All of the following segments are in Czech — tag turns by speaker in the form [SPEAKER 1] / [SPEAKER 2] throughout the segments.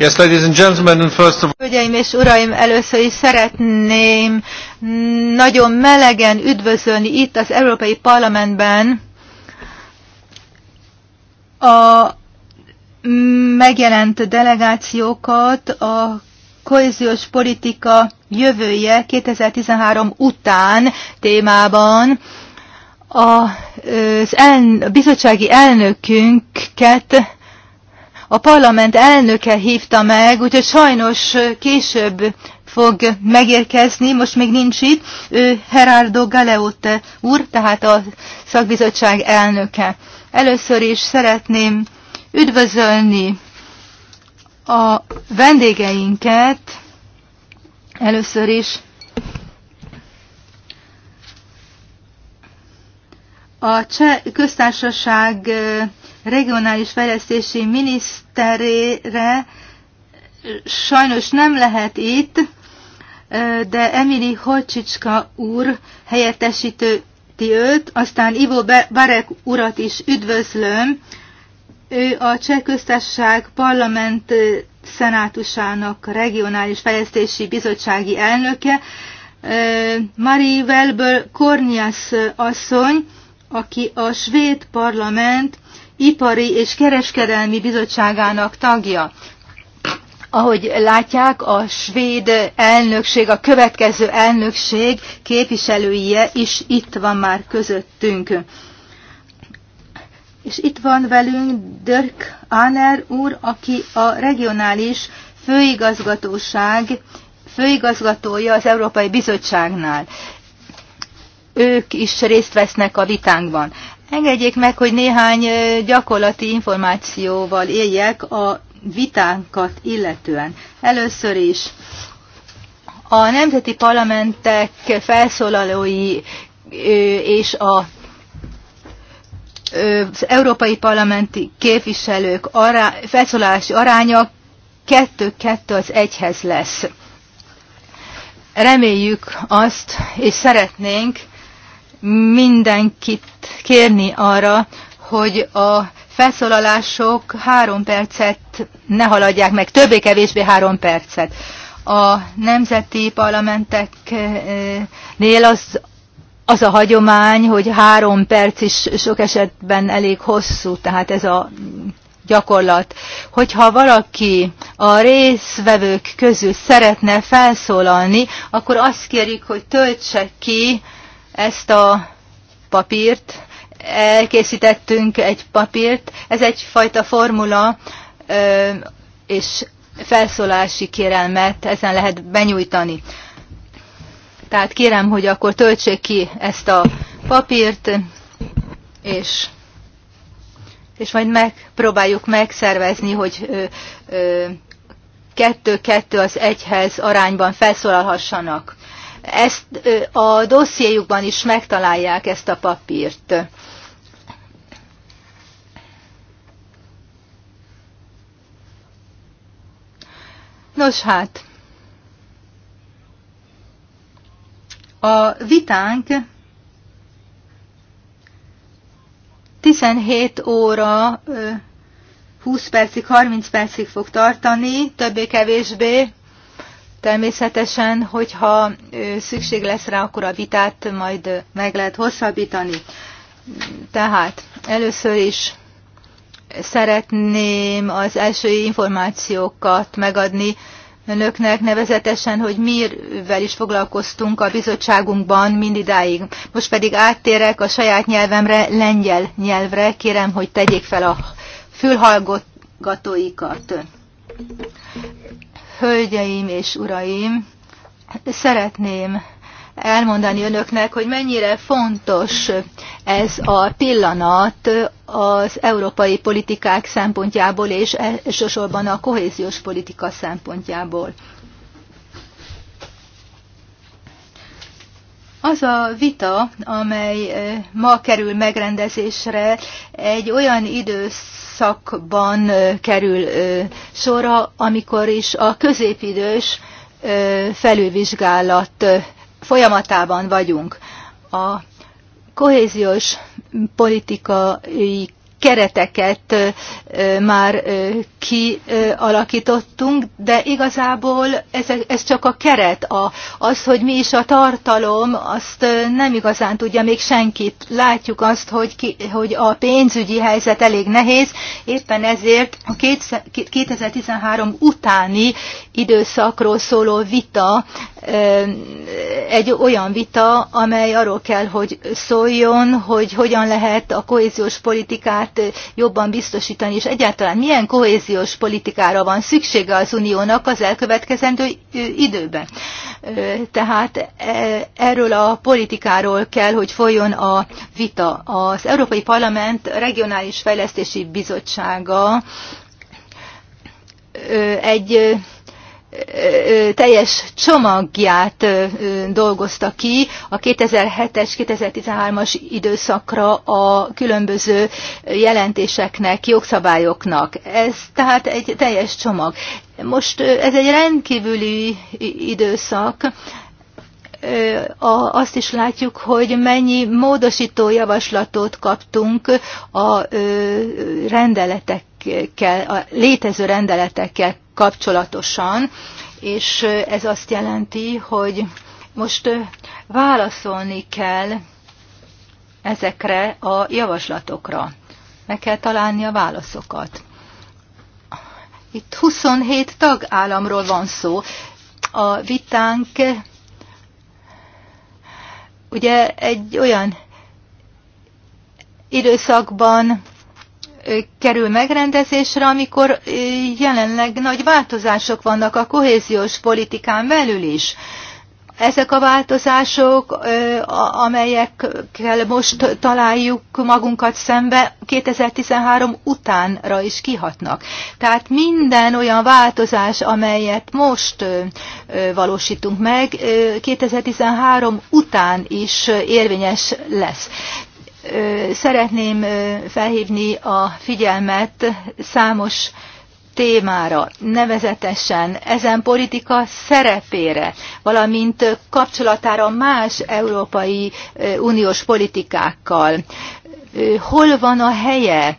[SPEAKER 1] Yes, ladies and gentlemen, first of...
[SPEAKER 2] Hölgyeim és uraim, először is szeretném nagyon melegen üdvözölni itt az Európai Parlamentben a megjelent delegációkat a kohéziós politika jövője 2013 után témában az el, a bizottsági elnökünket a parlament elnöke hívta meg, úgyhogy sajnos később fog megérkezni, most még nincs itt, ő Gerardo Galeote úr, tehát a szakbizottság elnöke. Először is szeretném üdvözölni a vendégeinket, először is a Cseh köztársaság regionális fejlesztési miniszterére sajnos nem lehet itt, de Emili Hocsicska úr helyettesítő őt, aztán Ivo Barek urat is üdvözlöm. Ő a Cseh Köztársaság Parlament Szenátusának Regionális Fejlesztési Bizottsági elnöke, Marie Velből Kornias asszony, aki a svéd parlament Ipari és Kereskedelmi Bizottságának tagja. Ahogy látják, a svéd elnökség, a következő elnökség képviselője is itt van már közöttünk. És itt van velünk Dirk Aner úr, aki a regionális főigazgatóság főigazgatója az Európai Bizottságnál. Ők is részt vesznek a vitánkban. Engedjék meg, hogy néhány gyakorlati információval éljek a vitánkat illetően. Először is a nemzeti parlamentek felszólalói és a az európai parlamenti képviselők ará, felszólalási aránya kettő-kettő az egyhez lesz. Reméljük azt, és szeretnénk, mindenkit kérni arra, hogy a felszólalások három percet ne haladják meg, többé-kevésbé három percet. A nemzeti parlamenteknél az, az a hagyomány, hogy három perc is sok esetben elég hosszú, tehát ez a gyakorlat. Hogyha valaki a részvevők közül szeretne felszólalni, akkor azt kérjük, hogy töltse ki ezt a papírt, elkészítettünk egy papírt, ez egyfajta formula és felszólási kérelmet ezen lehet benyújtani. Tehát kérem, hogy akkor töltsék ki ezt a papírt, és, és majd megpróbáljuk megszervezni, hogy kettő-kettő az egyhez arányban felszólalhassanak. Ezt a dossziéjukban is megtalálják ezt a papírt. Nos hát, a vitánk 17 óra 20 percig, 30 percig fog tartani, többé-kevésbé. Természetesen, hogyha szükség lesz rá, akkor a vitát majd meg lehet hosszabbítani. Tehát először is szeretném az első információkat megadni önöknek, nevezetesen, hogy mivel is foglalkoztunk a bizottságunkban mindidáig. Most pedig áttérek a saját nyelvemre, lengyel nyelvre. Kérem, hogy tegyék fel a fülhallgatóikat. Hölgyeim és uraim, szeretném elmondani önöknek, hogy mennyire fontos ez a pillanat az európai politikák szempontjából, és elsősorban a kohéziós politika szempontjából. Az a vita, amely eh, ma kerül megrendezésre, egy olyan idősz időszakban kerül sora, amikor is a középidős felülvizsgálat folyamatában vagyunk. A kohéziós politikai kereteket már kialakítottunk, de igazából ez, ez csak a keret. A, az, hogy mi is a tartalom, azt nem igazán tudja még senkit. Látjuk azt, hogy, ki, hogy a pénzügyi helyzet elég nehéz, éppen ezért a 2013 utáni időszakról szóló vita egy olyan vita, amely arról kell, hogy szóljon, hogy hogyan lehet a kohéziós politikát Európát jobban biztosítani, és egyáltalán milyen kohéziós politikára van szüksége az uniónak az elkövetkezendő időben. Tehát e, erről a politikáról kell, hogy folyjon a vita. Az Európai Parlament Regionális Fejlesztési Bizottsága egy teljes csomagját dolgozta ki a 2007-es, 2013-as időszakra a különböző jelentéseknek, jogszabályoknak. Ez tehát egy teljes csomag. Most ez egy rendkívüli időszak, azt is látjuk, hogy mennyi módosító javaslatot kaptunk a rendeletekkel, a létező rendeletekkel kapcsolatosan, és ez azt jelenti, hogy most válaszolni kell ezekre a javaslatokra. Meg kell találni a válaszokat. Itt 27 tagállamról van szó. A vitánk ugye egy olyan időszakban kerül megrendezésre, amikor jelenleg nagy változások vannak a kohéziós politikán belül is. Ezek a változások, amelyekkel most találjuk magunkat szembe, 2013 utánra is kihatnak. Tehát minden olyan változás, amelyet most valósítunk meg, 2013 után is érvényes lesz szeretném felhívni a figyelmet számos témára, nevezetesen ezen politika szerepére, valamint kapcsolatára más európai uniós politikákkal hol van a helye,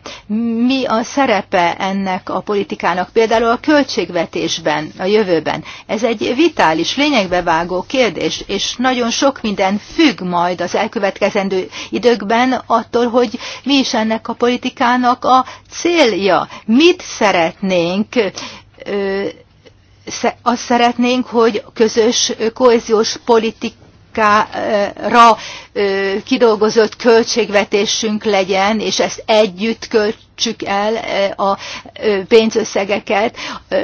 [SPEAKER 2] mi a szerepe ennek a politikának, például a költségvetésben, a jövőben. Ez egy vitális, lényegbe vágó kérdés, és nagyon sok minden függ majd az elkövetkezendő időkben attól, hogy mi is ennek a politikának a célja. Mit szeretnénk azt szeretnénk, hogy közös kohéziós politika KK-ra eh, eh, kidolgozott költségvetésünk legyen, és ezt együtt költsük el eh, a pénzösszegeket,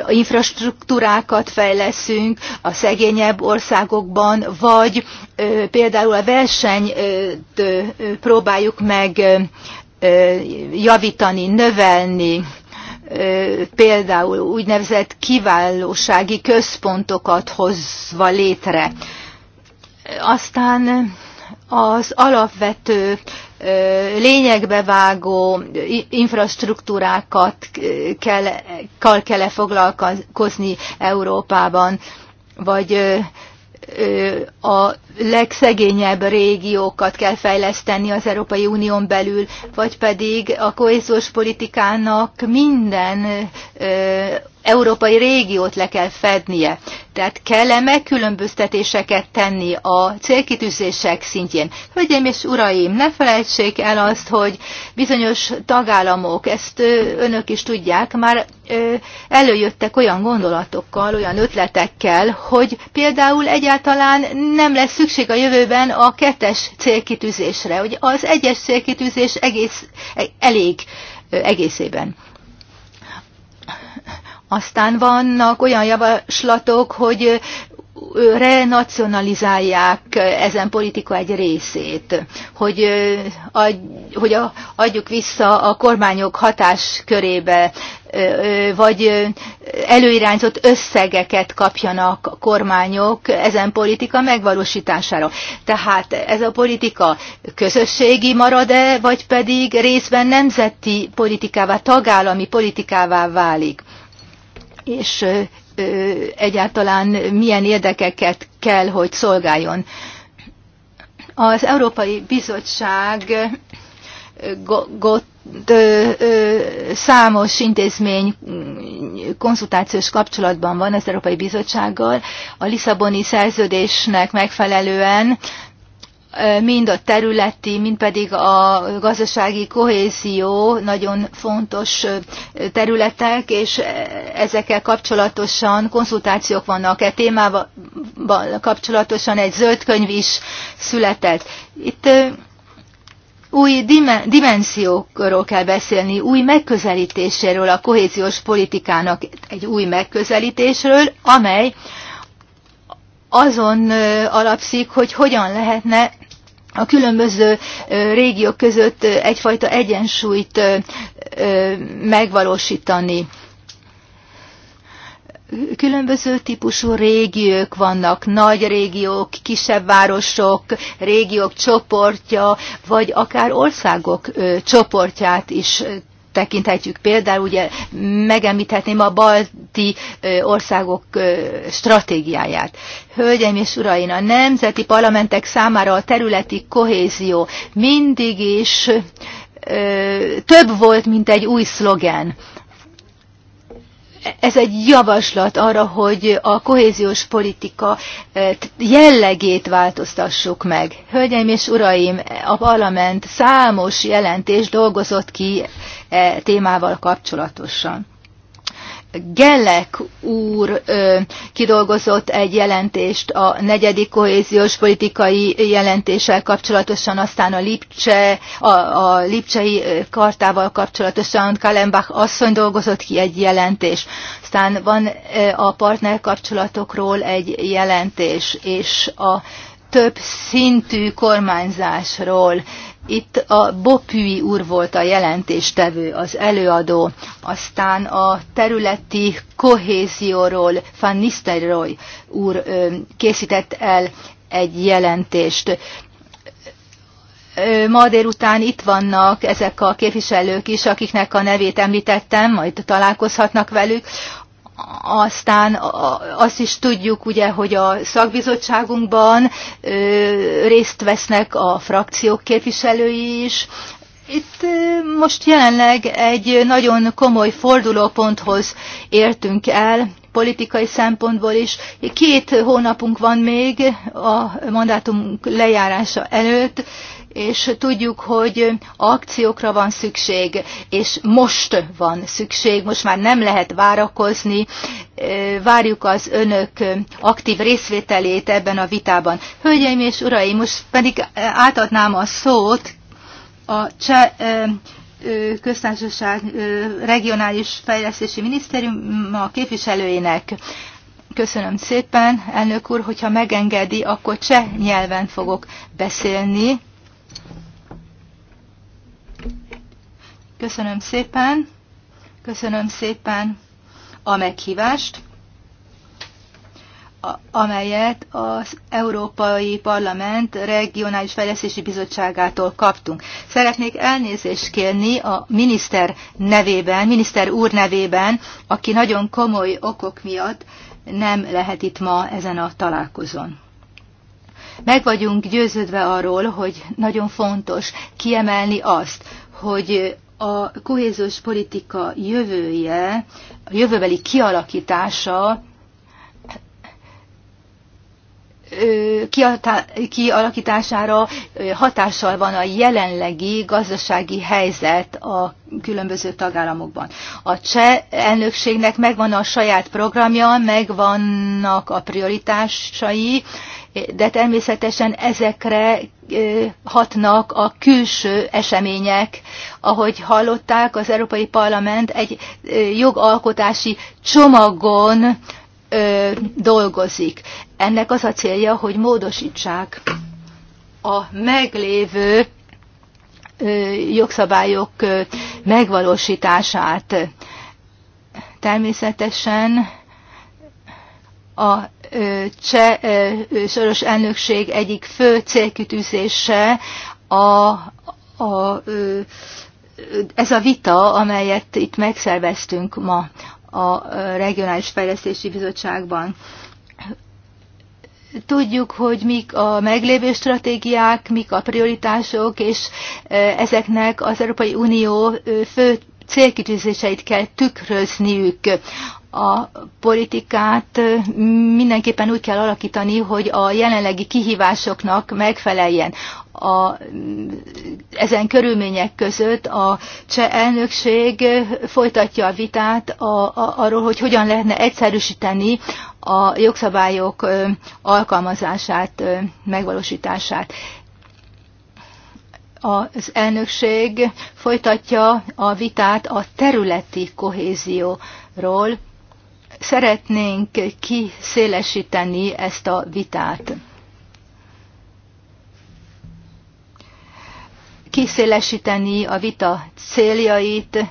[SPEAKER 2] a infrastruktúrákat fejleszünk a szegényebb országokban, vagy például a versenyt próbáljuk meg javítani, növelni, például úgynevezett kiválósági központokat hozva létre. Aztán az alapvető lényegbe vágó infrastruktúrákat kell, kell -e foglalkozni Európában, vagy a legszegényebb régiókat kell fejleszteni az Európai Unión belül, vagy pedig a kohéziós politikának minden ö, európai régiót le kell fednie. Tehát kell-e megkülönböztetéseket tenni a célkitűzések szintjén? Hölgyeim és uraim, ne felejtsék el azt, hogy bizonyos tagállamok, ezt önök is tudják, már előjöttek olyan gondolatokkal, olyan ötletekkel, hogy például egyáltalán nem lesz szükség a jövőben a kettes célkitűzésre, hogy az egyes célkitűzés egész, e, elég egészében. Aztán vannak olyan javaslatok, hogy renacionalizálják ezen politika egy részét, hogy, ad, hogy adjuk vissza a kormányok hatáskörébe, vagy előirányzott összegeket kapjanak a kormányok ezen politika megvalósítására. Tehát ez a politika közösségi marad-e, vagy pedig részben nemzeti politikává, tagállami politikává válik és egyáltalán milyen érdekeket kell, hogy szolgáljon. Az Európai Bizottság számos intézmény konzultációs kapcsolatban van az Európai Bizottsággal. A Lisszaboni szerződésnek megfelelően mind a területi, mind pedig a gazdasági kohézió nagyon fontos területek, és ezekkel kapcsolatosan konzultációk vannak. E témával kapcsolatosan egy zöld könyv is született. Itt új dimenziókról kell beszélni, új megközelítéséről a kohéziós politikának, egy új megközelítésről, amely azon alapszik, hogy hogyan lehetne a különböző régiók között egyfajta egyensúlyt megvalósítani. Különböző típusú régiók vannak, nagy régiók, kisebb városok, régiók csoportja, vagy akár országok csoportját is tekinthetjük például, ugye megemlíthetném a balti országok stratégiáját. Hölgyeim és uraim, a nemzeti parlamentek számára a területi kohézió mindig is több volt, mint egy új szlogen ez egy javaslat arra, hogy a kohéziós politika e, jellegét változtassuk meg. Hölgyeim és uraim, a parlament számos jelentés dolgozott ki e, témával kapcsolatosan. Gellek úr ö, kidolgozott egy jelentést a negyedik kohéziós politikai jelentéssel kapcsolatosan, aztán a, Lipcse, a, a Lipcsei kartával kapcsolatosan Kalembach asszony dolgozott ki egy jelentés. Aztán van ö, a partner kapcsolatokról egy jelentés, és a több szintű kormányzásról Itt a Bopui úr volt a jelentéstevő, az előadó, aztán a területi kohézióról Van Nistelrooy úr készített el egy jelentést. Ma délután itt vannak ezek a képviselők is, akiknek a nevét említettem, majd találkozhatnak velük aztán azt is tudjuk, ugye, hogy a szakbizottságunkban részt vesznek a frakciók képviselői is. Itt most jelenleg egy nagyon komoly fordulóponthoz értünk el, politikai szempontból is. Két hónapunk van még a mandátumunk lejárása előtt, és tudjuk, hogy akciókra van szükség, és most van szükség, most már nem lehet várakozni, várjuk az önök aktív részvételét ebben a vitában. Hölgyeim és uraim, most pedig átadnám a szót a cseh köztársaság regionális fejlesztési minisztérium a képviselőjének. Köszönöm szépen, elnök úr, hogyha megengedi, akkor cseh nyelven fogok beszélni. Köszönöm szépen, köszönöm szépen a meghívást, amelyet az Európai Parlament Regionális Fejlesztési Bizottságától kaptunk. Szeretnék elnézést kérni a miniszter nevében, miniszter úr nevében, aki nagyon komoly okok miatt nem lehet itt ma ezen a találkozón. Meg vagyunk győződve arról, hogy nagyon fontos kiemelni azt, hogy a kohéziós politika jövője, a jövőbeli kialakítása kialakítására hatással van a jelenlegi gazdasági helyzet a különböző tagállamokban. A cseh elnökségnek megvan a saját programja, megvannak a prioritásai, de természetesen ezekre hatnak a külső események. Ahogy hallották, az Európai Parlament egy jogalkotási csomagon ö, dolgozik. Ennek az a célja, hogy módosítsák a meglévő ö, jogszabályok ö, megvalósítását. Természetesen a ö, cseh ö, soros elnökség egyik fő célkütűzése a, a ö, ez a vita, amelyet itt megszerveztünk ma a Regionális Fejlesztési Bizottságban. Tudjuk, hogy mik a meglévő stratégiák, mik a prioritások, és e, ezeknek az Európai Unió fő célkitűzéseit kell tükrözniük a politikát mindenképpen úgy kell alakítani, hogy a jelenlegi kihívásoknak megfeleljen. A, ezen körülmények között a cseh elnökség folytatja a vitát a, a, arról, hogy hogyan lehetne egyszerűsíteni a jogszabályok alkalmazását, megvalósítását az elnökség folytatja a vitát a területi kohézióról, Szeretnénk kiszélesíteni ezt a vitát. Kiszélesíteni a vita céljait,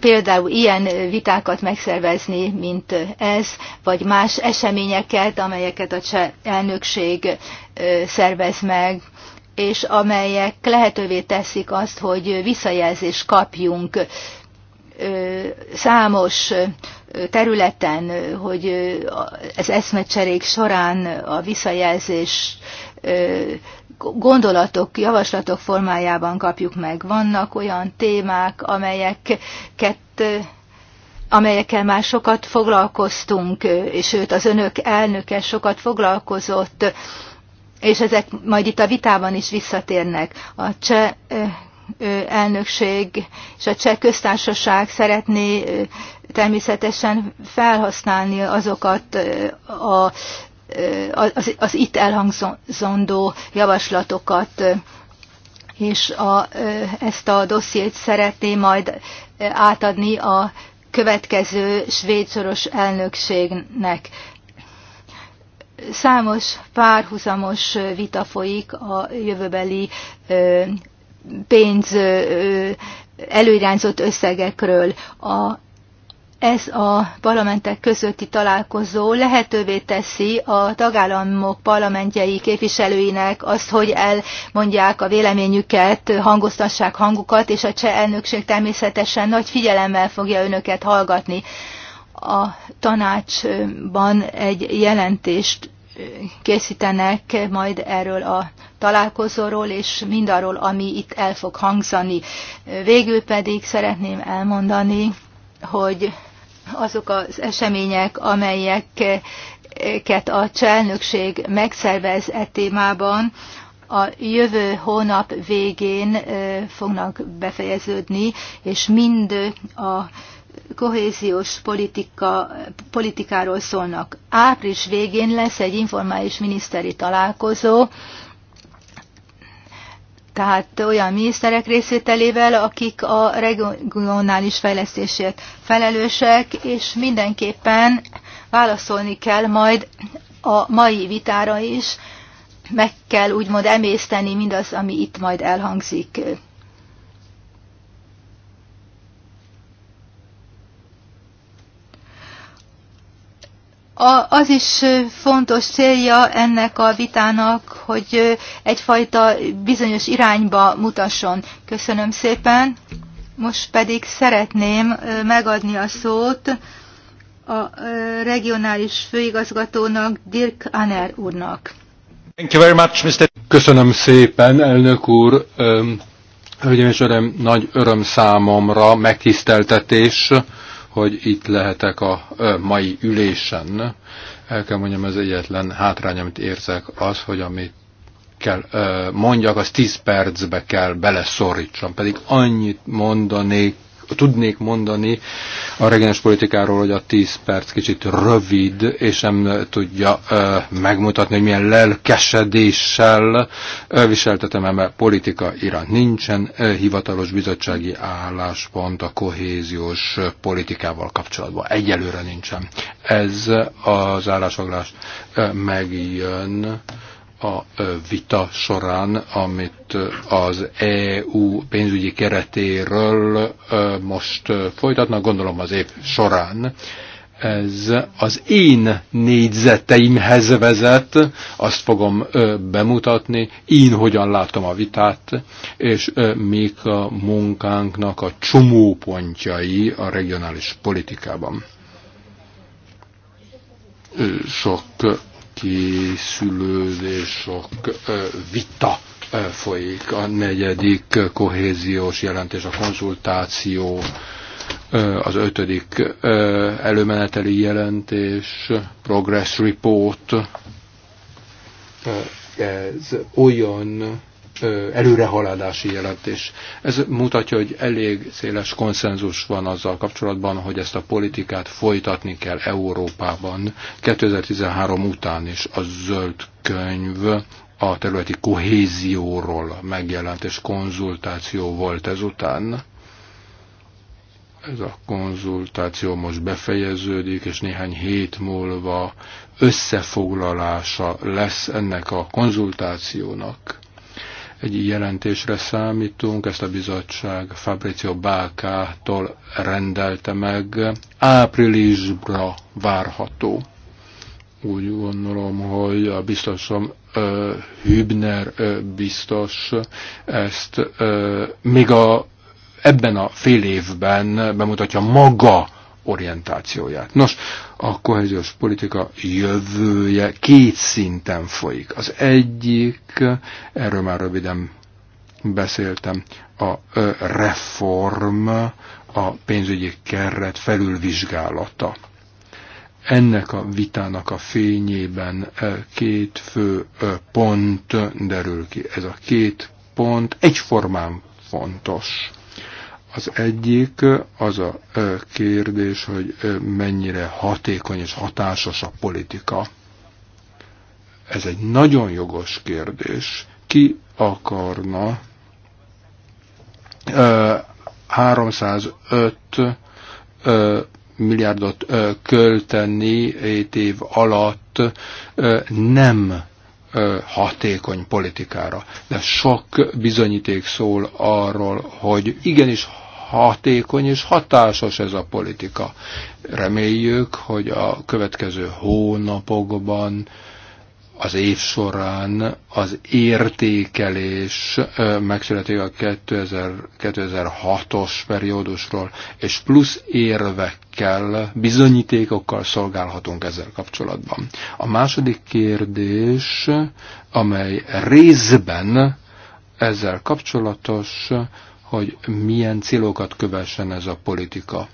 [SPEAKER 2] például ilyen vitákat megszervezni, mint ez, vagy más eseményeket, amelyeket a cseh elnökség szervez meg, és amelyek lehetővé teszik azt, hogy visszajelzést kapjunk számos területen, hogy az eszmecserék során a visszajelzés gondolatok, javaslatok formájában kapjuk meg. Vannak olyan témák, amelyeket amelyekkel már sokat foglalkoztunk, és őt az önök elnöke sokat foglalkozott, és ezek majd itt a vitában is visszatérnek. A cseh elnökség és a cseh köztársaság szeretné természetesen felhasználni azokat a, az, az itt elhangzandó javaslatokat, és a, ezt a dossziét szeretné majd átadni a következő svédszoros elnökségnek. Számos párhuzamos vita folyik a jövőbeli pénz előirányzott összegekről. A, ez a parlamentek közötti találkozó lehetővé teszi a tagállamok parlamentjei képviselőinek azt, hogy elmondják a véleményüket, hangoztassák hangukat, és a cseh elnökség természetesen nagy figyelemmel fogja önöket hallgatni. A tanácsban egy jelentést készítenek majd erről a találkozóról, és mindarról, ami itt el fog hangzani. Végül pedig szeretném elmondani, hogy azok az események, amelyeket a cselnökség megszervez e témában, a jövő hónap végén fognak befejeződni, és mind a kohéziós politika, politikáról szólnak. Április végén lesz egy informális miniszteri találkozó, tehát olyan miniszterek részvételével, akik a regionális fejlesztésért felelősek, és mindenképpen válaszolni kell majd a mai vitára is, meg kell úgymond emészteni mindaz, ami itt majd elhangzik. A, az is fontos célja ennek a vitának, hogy egyfajta bizonyos irányba mutasson. Köszönöm szépen. Most pedig szeretném megadni a szót a regionális főigazgatónak, Dirk Aner úrnak.
[SPEAKER 1] Thank you very much, Mr. Köszönöm szépen, elnök úr. Hölgyeim és öröm, nagy öröm számomra, megtiszteltetés, hogy itt lehetek a mai ülésen. El kell mondjam, az egyetlen hátrány, amit érzek, az, hogy amit kell mondjak, az 10 percbe kell beleszorítsam, pedig annyit mondanék tudnék mondani a regenes politikáról, hogy a 10 perc kicsit rövid, és nem tudja ö, megmutatni, hogy milyen lelkesedéssel ö, viseltetem mert politika iránt. Nincsen ö, hivatalos bizottsági álláspont a kohéziós politikával kapcsolatban. Egyelőre nincsen. Ez az állásfoglás megjön a vita során, amit az EU pénzügyi keretéről most folytatnak, gondolom az év során. Ez az én négyzeteimhez vezet, azt fogom bemutatni, én hogyan látom a vitát, és még a munkánknak a csomópontjai a regionális politikában. Sok készülődésok vita folyik. A negyedik kohéziós jelentés, a konzultáció, az ötödik előmeneteli jelentés, progress report. Ez olyan előrehaladási jelentés. Ez mutatja, hogy elég széles konszenzus van azzal kapcsolatban, hogy ezt a politikát folytatni kell Európában 2013 után is a zöld könyv a területi kohézióról megjelent, és konzultáció volt ezután. Ez a konzultáció most befejeződik, és néhány hét múlva összefoglalása lesz ennek a konzultációnak Egy jelentésre számítunk, ezt a bizottság Fabrizio Bákától rendelte meg. Áprilisra várható. Úgy gondolom, hogy a biztosom Hübner biztos ezt még a, ebben a fél évben bemutatja maga orientációját. Nos, a kohéziós politika jövője két szinten folyik. Az egyik, erről már röviden beszéltem, a reform, a pénzügyi keret felülvizsgálata. Ennek a vitának a fényében két fő pont derül ki. Ez a két pont egyformán fontos az egyik az a kérdés, hogy mennyire hatékony és hatásos a politika. Ez egy nagyon jogos kérdés. Ki akarna 305 milliárdot költeni 7 év alatt nem hatékony politikára. De sok bizonyíték szól arról, hogy igenis hatékony és hatásos ez a politika. Reméljük, hogy a következő hónapokban az év során az értékelés megszületik a 2006-os periódusról, és plusz érvekkel, bizonyítékokkal szolgálhatunk ezzel kapcsolatban. A második kérdés, amely részben ezzel kapcsolatos, hogy milyen célokat kövessen ez a politika.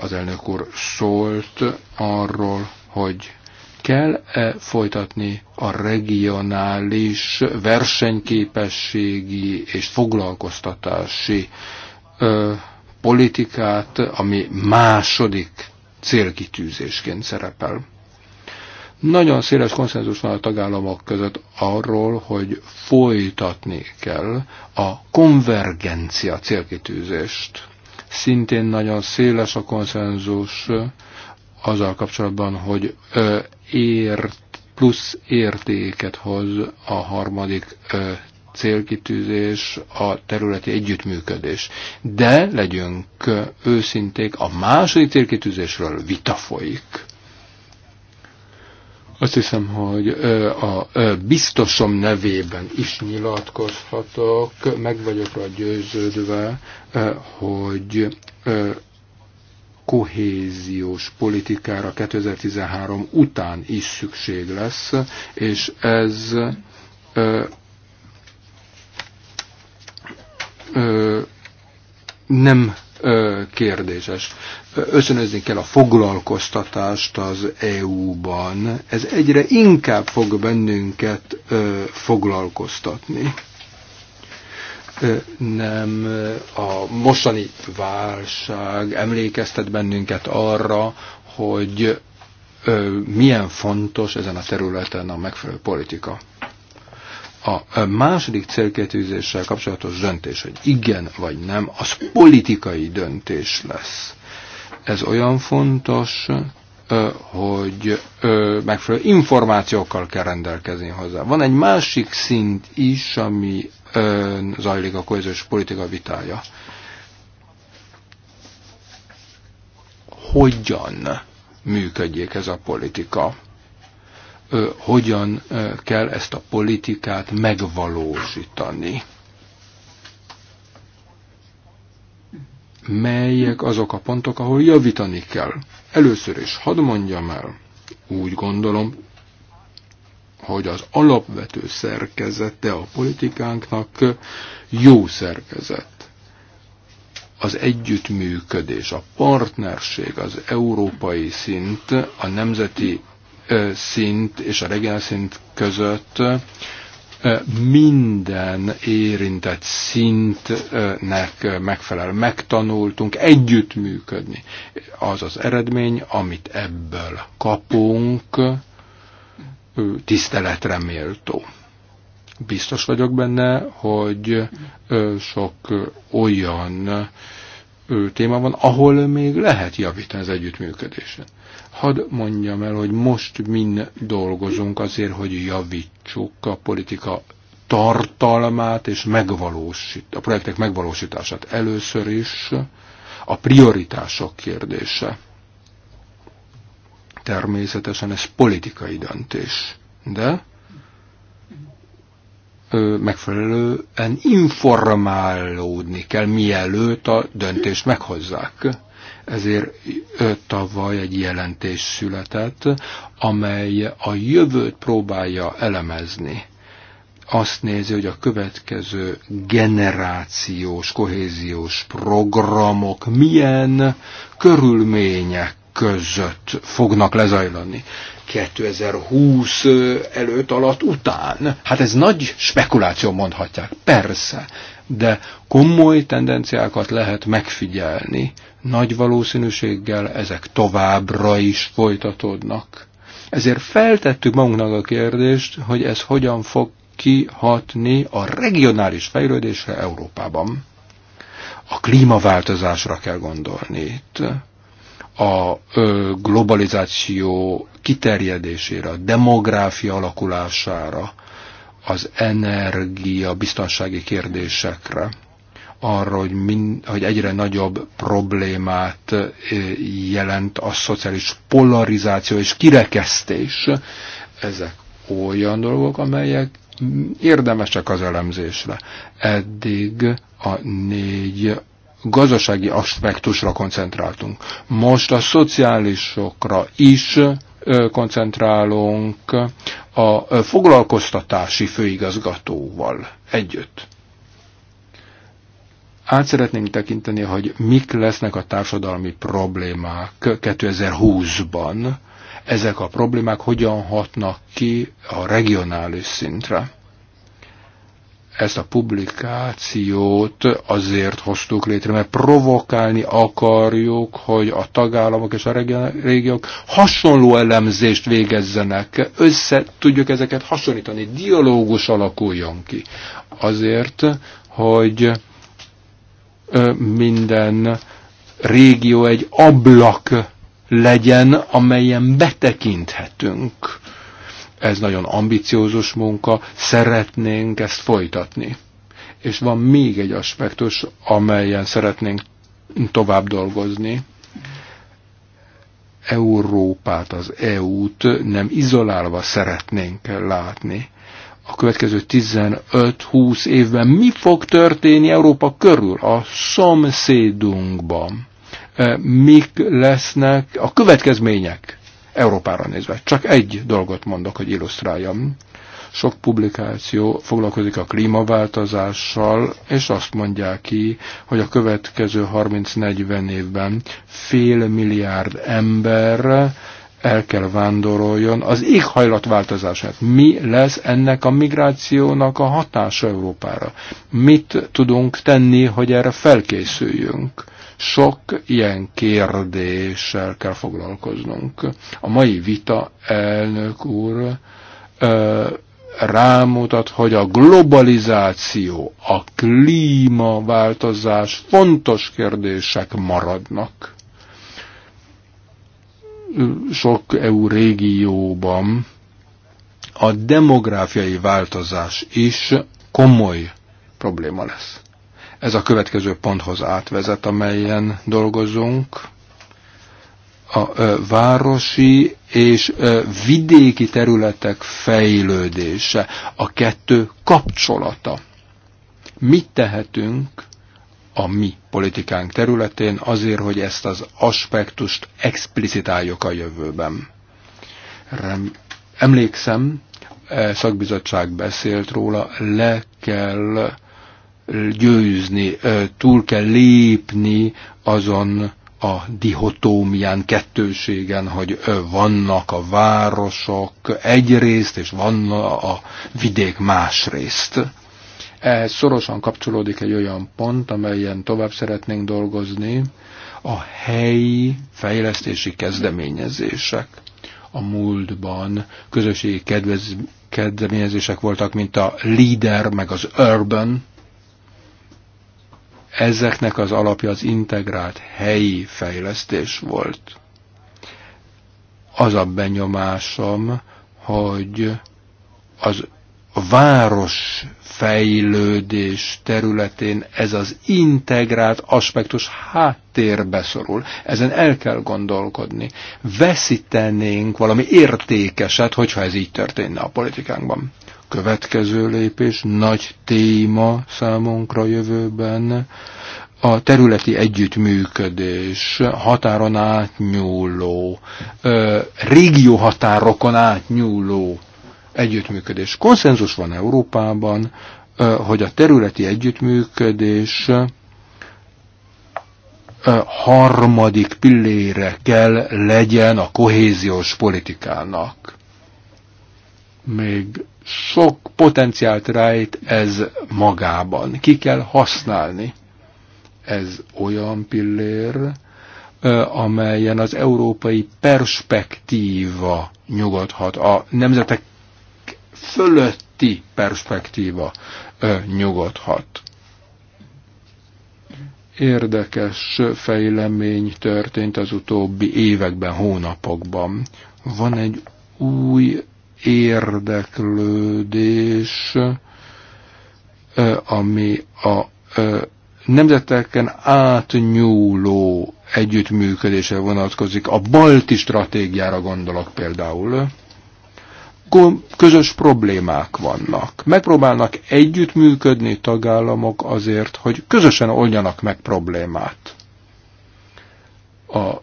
[SPEAKER 1] Az elnök úr szólt arról, hogy kell-e folytatni a regionális versenyképességi és foglalkoztatási ö, politikát, ami második célkitűzésként szerepel. Nagyon széles konszenzus van a tagállamok között arról, hogy folytatni kell a konvergencia célkitűzést. Szintén nagyon széles a konszenzus azzal kapcsolatban, hogy ért, plusz értéket hoz a harmadik célkitűzés, a területi együttműködés. De legyünk őszinték, a második célkitűzésről vita folyik Azt hiszem, hogy a biztosom nevében is nyilatkozhatok, meg vagyok a győződve, hogy kohéziós politikára 2013 után is szükség lesz, és ez ö, ö, nem kérdéses. Öszönözni kell a foglalkoztatást az EU-ban. Ez egyre inkább fog bennünket foglalkoztatni. Nem a mostani válság emlékeztet bennünket arra, hogy milyen fontos ezen a területen a megfelelő politika a e, második célkétűzéssel kapcsolatos döntés, hogy igen vagy nem, az politikai döntés lesz. Ez olyan fontos, e, hogy e, megfelelő információkkal kell rendelkezni hozzá. Van egy másik szint is, ami zajlik a kohéziós politika vitája. Hogyan működjék ez a politika? hogyan kell ezt a politikát megvalósítani. Melyek azok a pontok, ahol javítani kell? Először is hadd mondjam el, úgy gondolom, hogy az alapvető szerkezete a politikánknak jó szerkezet. Az együttműködés, a partnerség, az európai szint, a nemzeti szint és a regionális között minden érintett szintnek megfelel. Megtanultunk együttműködni. Az az eredmény, amit ebből kapunk, tiszteletre méltó. Biztos vagyok benne, hogy sok olyan téma van, ahol még lehet javítani az együttműködésen. Hadd mondjam el, hogy most min dolgozunk azért, hogy javítsuk a politika tartalmát és megvalósít, a projektek megvalósítását. Először is a prioritások kérdése. Természetesen ez politikai döntés, de megfelelően informálódni kell, mielőtt a döntést meghozzák Ezért tavaly egy jelentés született, amely a jövőt próbálja elemezni. Azt nézi, hogy a következő generációs, kohéziós programok milyen körülmények között fognak lezajlani. 2020 előtt, alatt, után. Hát ez nagy spekuláció mondhatják, persze, de komoly tendenciákat lehet megfigyelni Nagy valószínűséggel ezek továbbra is folytatódnak. Ezért feltettük magunknak a kérdést, hogy ez hogyan fog kihatni a regionális fejlődésre Európában. A klímaváltozásra kell gondolni itt, a globalizáció kiterjedésére, a demográfia alakulására, az energia biztonsági kérdésekre arra, hogy, min, hogy egyre nagyobb problémát eh, jelent a szociális polarizáció és kirekesztés. Ezek olyan dolgok, amelyek érdemesek az elemzésre. Eddig a négy gazdasági aspektusra koncentráltunk. Most a szociálisokra is eh, koncentrálunk a eh, foglalkoztatási főigazgatóval együtt. Át szeretnénk tekinteni, hogy mik lesznek a társadalmi problémák 2020-ban, ezek a problémák hogyan hatnak ki a regionális szintre. Ezt a publikációt azért hoztuk létre, mert provokálni akarjuk, hogy a tagállamok és a régiók hasonló elemzést végezzenek, össze tudjuk ezeket hasonlítani, dialógus alakuljon ki. Azért, hogy minden régió egy ablak legyen, amelyen betekinthetünk. Ez nagyon ambiciózus munka, szeretnénk ezt folytatni. És van még egy aspektus, amelyen szeretnénk tovább dolgozni. Európát, az EU-t nem izolálva szeretnénk látni, a következő 15-20 évben mi fog történni Európa körül, a szomszédunkban. E, mik lesznek a következmények Európára nézve? Csak egy dolgot mondok, hogy illusztráljam. Sok publikáció foglalkozik a klímaváltozással, és azt mondják ki, hogy a következő 30-40 évben fél milliárd ember el kell vándoroljon, az változását Mi lesz ennek a migrációnak a hatása Európára? Mit tudunk tenni, hogy erre felkészüljünk? Sok ilyen kérdéssel kell foglalkoznunk. A mai vita, elnök úr, rámutat, hogy a globalizáció, a klímaváltozás fontos kérdések maradnak sok EU régióban a demográfiai változás is komoly probléma lesz. Ez a következő ponthoz átvezet, amelyen dolgozunk. A városi és vidéki területek fejlődése, a kettő kapcsolata. Mit tehetünk a mi politikánk területén azért, hogy ezt az aspektust explicitáljuk a jövőben. Rem, emlékszem, e, szakbizottság beszélt róla, le kell győzni, e, túl kell lépni azon a dihotómián, kettőségen, hogy e, vannak a városok egyrészt, és van a vidék másrészt Ehhez szorosan kapcsolódik egy olyan pont, amelyen tovább szeretnénk dolgozni, a helyi fejlesztési kezdeményezések. A múltban közösségi kedvez, kedvezményezések voltak, mint a Leader, meg az Urban. Ezeknek az alapja az integrált helyi fejlesztés volt. Az a benyomásom, hogy az város fejlődés területén ez az integrált aspektus háttérbe szorul. Ezen el kell gondolkodni. Veszítenénk valami értékeset, hogyha ez így történne a politikánkban. Következő lépés, nagy téma számunkra jövőben, a területi együttműködés, határon átnyúló, régió határokon átnyúló együttműködés. Konszenzus van Európában, hogy a területi együttműködés harmadik pillére kell legyen a kohéziós politikának. Még sok potenciált rájt ez magában. Ki kell használni. Ez olyan pillér, amelyen az európai perspektíva nyugodhat. A nemzetek fölötti perspektíva nyugodhat. Érdekes fejlemény történt az utóbbi években, hónapokban. Van egy új érdeklődés, ami a nemzeteken átnyúló együttműködése vonatkozik. A balti stratégiára gondolok például, közös problémák vannak. Megpróbálnak együttműködni tagállamok azért, hogy közösen oldjanak meg problémát. A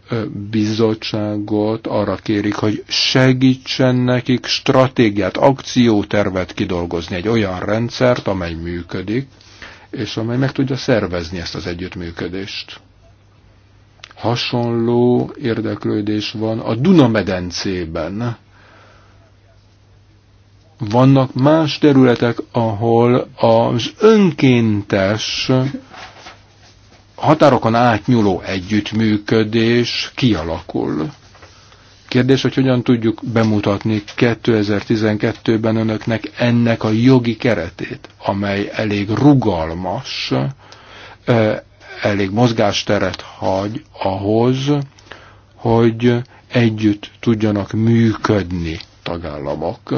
[SPEAKER 1] bizottságot arra kérik, hogy segítsen nekik stratégiát, akciótervet kidolgozni, egy olyan rendszert, amely működik, és amely meg tudja szervezni ezt az együttműködést hasonló érdeklődés van a Dunamedencében vannak más területek, ahol az önkéntes határokon átnyúló együttműködés kialakul. Kérdés, hogy hogyan tudjuk bemutatni 2012-ben önöknek ennek a jogi keretét, amely elég rugalmas, elég mozgásteret hagy ahhoz, hogy együtt tudjanak működni tagállamok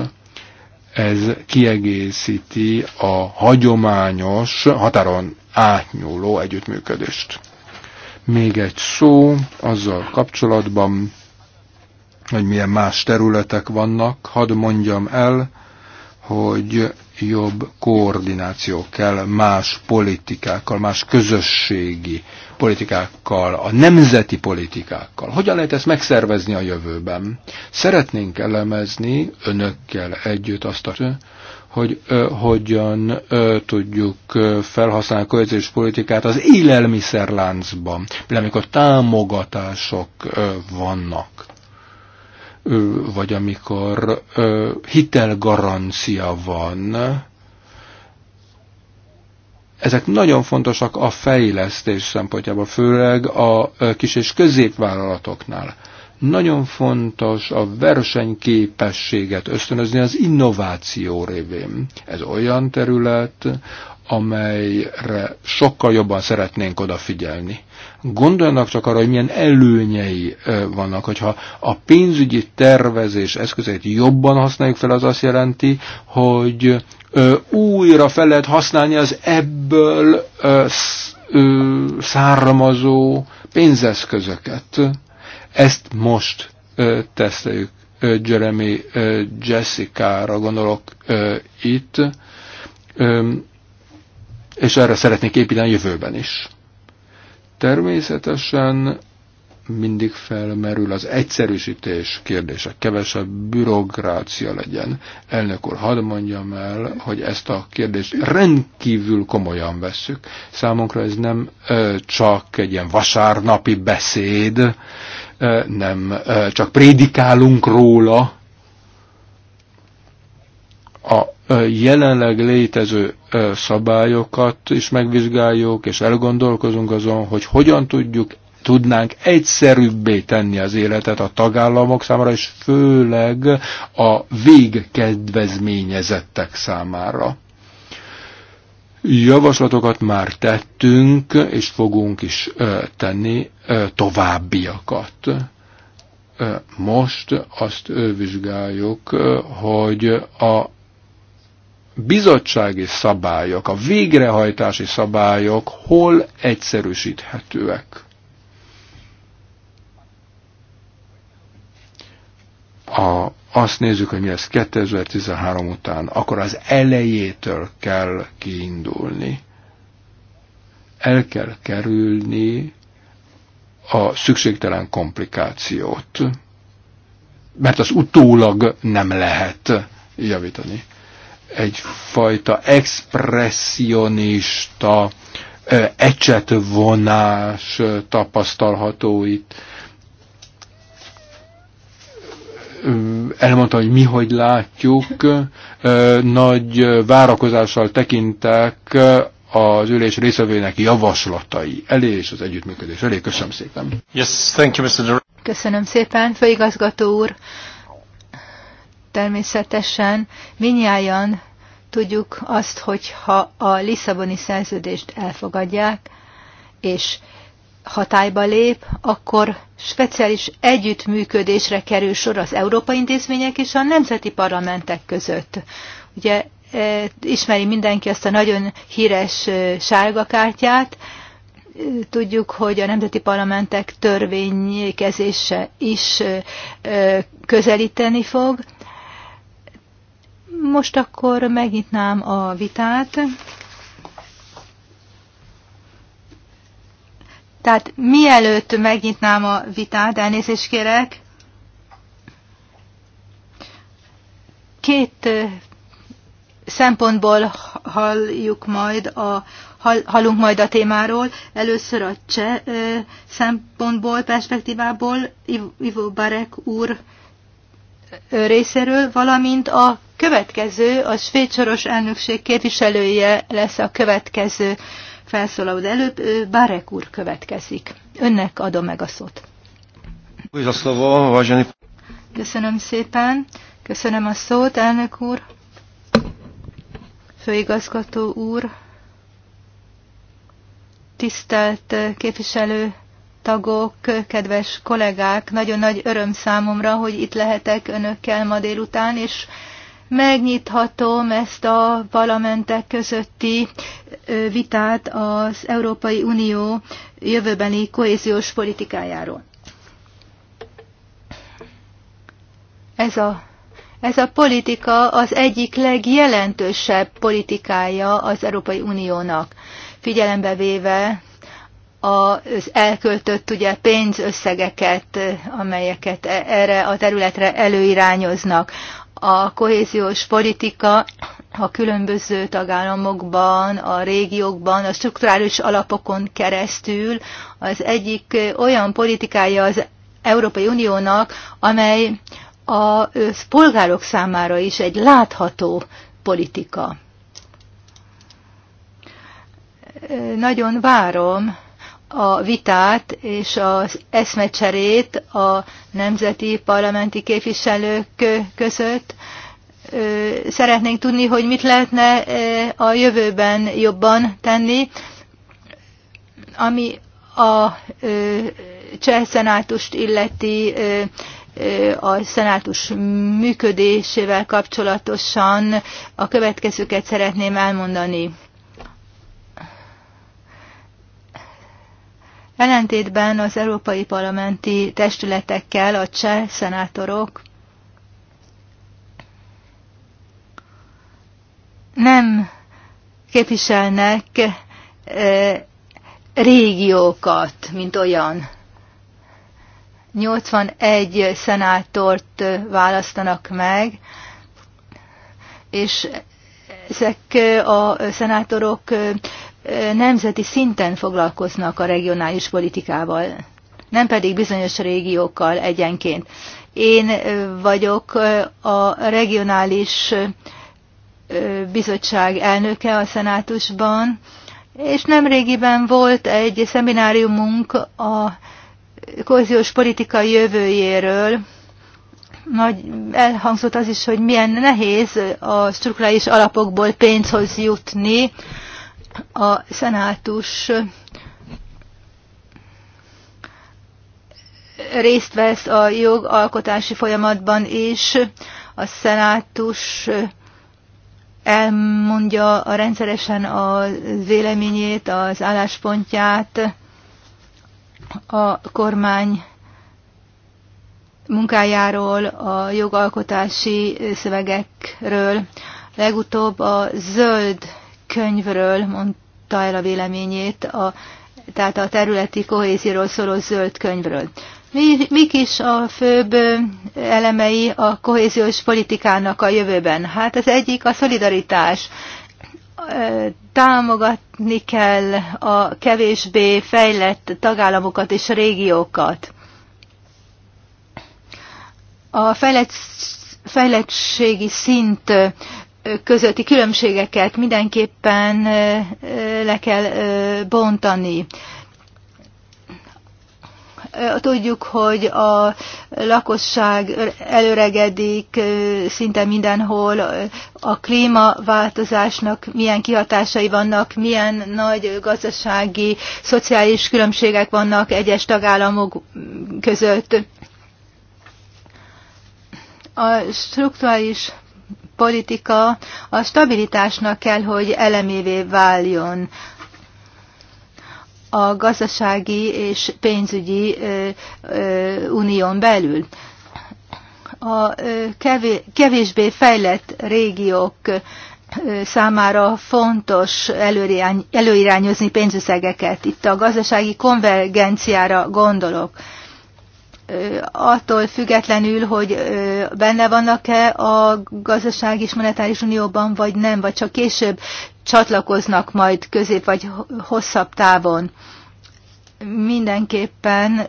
[SPEAKER 1] Ez kiegészíti a hagyományos határon átnyúló együttműködést. Még egy szó azzal kapcsolatban, hogy milyen más területek vannak, hadd mondjam el, hogy jobb koordináció kell más politikákkal, más közösségi politikákkal, a nemzeti politikákkal. Hogyan lehet ezt megszervezni a jövőben? Szeretnénk elemezni önökkel együtt azt a hogy ö, hogyan ö, tudjuk ö, felhasználni a kohéziós politikát az élelmiszerláncban, például amikor támogatások ö, vannak, ö, vagy amikor ö, hitelgarancia van, Ezek nagyon fontosak a fejlesztés szempontjából, főleg a kis és középvállalatoknál. Nagyon fontos a versenyképességet ösztönözni az innováció révén. Ez olyan terület, amelyre sokkal jobban szeretnénk odafigyelni. Gondoljanak csak arra, hogy milyen előnyei vannak, hogyha a pénzügyi tervezés eszközét jobban használjuk fel, az azt jelenti, hogy újra fel lehet használni az ebből származó pénzeszközöket Ezt most teszteljük. Jeremy Jessica-ra gondolok itt, és erre szeretnék építeni a jövőben is. Természetesen mindig felmerül az egyszerűsítés kérdése, kevesebb bürokrácia legyen. Elnök úr, hadd mondjam el, hogy ezt a kérdést rendkívül komolyan vesszük. Számunkra ez nem ö, csak egy ilyen vasárnapi beszéd, nem csak prédikálunk róla, a jelenleg létező szabályokat is megvizsgáljuk, és elgondolkozunk azon, hogy hogyan tudjuk, tudnánk egyszerűbbé tenni az életet a tagállamok számára, és főleg a végkedvezményezettek számára. Javaslatokat már tettünk, és fogunk is tenni továbbiakat. Most azt vizsgáljuk, hogy a bizottsági szabályok, a végrehajtási szabályok hol egyszerűsíthetőek. A azt nézzük, hogy mi lesz 2013 után, akkor az elejétől kell kiindulni. El kell kerülni a szükségtelen komplikációt, mert az utólag nem lehet javítani. Egyfajta expressionista ecsetvonás tapasztalható itt elmondta, hogy mi hogy látjuk, nagy várakozással tekintek az ülés részvevőinek javaslatai elé és az együttműködés elé. Köszönöm szépen. Yes, thank you, Mr.
[SPEAKER 2] Köszönöm szépen, főigazgató úr. Természetesen minnyáján tudjuk azt, hogy ha a Lisszaboni szerződést elfogadják, és hatályba lép, akkor speciális együttműködésre kerül sor az európai intézmények és a nemzeti parlamentek között. Ugye e, ismeri mindenki azt a nagyon híres e, sárga kártyát, e, tudjuk, hogy a nemzeti parlamentek törvénykezése is közelíteni fog. Most akkor megnyitnám a vitát. Tehát mielőtt megnyitnám a vitát, elnézést kérek, két eh, szempontból halljuk majd a, hal, hallunk majd a témáról. Először a cseh eh, szempontból, perspektívából Ivo Barek úr eh, részéről, valamint a következő, a svédsoros elnökség képviselője lesz a következő felszólalod de előbb Barek úr következik. Önnek adom meg a szót. Köszönöm szépen. Köszönöm a szót, elnök úr. Főigazgató úr. Tisztelt képviselő tagok, kedves kollégák, nagyon nagy öröm számomra, hogy itt lehetek önökkel ma délután, és megnyithatom ezt a parlamentek közötti vitát az Európai Unió jövőbeni kohéziós politikájáról. Ez a, ez a politika az egyik legjelentősebb politikája az Európai Uniónak, figyelembe véve az elköltött ugye, pénzösszegeket, amelyeket e-, erre a területre előirányoznak a kohéziós politika a különböző tagállamokban, a régiókban, a strukturális alapokon keresztül az egyik olyan politikája az Európai Uniónak, amely a polgárok számára is egy látható politika. Nagyon várom a vitát és az eszmecserét a nemzeti parlamenti képviselők között. Szeretnénk tudni, hogy mit lehetne a jövőben jobban tenni, ami a cseh szenátust illeti a szenátus működésével kapcsolatosan a következőket szeretném elmondani. Ellentétben az európai parlamenti testületekkel a cseh szenátorok nem képviselnek régiókat, mint olyan. 81 szenátort választanak meg, és ezek a szenátorok nemzeti szinten foglalkoznak a regionális politikával, nem pedig bizonyos régiókkal egyenként. Én vagyok a regionális bizottság elnöke a szenátusban, és nemrégiben volt egy szemináriumunk a kohéziós politika jövőjéről. Nagy, elhangzott az is, hogy milyen nehéz a struktúrális alapokból pénzhoz jutni a szenátus részt vesz a jogalkotási folyamatban is, a szenátus elmondja a rendszeresen a véleményét, az álláspontját a kormány munkájáról, a jogalkotási szövegekről. Legutóbb a zöld könyvről mondta el a véleményét, a, tehát a területi kohézióról szóló zöld könyvről. Mi, mik is a főbb elemei a kohéziós politikának a jövőben? Hát az egyik a szolidaritás. Támogatni kell a kevésbé fejlett tagállamokat és régiókat. A fejlett fejlettségi szint közötti különbségeket mindenképpen le kell bontani. Tudjuk, hogy a lakosság előregedik szinte mindenhol, a klímaváltozásnak milyen kihatásai vannak, milyen nagy gazdasági, szociális különbségek vannak egyes tagállamok között. A strukturális politika a stabilitásnak kell, hogy elemévé váljon a gazdasági és pénzügyi unión belül. A kevésbé fejlett régiók számára fontos előirány, előirányozni pénzösszegeket. Itt a gazdasági konvergenciára gondolok attól függetlenül, hogy benne vannak-e a gazdaság és monetáris unióban, vagy nem, vagy csak később csatlakoznak majd közép vagy hosszabb távon. Mindenképpen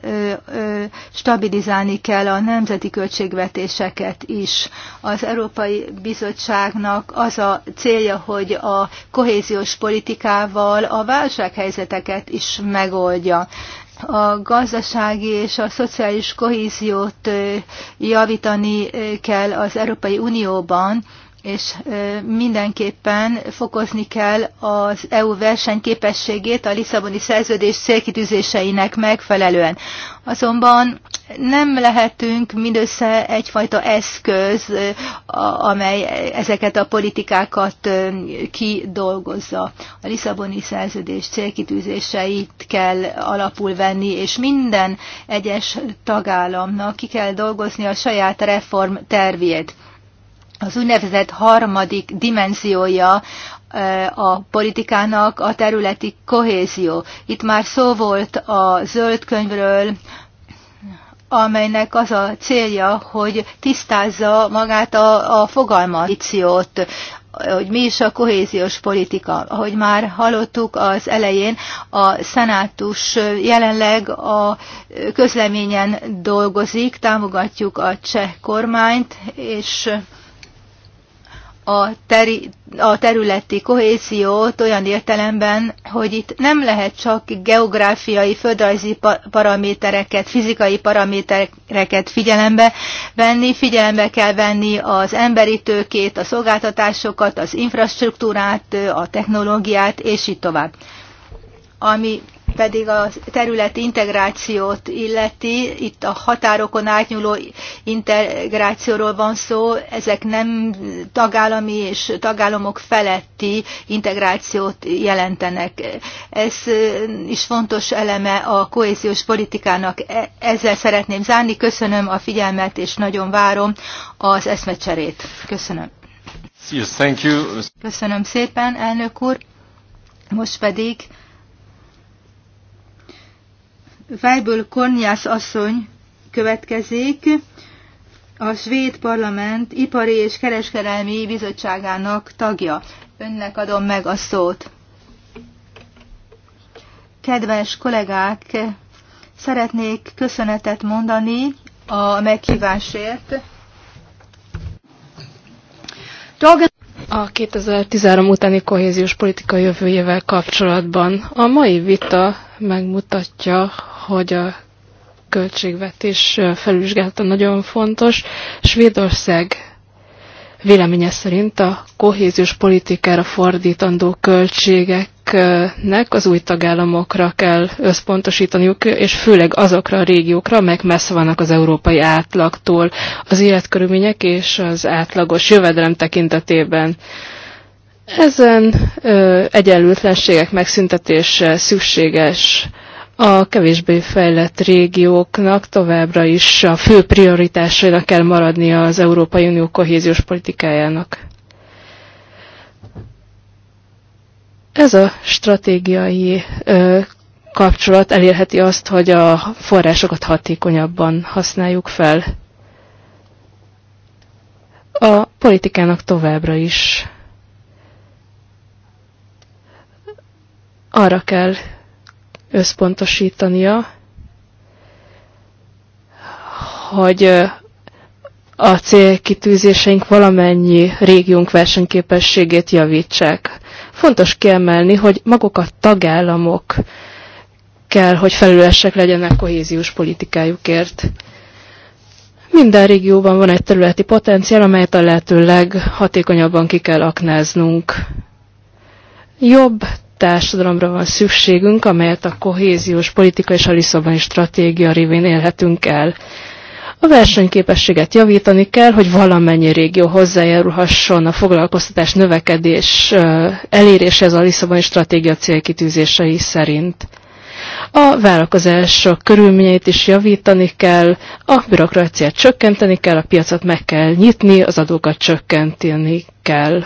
[SPEAKER 2] stabilizálni kell a nemzeti költségvetéseket is. Az Európai Bizottságnak az a célja, hogy a kohéziós politikával a válsághelyzeteket is megoldja a gazdasági és a szociális kohéziót javítani kell az Európai Unióban, és mindenképpen fokozni kell az EU versenyképességét a Lisszaboni szerződés célkitűzéseinek megfelelően. Azonban nem lehetünk mindössze egyfajta eszköz, amely ezeket a politikákat kidolgozza. A Lisszaboni szerződés célkitűzéseit kell alapul venni, és minden egyes tagállamnak ki kell dolgozni a saját reform tervét. Az úgynevezett harmadik dimenziója a politikának a területi kohézió. Itt már szó volt a zöld könyvről, amelynek az a célja, hogy tisztázza magát a, a fogalmaíciót, hogy mi is a kohéziós politika. Ahogy már hallottuk az elején, a szenátus jelenleg a közleményen dolgozik, támogatjuk a cseh kormányt, és a, teri, a területi kohéziót olyan értelemben, hogy itt nem lehet csak geográfiai, földrajzi paramétereket, fizikai paramétereket figyelembe venni, figyelembe kell venni az emberi tőkét, a szolgáltatásokat, az infrastruktúrát, a technológiát, és így tovább. Ami pedig a területi integrációt illeti, itt a határokon átnyúló integrációról van szó, ezek nem tagállami és tagállamok feletti integrációt jelentenek. Ez is fontos eleme a kohéziós politikának. E- ezzel szeretném zárni. Köszönöm a figyelmet, és nagyon várom az eszmecserét. Köszönöm.
[SPEAKER 1] Yes, thank you.
[SPEAKER 2] Köszönöm szépen, elnök úr. Most pedig Fejből Konjász asszony következik, a Svéd Parlament Ipari és Kereskedelmi Bizottságának tagja. Önnek adom meg a szót. Kedves kollégák, szeretnék köszönetet mondani a meghívásért.
[SPEAKER 3] A 2013 utáni kohéziós politika jövőjével kapcsolatban a mai vita megmutatja, hogy a költségvetés felvizsgálata nagyon fontos. Svédország véleménye szerint a kohéziós politikára fordítandó költségeknek az új tagállamokra kell összpontosítaniuk, és főleg azokra a régiókra, amelyek messze vannak az európai átlagtól, az életkörülmények és az átlagos jövedelem tekintetében. Ezen ö, egyenlőtlenségek megszüntetése szükséges a kevésbé fejlett régióknak továbbra is a fő prioritásainak kell maradnia az Európai Unió kohéziós politikájának. Ez a stratégiai kapcsolat elérheti azt, hogy a forrásokat hatékonyabban használjuk fel. A politikának továbbra is arra kell összpontosítania, hogy a célkitűzéseink valamennyi régiónk versenyképességét javítsák. Fontos kiemelni, hogy maguk a tagállamok kell, hogy felülesek legyenek kohéziós politikájukért. Minden régióban van egy területi potenciál, amelyet a lehető leghatékonyabban ki kell aknáznunk. Jobb társadalomra van szükségünk, amelyet a kohéziós politika és a Lisszaboni stratégia révén élhetünk el. A versenyképességet javítani kell, hogy valamennyi régió hozzájárulhasson a foglalkoztatás növekedés eléréshez a Lisszaboni stratégia célkitűzései szerint. A vállalkozások körülményeit is javítani kell, a bürokráciát csökkenteni kell, a piacot meg kell nyitni, az adókat csökkenteni kell.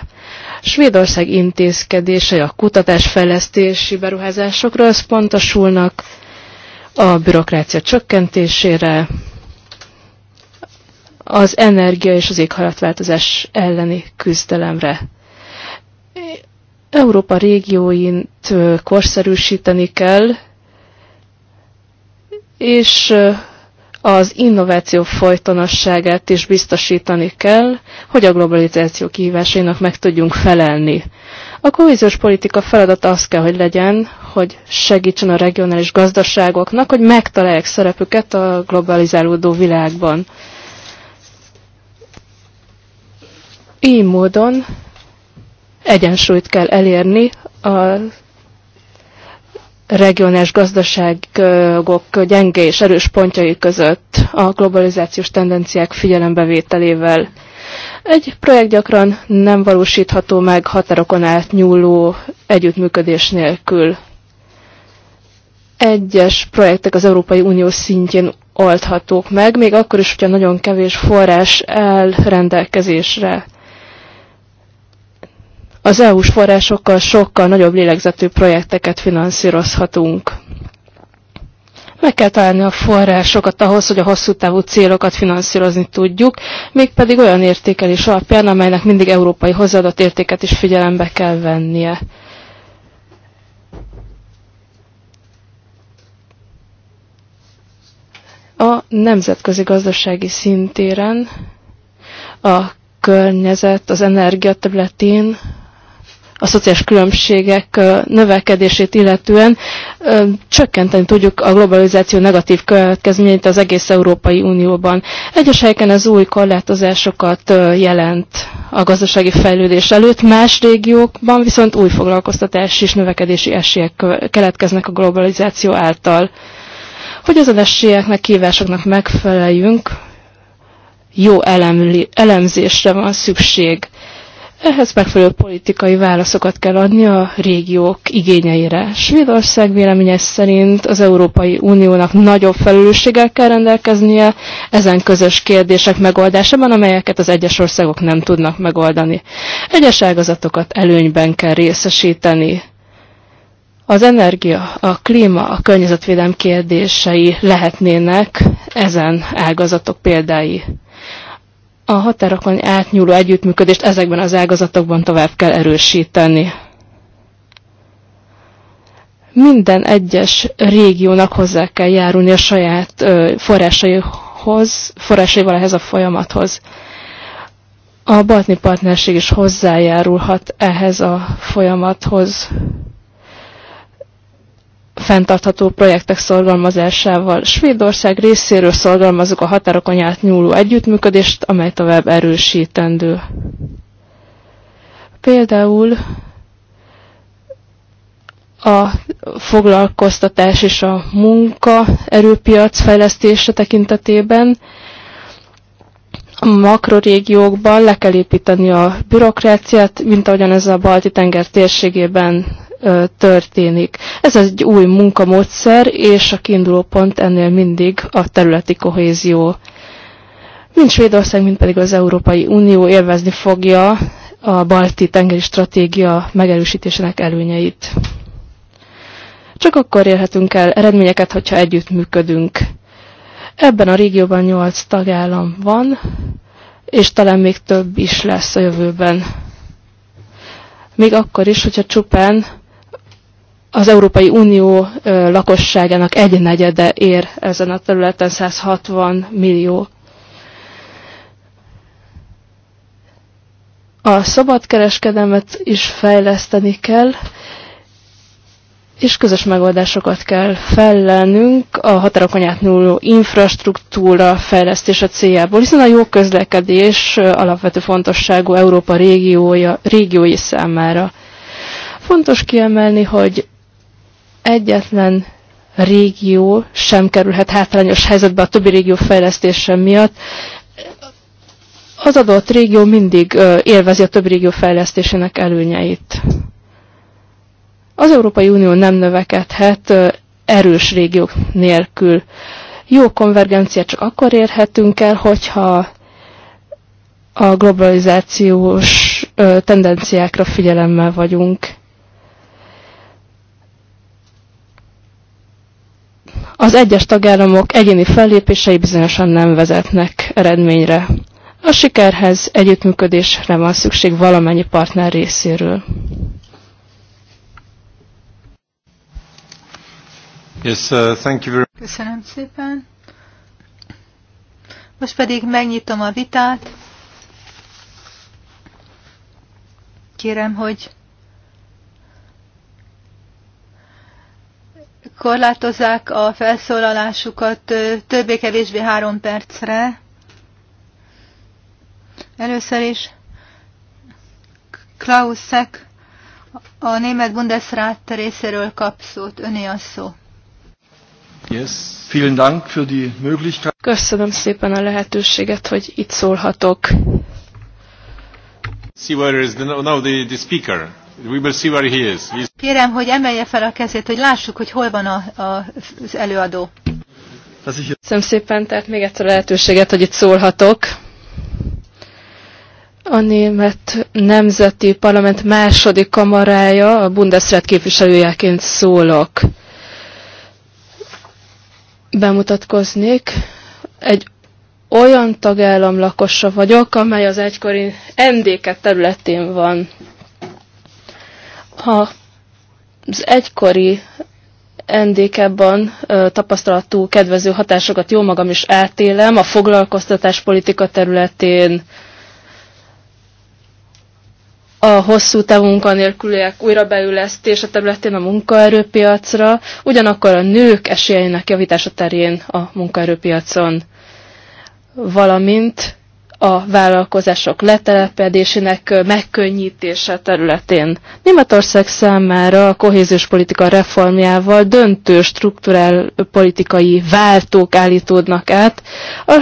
[SPEAKER 3] Svédország intézkedései a kutatásfejlesztési beruházásokra összpontosulnak, a bürokrácia csökkentésére, az energia és az éghajlatváltozás elleni küzdelemre. Európa régióint korszerűsíteni kell, és az innováció folytonosságát is biztosítani kell, hogy a globalizáció kihívásainak meg tudjunk felelni. A kohéziós politika feladata az kell, hogy legyen, hogy segítsen a regionális gazdaságoknak, hogy megtalálják szerepüket a globalizálódó világban. Így módon egyensúlyt kell elérni az regionális gazdaságok gyenge és erős pontjai között a globalizációs tendenciák figyelembevételével. Egy projekt gyakran nem valósítható meg határokon át nyúló együttműködés nélkül. Egyes projektek az Európai Unió szintjén oldhatók meg, még akkor is, hogyha nagyon kevés forrás áll rendelkezésre az EU-s forrásokkal sokkal nagyobb lélegzetű projekteket finanszírozhatunk. Meg kell találni a forrásokat ahhoz, hogy a hosszú távú célokat finanszírozni tudjuk, mégpedig olyan értékelés alapján, amelynek mindig európai hozzáadott értéket is figyelembe kell vennie. A nemzetközi gazdasági szintéren a környezet, az energia területén a szociális különbségek növekedését illetően csökkenteni tudjuk a globalizáció negatív következményeit az egész Európai Unióban. Egyes helyeken ez új korlátozásokat jelent a gazdasági fejlődés előtt, más régiókban viszont új foglalkoztatás és növekedési esélyek keletkeznek a globalizáció által. Hogy az esélyeknek, kívásoknak megfeleljünk, jó elemli, elemzésre van szükség. Ehhez megfelelő politikai válaszokat kell adni a régiók igényeire. Svédország véleménye szerint az Európai Uniónak nagyobb felelősséggel kell rendelkeznie ezen közös kérdések megoldásában, amelyeket az egyes országok nem tudnak megoldani. Egyes ágazatokat előnyben kell részesíteni. Az energia, a klíma, a környezetvédelem kérdései lehetnének ezen ágazatok példái a határokon átnyúló együttműködést ezekben az ágazatokban tovább kell erősíteni. Minden egyes régiónak hozzá kell járulni a saját forrásaihoz, forrásaival ehhez a folyamathoz. A Baltni Partnerség is hozzájárulhat ehhez a folyamathoz fenntartható projektek szorgalmazásával. Svédország részéről szorgalmazok a határokon nyúló együttműködést, amely tovább erősítendő. Például a foglalkoztatás és a munka erőpiac fejlesztése tekintetében a makrorégiókban le kell építeni a bürokráciát, mint ahogyan ez a Balti-tenger térségében történik. Ez egy új munkamódszer, és a kiinduló pont ennél mindig a területi kohézió. Mind Svédország, mind pedig az Európai Unió élvezni fogja a balti tengeri stratégia megerősítésének előnyeit. Csak akkor érhetünk el eredményeket, hogyha együttműködünk. Ebben a régióban 8 tagállam van, és talán még több is lesz a jövőben. Még akkor is, hogyha csupán az Európai Unió lakosságának egy negyede ér ezen a területen 160 millió. A szabadkereskedelmet is fejleszteni kell, és közös megoldásokat kell fellennünk a határokon átnyúló infrastruktúra fejlesztése céljából, hiszen a jó közlekedés alapvető fontosságú Európa régiója, régiói számára. Fontos kiemelni, hogy egyetlen régió sem kerülhet hátrányos helyzetbe a többi régió fejlesztése miatt. Az adott régió mindig élvezi a többi régió fejlesztésének előnyeit. Az Európai Unió nem növekedhet erős régiók nélkül. Jó konvergenciát csak akkor érhetünk el, hogyha a globalizációs tendenciákra figyelemmel vagyunk. Az egyes tagállamok egyéni fellépései bizonyosan nem vezetnek eredményre. A sikerhez együttműködésre van szükség valamennyi partner részéről.
[SPEAKER 1] Yes, uh, thank you very...
[SPEAKER 2] Köszönöm szépen. Most pedig megnyitom a vitát. Kérem, hogy korlátozzák a felszólalásukat többé-kevésbé három percre. Először is Klaus Szek a német Bundesrat részéről kap szót. Öné a szó.
[SPEAKER 3] Yes. Vielen Dank für die Möglichkeit. Köszönöm szépen a lehetőséget, hogy itt szólhatok.
[SPEAKER 1] See where is the, now the, the speaker.
[SPEAKER 2] Kérem, hogy emelje fel a kezét, hogy lássuk, hogy hol van a, a, az előadó.
[SPEAKER 3] Köszönöm szépen, tehát még egyszer a lehetőséget, hogy itt szólhatok. A német nemzeti parlament második kamarája, a Bundesrat képviselőjeként szólok. Bemutatkoznék. Egy olyan tagállam lakosa vagyok, amely az egykori MDK területén van az egykori NDK-ban tapasztalatú kedvező hatásokat jó magam is átélem, a foglalkoztatás politika területén a hosszú távú munkanélküliek újrabeülesztése területén a munkaerőpiacra, ugyanakkor a nők esélyeinek javítása terén a munkaerőpiacon, valamint a vállalkozások letelepedésének megkönnyítése területén. Németország számára a kohéziós politika reformjával döntő struktúrál politikai váltók állítódnak át. A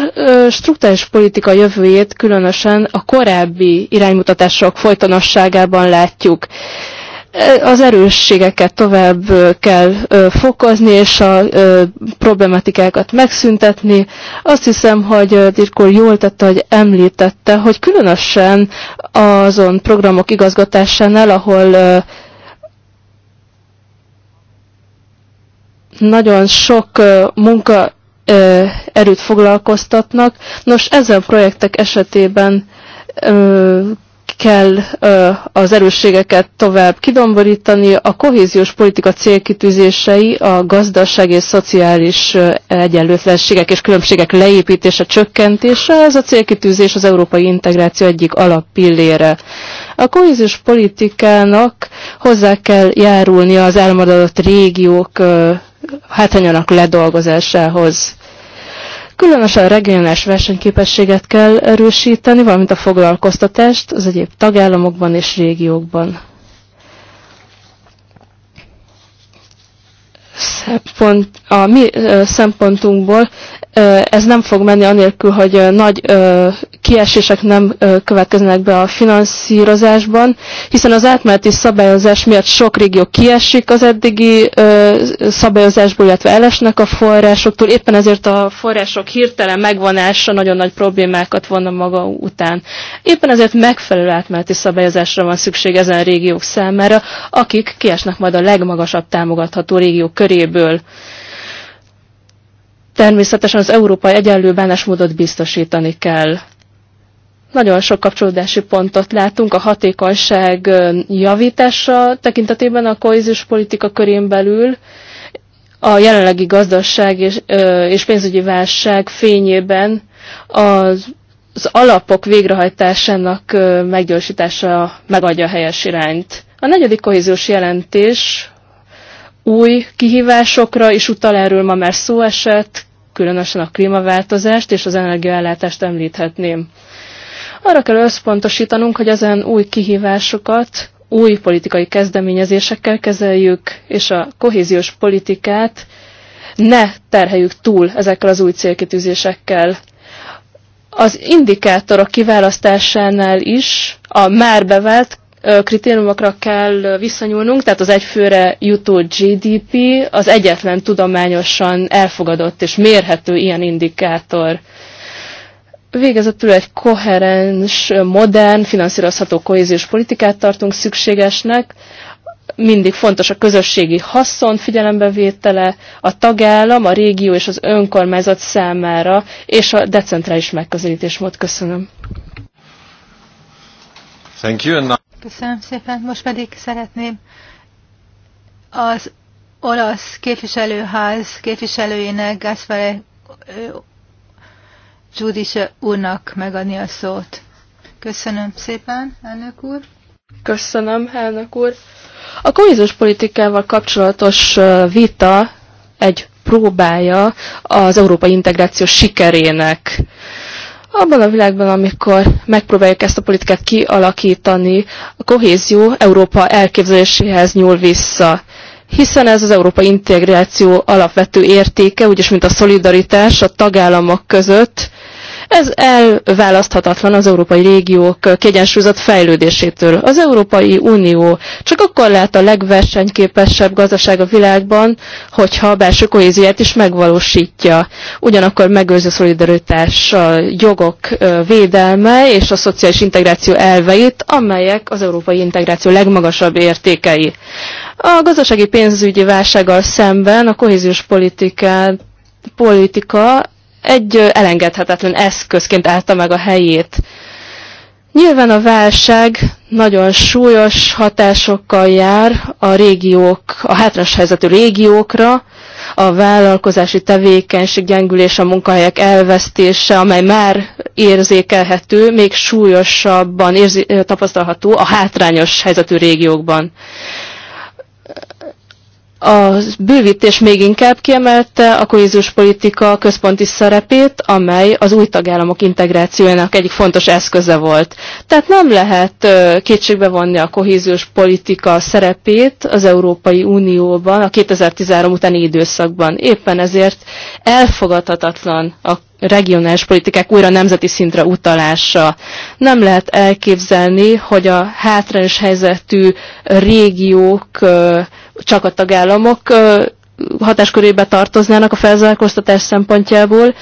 [SPEAKER 3] struktúrális politika jövőjét különösen a korábbi iránymutatások folytonosságában látjuk az erősségeket tovább kell fokozni, és a problematikákat megszüntetni. Azt hiszem, hogy Dirkor jól tette, hogy említette, hogy különösen azon programok igazgatásánál, ahol nagyon sok munka erőt foglalkoztatnak. Nos, ezen projektek esetében kell az erősségeket tovább kidomborítani, a kohéziós politika célkitűzései, a gazdaság és szociális egyenlőtlenségek és különbségek leépítése, csökkentése, ez a célkitűzés az európai integráció egyik alappillére. A kohéziós politikának hozzá kell járulni az elmaradott régiók ö, hátrányának ledolgozásához. Különösen regionális versenyképességet kell erősíteni, valamint a foglalkoztatást az egyéb tagállamokban és régiókban. Szempont, a mi szempontunkból ez nem fog menni anélkül, hogy nagy kiesések nem következnek be a finanszírozásban, hiszen az átmeneti szabályozás miatt sok régió kiesik az eddigi szabályozásból, illetve elesnek a forrásoktól, éppen ezért a források hirtelen megvonása nagyon nagy problémákat vonna maga után. Éppen ezért megfelelő átmeneti szabályozásra van szükség ezen régiók számára, akik kiesnek majd a legmagasabb támogatható régió köréből. Természetesen az európai egyenlő bánásmódot biztosítani kell. Nagyon sok kapcsolódási pontot látunk a hatékonyság javítása tekintetében a kohéziós politika körén belül, a jelenlegi gazdaság és, és pénzügyi válság fényében az, az alapok végrehajtásának meggyorsítása megadja a helyes irányt. A negyedik kohéziós jelentés új kihívásokra is utal, erről ma már szó esett, különösen a klímaváltozást és az energiaellátást említhetném. Arra kell összpontosítanunk, hogy ezen új kihívásokat új politikai kezdeményezésekkel kezeljük, és a kohéziós politikát ne terheljük túl ezekkel az új célkitűzésekkel. Az indikátorok kiválasztásánál is a már bevált kritériumokra kell visszanyúlnunk, tehát az egyfőre jutó GDP az egyetlen tudományosan elfogadott és mérhető ilyen indikátor. Végezetül egy koherens, modern, finanszírozható kohéziós politikát tartunk szükségesnek. Mindig fontos a közösségi haszon figyelembevétele, a tagállam, a régió és az önkormányzat számára, és a decentrális megközelítésmód. Köszönöm.
[SPEAKER 1] Thank you.
[SPEAKER 2] Köszönöm szépen. Most pedig szeretném az olasz képviselőház képviselőjének Gaspare Judis úrnak megadni a szót. Köszönöm szépen, elnök úr.
[SPEAKER 3] Köszönöm, elnök úr. A kohéziós politikával kapcsolatos vita egy próbája az európai integráció sikerének. Abban a világban, amikor megpróbáljuk ezt a politikát kialakítani, a kohézió Európa elképzeléséhez nyúl vissza. Hiszen ez az európai integráció alapvető értéke, úgyis mint a szolidaritás a tagállamok között, Ez elválaszthatatlan az európai régiók kiegyensúlyozott fejlődésétől. Az Európai Unió csak akkor lehet a legversenyképesebb gazdaság a világban, hogyha a belső kohézióját is megvalósítja. Ugyanakkor megőrzi a szolidaritás, a jogok védelme és a szociális integráció elveit, amelyek az európai integráció legmagasabb értékei. A gazdasági pénzügyi válsággal szemben a kohéziós politikát politika egy elengedhetetlen eszközként állta meg a helyét. Nyilván a válság nagyon súlyos hatásokkal jár a régiók, a hátrányos helyzetű régiókra, a vállalkozási tevékenység gyengülése, a munkahelyek elvesztése, amely már érzékelhető, még súlyosabban érzi, tapasztalható a hátrányos helyzetű régiókban a bővítés még inkább kiemelte a kohéziós politika központi szerepét, amely az új tagállamok integrációjának egyik fontos eszköze volt. Tehát nem lehet kétségbe vonni a kohéziós politika szerepét az Európai Unióban a 2013 utáni időszakban. Éppen ezért elfogadhatatlan a regionális politikák újra nemzeti szintre utalása. Nem lehet elképzelni, hogy a hátrányos helyzetű régiók csak a tagállamok hatáskörébe tartoznának a felzárkóztatás szempontjából,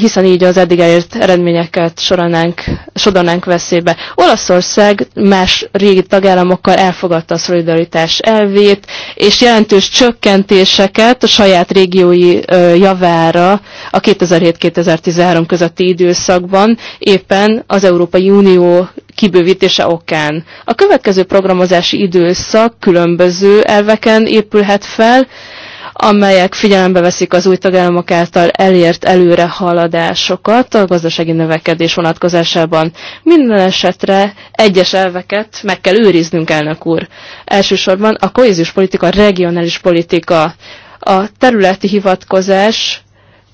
[SPEAKER 3] hiszen így az eddig elért eredményeket soranánk, sodanánk veszélybe. Olaszország más régi tagállamokkal elfogadta a szolidaritás elvét, és jelentős csökkentéseket a saját régiói javára a 2007-2013 közötti időszakban éppen az Európai Unió kibővítése okán. A következő programozási időszak különböző elveken épülhet fel, amelyek figyelembe veszik az új tagállamok által elért előrehaladásokat a gazdasági növekedés vonatkozásában. Minden esetre egyes elveket meg kell őriznünk, elnök úr. Elsősorban a kohéziós politika, a regionális politika, a területi hivatkozás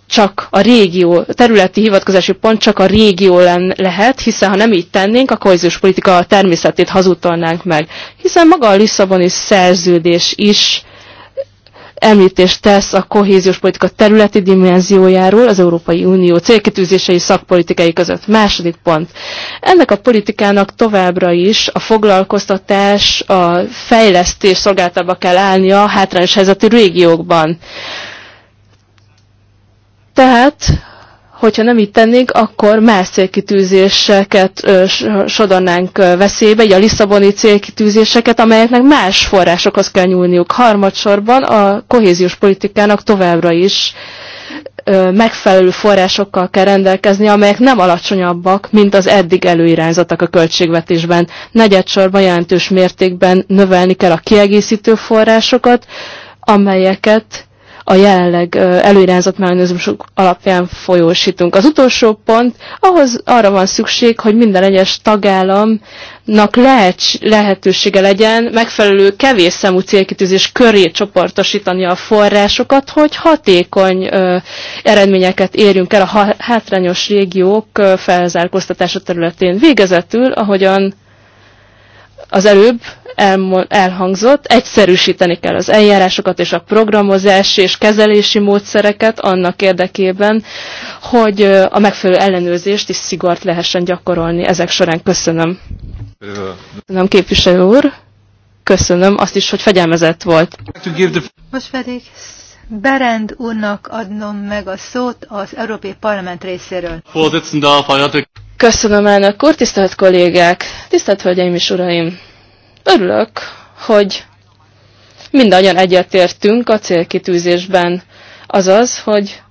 [SPEAKER 3] csak a régió, területi hivatkozási pont csak a régió len lehet, hiszen ha nem így tennénk, a kohéziós politika természetét hazudtolnánk meg. Hiszen maga a Lisszaboni szerződés is említést tesz a kohéziós politika területi dimenziójáról az Európai Unió célkitűzései szakpolitikai között. Második pont. Ennek a politikának továbbra is a foglalkoztatás, a fejlesztés szolgáltába kell állnia a hátrányos helyzetű régiókban. Tehát hogyha nem így tennénk, akkor más célkitűzéseket sodornánk veszélybe, így a Lisszaboni célkitűzéseket, amelyeknek más forrásokhoz kell nyúlniuk. Harmadsorban a kohéziós politikának továbbra is megfelelő forrásokkal kell rendelkezni, amelyek nem alacsonyabbak, mint az eddig előirányzatok a költségvetésben. Negyedsorban jelentős mértékben növelni kell a kiegészítő forrásokat, amelyeket a jelenleg előirányzott mechanizmusok alapján folyósítunk. Az utolsó pont, ahhoz arra van szükség, hogy minden egyes tagállamnak lehet, lehetősége legyen megfelelő kevés számú célkitűzés köré csoportosítani a forrásokat, hogy hatékony ö, eredményeket érjünk el a hátrányos régiók felzárkóztatása területén. Végezetül, ahogyan az előbb elhangzott, egyszerűsíteni kell az eljárásokat és a programozási és kezelési módszereket annak érdekében, hogy a megfelelő ellenőrzést is szigort lehessen gyakorolni ezek során. Köszönöm. Köszönöm, képviselő úr. Köszönöm azt is, hogy fegyelmezett volt.
[SPEAKER 2] Most pedig Berend úrnak adnom meg a szót az Európai Parlament részéről.
[SPEAKER 3] Köszönöm elnök úr, tisztelt kollégák, tisztelt hölgyeim és uraim. Örülök, hogy mindannyian egyetértünk a célkitűzésben, azaz, hogy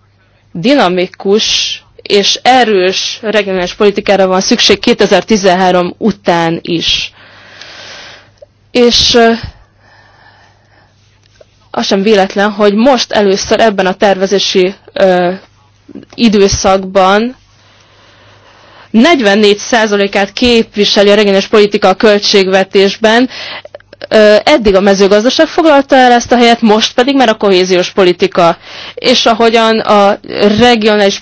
[SPEAKER 3] dinamikus és erős regionális politikára van szükség 2013 után is. És az sem véletlen, hogy most először ebben a tervezési ö, időszakban 44%-át képviseli a regionális politika költségvetésben, Eddig a mezőgazdaság foglalta el ezt a helyet, most pedig már a kohéziós politika. És ahogyan a regionális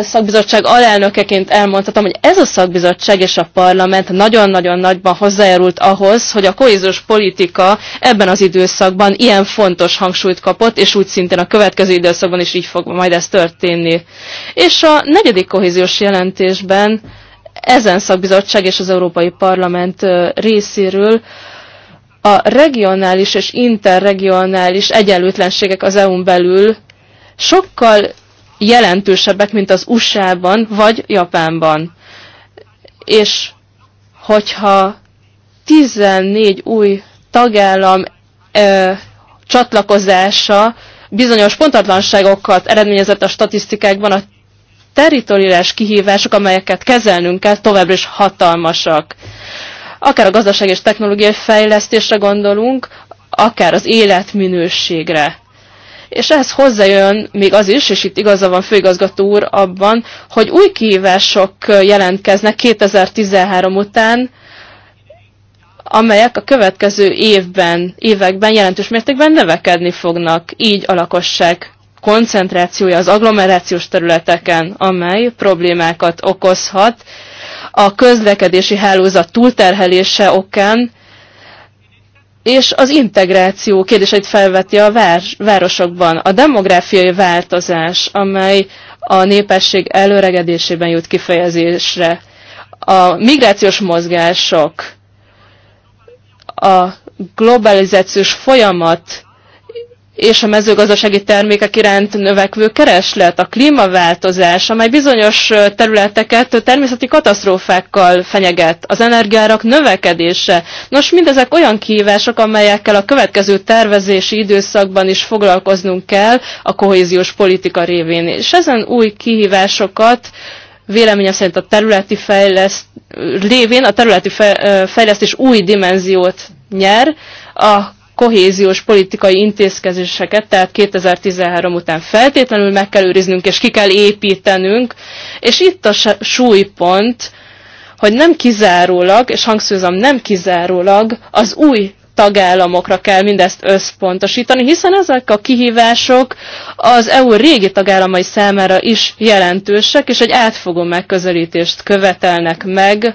[SPEAKER 3] szakbizottság alelnökeként elmondhatom, hogy ez a szakbizottság és a parlament nagyon-nagyon nagyban hozzájárult ahhoz, hogy a kohéziós politika ebben az időszakban ilyen fontos hangsúlyt kapott, és úgy szintén a következő időszakban is így fog majd ez történni. És a negyedik kohéziós jelentésben ezen szakbizottság és az Európai Parlament részéről a regionális és interregionális egyenlőtlenségek az EU-n belül sokkal jelentősebbek, mint az USA-ban vagy Japánban. És hogyha 14 új tagállam ö, csatlakozása bizonyos pontatlanságokat eredményezett a statisztikákban, a teritoriális kihívások, amelyeket kezelnünk kell, továbbra is hatalmasak akár a gazdaság és technológiai fejlesztésre gondolunk, akár az életminőségre. És ehhez hozzájön még az is, és itt igaza van főigazgató úr abban, hogy új kihívások jelentkeznek 2013 után, amelyek a következő évben, években jelentős mértékben növekedni fognak, így a lakosság koncentrációja az agglomerációs területeken, amely problémákat okozhat a közlekedési hálózat túlterhelése okán, és az integráció kérdéseit felveti a városokban. A demográfiai változás, amely a népesség előregedésében jut kifejezésre. A migrációs mozgások, a globalizációs folyamat és a mezőgazdasági termékek iránt növekvő kereslet, a klímaváltozás, amely bizonyos területeket természeti katasztrófákkal fenyeget, az energiárak növekedése. Nos, mindezek olyan kihívások, amelyekkel a következő tervezési időszakban is foglalkoznunk kell a kohéziós politika révén. És ezen új kihívásokat véleménye szerint a területi fejleszt, lévén a területi fejlesztés új dimenziót nyer, a kohéziós politikai intézkedéseket, tehát 2013 után feltétlenül meg kell őriznünk, és ki kell építenünk, és itt a súlypont, hogy nem kizárólag, és hangsúlyozom, nem kizárólag az új tagállamokra kell mindezt összpontosítani, hiszen ezek a kihívások az EU régi tagállamai számára is jelentősek, és egy átfogó megközelítést követelnek meg,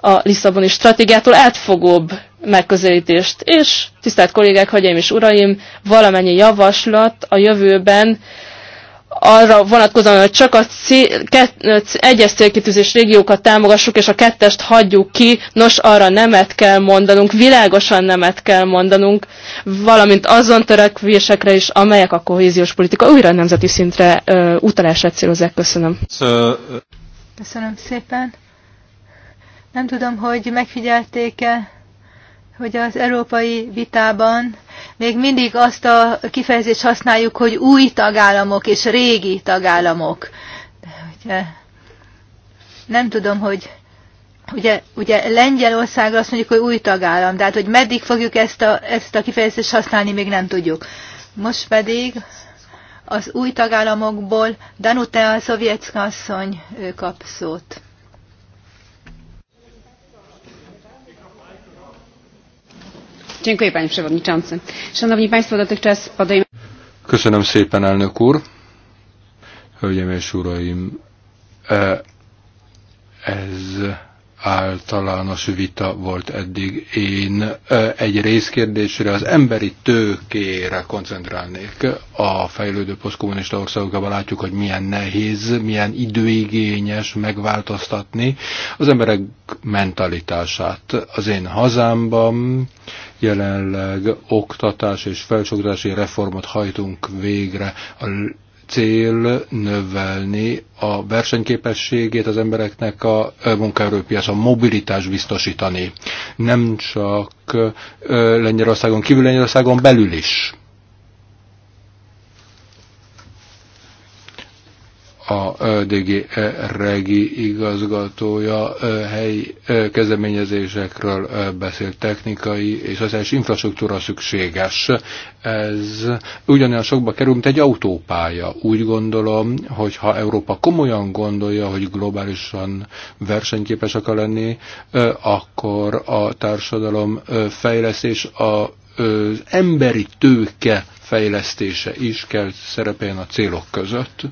[SPEAKER 3] a Lisszaboni stratégiától átfogóbb megközelítést. És, tisztelt kollégák, hagyjaim és uraim, valamennyi javaslat a jövőben arra vonatkozóan, hogy csak a egyes célkitűzés régiókat támogassuk, és a kettest hagyjuk ki, nos, arra nemet kell mondanunk, világosan nemet kell mondanunk, valamint azon törekvésekre is, amelyek a kohéziós politika újra nemzeti szintre ö, utalását célozzák. Köszönöm.
[SPEAKER 2] Köszönöm szépen. Nem tudom, hogy megfigyelték-e, hogy az európai vitában még mindig azt a kifejezést használjuk, hogy új tagállamok és régi tagállamok. De ugye, nem tudom, hogy ugye, ugye Lengyelországra azt mondjuk, hogy új tagállam, de hát, hogy meddig fogjuk ezt a, ezt a kifejezést használni, még nem tudjuk. Most pedig az új tagállamokból Danutea Szovjetszka asszony kap szót.
[SPEAKER 3] Dziękuję panie przewodniczący. Szanowni państwo, dotychczas podejm...
[SPEAKER 1] Köszönöm szépen, elnök úr. Hölgyeim és uraim, eh, ez általános vita volt eddig. Én egy részkérdésre, az emberi tőkére koncentrálnék. A fejlődő posztkommunista országokban látjuk, hogy milyen nehéz, milyen időigényes megváltoztatni az emberek mentalitását. Az én hazámban jelenleg oktatás és felsőoktatási reformot hajtunk végre. A cél növelni a versenyképességét az embereknek a munkaerőpiac, a mobilitás biztosítani. Nem csak Lengyelországon kívül, Lengyelországon belül is. a DG e, Regi igazgatója e, helyi e, kezdeményezésekről beszélt technikai és szociális infrastruktúra szükséges. Ez ugyanolyan sokba kerül, mint egy autópálya. Úgy gondolom, hogy ha Európa komolyan gondolja, hogy globálisan versenyképes akar lenni, akkor a társadalom fejlesztés a az emberi tőke fejlesztése is kell szerepeljen a célok között.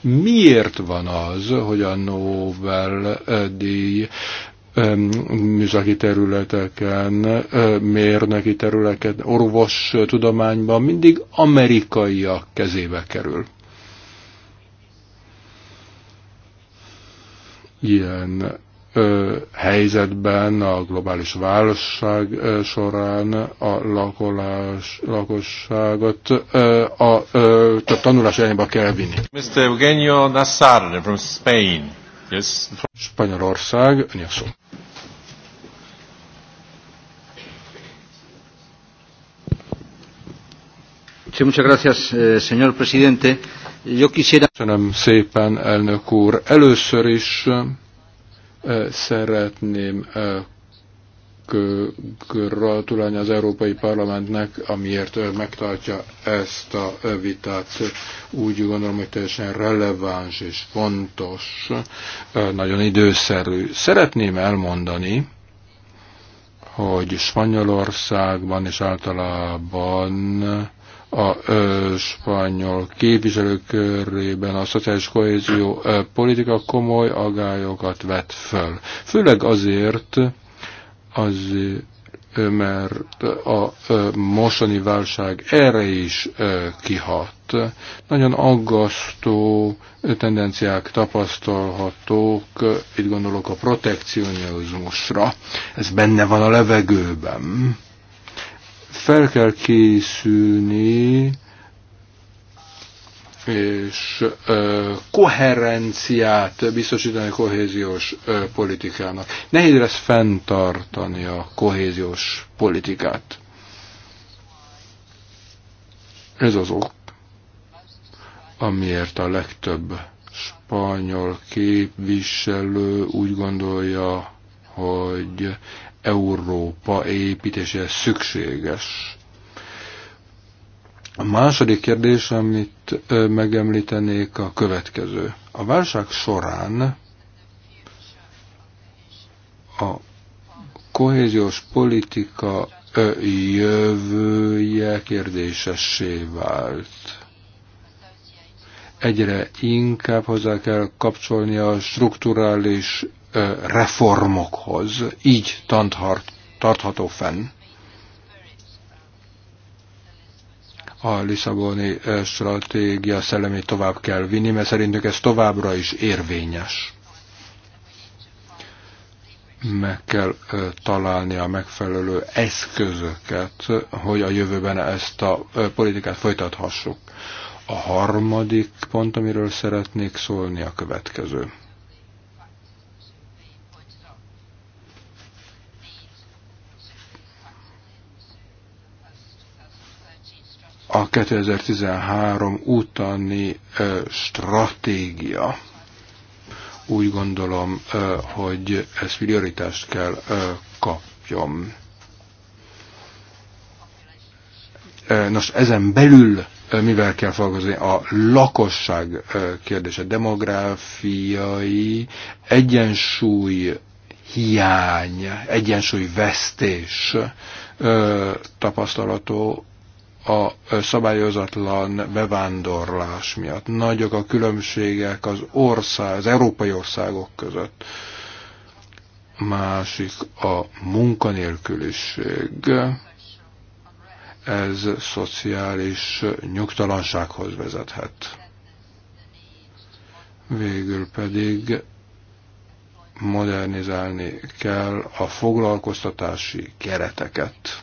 [SPEAKER 1] Miért van az, hogy a Nobel-díj eh, műszaki területeken, eh, mérnöki területeken, orvos tudományban mindig amerikaiak kezébe kerül. Ilyen helyzetben a globális válság során a lakolás, lakosságot a, a, a a tanulás irányba kell vinni. Mr. Eugenio Nassar from Spain. Yes. Spanyolország, Nyaszó. Sí, muchas gracias, eh, señor presidente. Yo quisiera... Köszönöm szépen, elnök úr. Először is Szeretném eh, gratulálni az Európai Parlamentnek, amiért megtartja ezt a vitát. Úgy gondolom, hogy teljesen releváns és fontos, eh, nagyon időszerű. Szeretném elmondani, hogy Spanyolországban és általában a spanyol képviselők körében a szociális kohézió politika komoly agályokat vet föl. Főleg azért, az, mert a mostani válság erre is kihat. Nagyon aggasztó tendenciák tapasztalhatók, itt gondolok a protekcionizmusra, ez benne van a levegőben fel kell készülni, és ö, koherenciát biztosítani a kohéziós ö, politikának. Nehéz lesz fenntartani a kohéziós politikát. Ez az ok, amiért a legtöbb spanyol képviselő úgy gondolja, hogy Európa építése szükséges. A második kérdés, amit megemlítenék, a következő. A válság során a kohéziós politika jövője kérdésessé vált. Egyre inkább hozzá kell kapcsolni a strukturális reformokhoz, így tartható fenn a Lisszaboni stratégia szellemét tovább kell vinni, mert szerintünk ez továbbra is érvényes. Meg kell találni a megfelelő eszközöket, hogy a jövőben ezt a politikát folytathassuk. A harmadik pont, amiről szeretnék szólni, a következő. a 2013 utáni stratégia. Úgy gondolom, hogy ez prioritást kell kapjon. Nos, ezen belül mivel kell foglalkozni? A lakosság kérdése, demográfiai egyensúly hiány, egyensúly vesztés tapasztalató a szabályozatlan bevándorlás miatt. Nagyok a különbségek az ország, az európai országok között. Másik a munkanélküliség. Ez szociális nyugtalansághoz vezethet. Végül pedig modernizálni kell a foglalkoztatási kereteket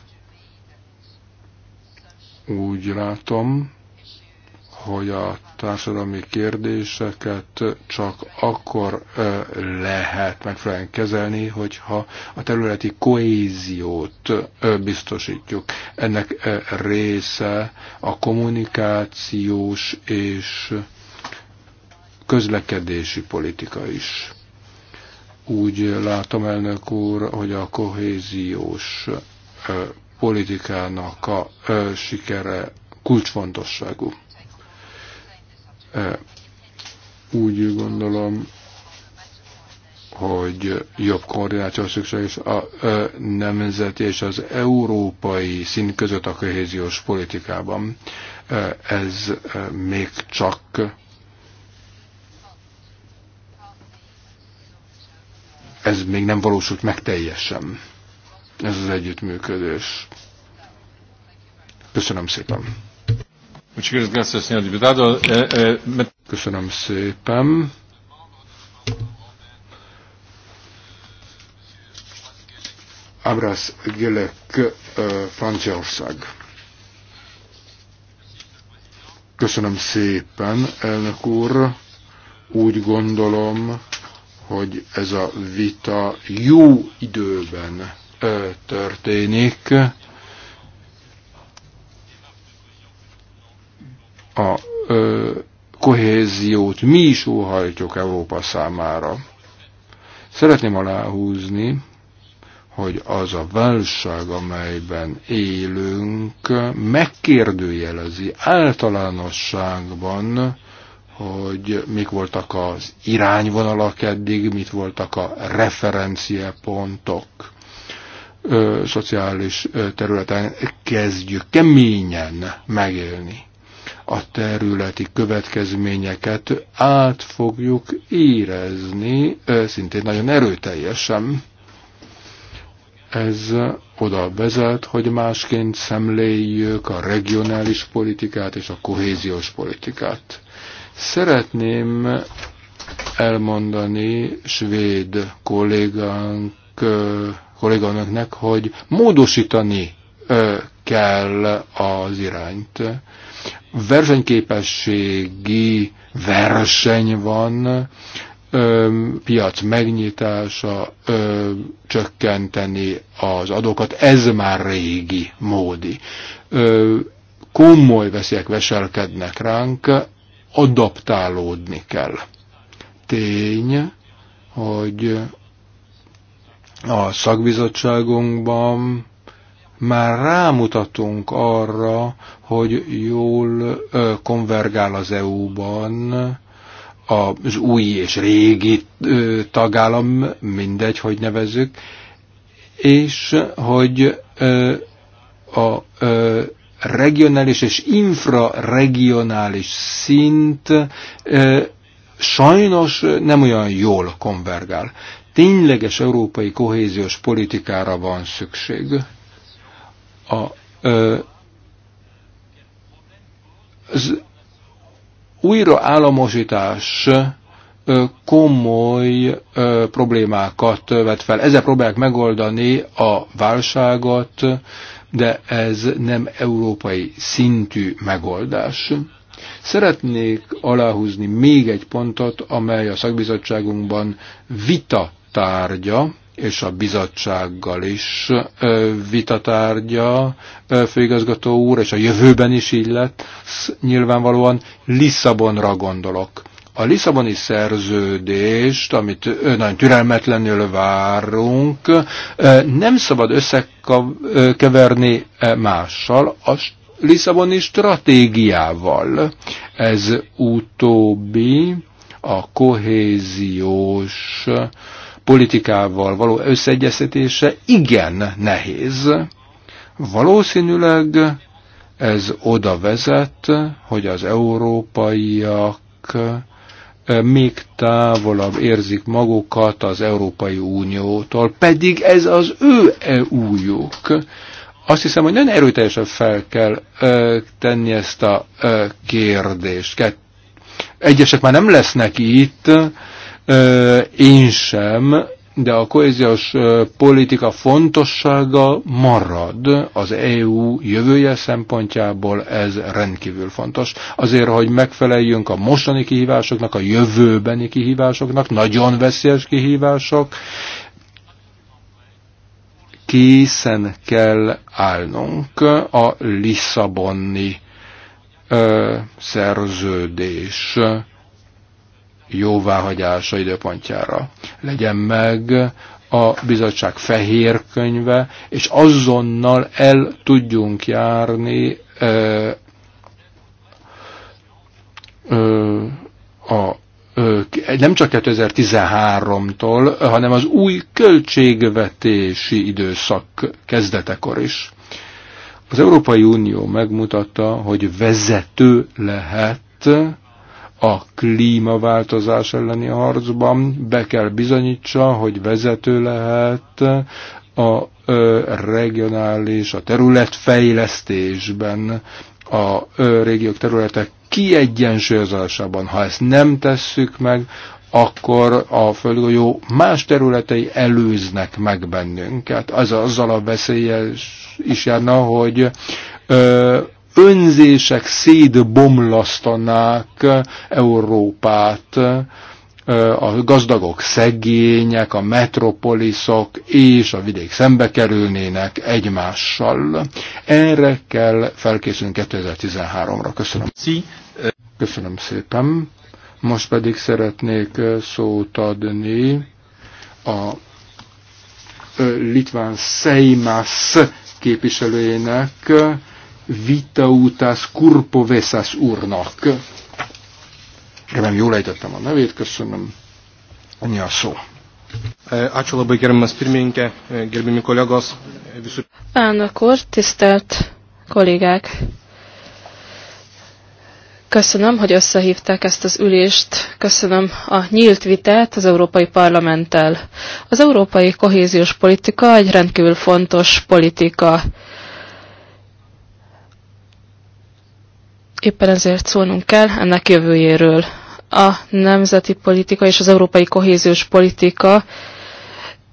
[SPEAKER 1] úgy látom, hogy a társadalmi kérdéseket csak akkor lehet megfelelően kezelni, hogyha a területi koéziót biztosítjuk. Ennek része a kommunikációs és közlekedési politika is. Úgy látom, elnök úr, hogy a kohéziós politikának a ö, sikere kulcsfontosságú. Úgy gondolom, hogy jobb koordináció is a ö, nemzeti és az európai szint között a kohéziós politikában. Ö, Ez ö, még csak ez még nem valósult meg teljesen ez az együttműködés. Köszönöm szépen. Köszönöm szépen. Abrász Gélek, Franciaország. Köszönöm szépen, elnök úr. Úgy gondolom, hogy ez a vita jó időben történik. A kohéziót mi is óhajtjuk Európa számára. Szeretném aláhúzni, hogy az a válság, amelyben élünk, megkérdőjelezi általánosságban, hogy mik voltak az irányvonalak eddig, mit voltak a referenciapontok ö, szociális területen kezdjük keményen megélni. A területi következményeket át fogjuk érezni, ö, szintén nagyon erőteljesen. Ez oda vezet, hogy másként szemléljük a regionális politikát és a kohéziós politikát. Szeretném elmondani svéd kollégánk kolléganőknek, hogy módosítani kell az irányt. Versenyképességi verseny van, piac megnyitása, csökkenteni az adókat, ez már régi módi. Komoly veszélyek veselkednek ránk, adaptálódni kell. Tény, hogy a szakbizottságunkban már rámutatunk arra, hogy jól konvergál az EU-ban az új és régi tagállam, mindegy, hogy nevezzük, és hogy a regionális és infraregionális szint sajnos nem olyan jól konvergál tényleges európai kohéziós politikára van szükség. A, ö, az újraállamosítás komoly ö, problémákat vet fel. Ezzel próbálják megoldani a válságot, de ez nem európai szintű megoldás. Szeretnék aláhúzni még egy pontot, amely a szakbizottságunkban vita tárgya, és a bizottsággal is vitatárgya, főigazgató úr, és a jövőben is így lett, nyilvánvalóan Lisszabonra gondolok. A Lisszaboni szerződést, amit nagyon türelmetlenül várunk, nem szabad összekeverni mással, a Lisszaboni stratégiával. Ez utóbbi a kohéziós politikával való összeegyeztetése igen nehéz. Valószínűleg ez oda vezet, hogy az európaiak eh, még távolabb érzik magukat az Európai Uniótól, pedig ez az ő EU-juk. Azt hiszem, hogy nagyon erőteljesen fel kell ö, eh, tenni ezt a ö, eh, kérdést. Egyesek már nem lesznek itt, én sem, de a kohéziós politika fontossága marad az EU jövője szempontjából, ez rendkívül fontos. Azért, hogy megfeleljünk a mostani kihívásoknak, a jövőbeni kihívásoknak, nagyon veszélyes kihívások, készen kell állnunk a Lisszaboni ö, szerződés jóváhagyása időpontjára. Legyen meg a bizottság fehér könyve, és azonnal el tudjunk járni ö, ö, a nem csak 2013-tól, hanem az új költségvetési időszak kezdetekor is. Az Európai Unió megmutatta, hogy vezető lehet a klímaváltozás elleni harcban, be kell bizonyítsa, hogy vezető lehet a regionális, a területfejlesztésben, a régiók területek kiegyensúlyozásában. Ha ezt nem tesszük meg, akkor a földgolyó más területei előznek meg bennünket. Az azzal a veszélyes is járna, hogy ö, önzések szétbomlasztanák Európát, a gazdagok szegények, a metropoliszok és a vidék szembe kerülnének egymással. Erre kell felkészülni 2013-ra. Köszönöm. Köszönöm szépen. Most pedig szeretnék szót adni a Litván Szeimász képviselőjének, Vitautas Kurpovesas úrnak. Remélem jól ejtettem a nevét, köszönöm. Annyi a szó. Ačiū labai gerbiamas pirmininkė, gerbiami kolegos.
[SPEAKER 3] Elnök úr, tisztelt kollégák! Köszönöm, hogy összehívták ezt az ülést. Köszönöm a nyílt vitát az Európai Parlamenttel. Az európai kohéziós politika egy rendkívül fontos politika. Éppen ezért szólnunk kell ennek jövőjéről. A nemzeti politika és az európai kohéziós politika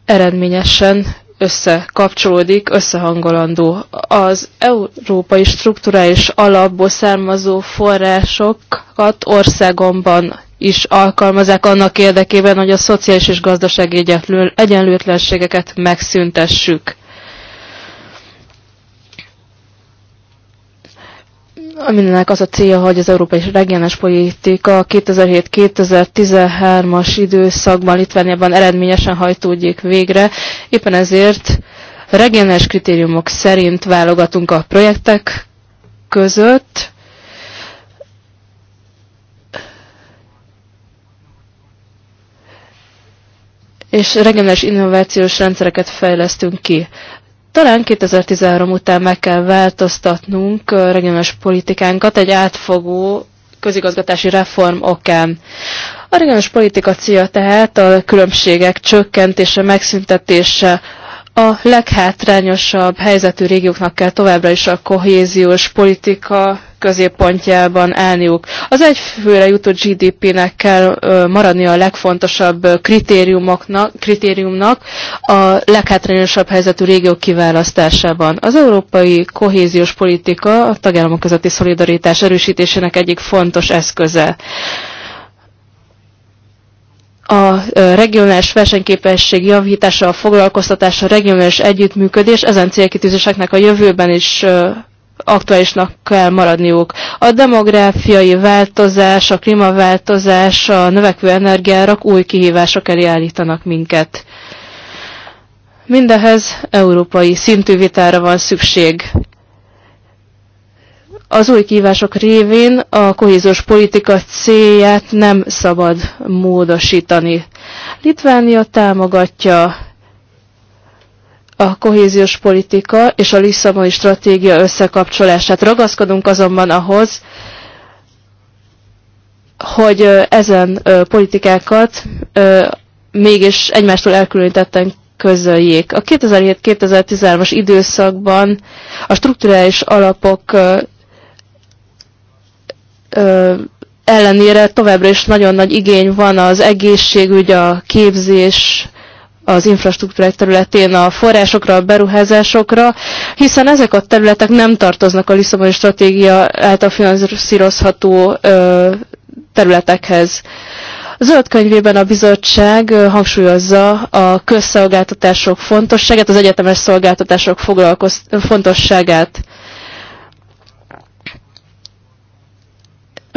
[SPEAKER 3] eredményesen összekapcsolódik, összehangolandó. Az európai strukturális alapból származó forrásokat országomban is alkalmazák annak érdekében, hogy a szociális és gazdasági egyenlőtlenségeket megszüntessük. aminek az a célja, hogy az európai regionális politika 2007-2013-as időszakban Litvániában eredményesen hajtódjék végre. Éppen ezért regionális kritériumok szerint válogatunk a projektek között, és regionális innovációs rendszereket fejlesztünk ki. Talán 2013 után meg kell változtatnunk regionális politikánkat egy átfogó közigazgatási reform okán. A regionális politika célja tehát a különbségek csökkentése, megszüntetése, a leghátrányosabb helyzetű régióknak kell továbbra is a kohéziós politika középpontjában állniuk. Az egyfőre jutott GDP-nek kell maradni a legfontosabb kritériumoknak, kritériumnak a leghátrányosabb helyzetű régiók kiválasztásában. Az európai kohéziós politika a tagállamok közötti szolidaritás erősítésének egyik fontos eszköze a regionális versenyképesség javítása, a foglalkoztatás, a regionális együttműködés ezen célkitűzéseknek a jövőben is aktuálisnak kell maradniuk. A demográfiai változás, a klímaváltozás, a növekvő energiárak új kihívások elé állítanak minket. Mindehez európai szintű vitára van szükség. Az új kívások révén a kohézós politika célját nem szabad módosítani. Litvánia támogatja a kohéziós politika és a Lisszaboni stratégia összekapcsolását. Ragaszkodunk azonban ahhoz, hogy ezen politikákat mégis egymástól elkülönítetten közöljék. A 2007-2013-as időszakban a strukturális alapok ellenére továbbra is nagyon nagy igény van az egészségügy, a képzés, az infrastruktúrák területén a forrásokra, a beruházásokra, hiszen ezek a területek nem tartoznak a Lisszaboni stratégia által finanszírozható területekhez. A zöld könyvében a bizottság hangsúlyozza a közszolgáltatások fontosságát, az egyetemes szolgáltatások fontosságát.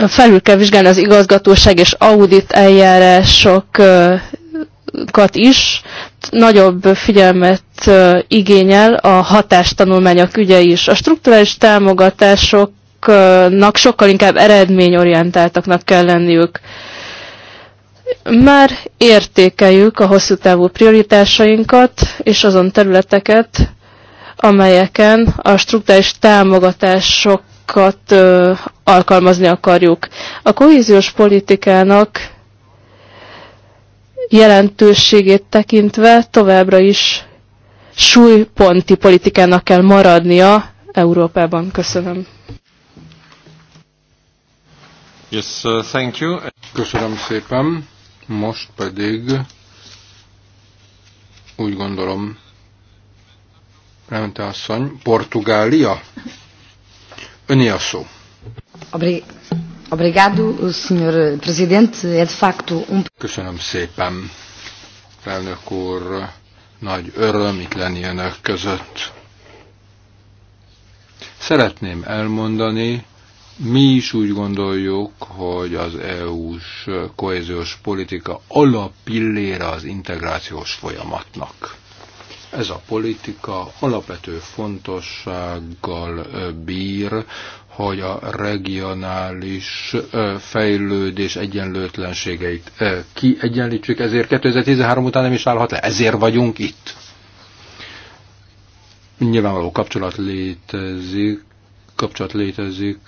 [SPEAKER 3] Felül kell vizsgálni az igazgatóság és audit eljárások is nagyobb figyelmet igényel a hatástanulmányok ügye is. A strukturális támogatásoknak sokkal inkább eredményorientáltaknak kell lenniük. Már értékeljük a hosszú távú prioritásainkat és azon területeket, amelyeken a struktúrális támogatásokat ö, alkalmazni akarjuk. A kohéziós politikának jelentőségét tekintve továbbra is súlyponti politikának kell maradnia Európában. Köszönöm.
[SPEAKER 1] Yes, uh, thank you. Köszönöm szépen. Most pedig úgy gondolom, Remete asszony, Portugália. Öné a szó.
[SPEAKER 2] Obrigado, Sr. Presidente. É de facto um...
[SPEAKER 1] Köszönöm szépen, elnök úr. Nagy öröm itt lenni önök között. Szeretném elmondani, mi is úgy gondoljuk, hogy az EU-s kohéziós politika alapillére az integrációs folyamatnak. Ez a politika alapvető fontossággal bír hogy a regionális fejlődés egyenlőtlenségeit kiegyenlítsük, ezért 2013 után nem is állhat le. Ezért vagyunk itt. Nyilvánvaló kapcsolat létezik, kapcsolat létezik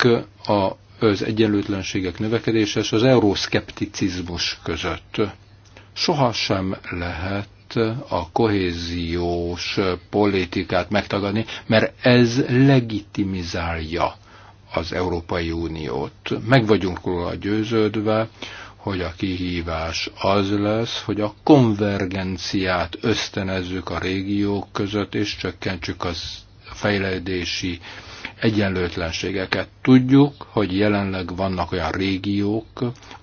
[SPEAKER 1] a, az egyenlőtlenségek növekedése és az euroszkepticizmus között. Soha sem lehet a kohéziós politikát megtagadni, mert ez legitimizálja az Európai Uniót. Meg vagyunk róla győződve, hogy a kihívás az lesz, hogy a konvergenciát ösztönezzük a régiók között, és csökkentsük az fejlődési egyenlőtlenségeket. Tudjuk, hogy jelenleg vannak olyan régiók,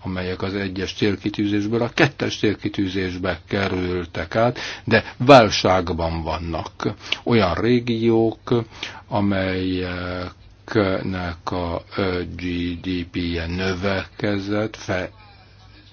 [SPEAKER 1] amelyek az egyes célkitűzésből a kettes célkitűzésbe kerültek át, de válságban vannak. Olyan régiók, amelyek nek a GDP-je növekedett, fe,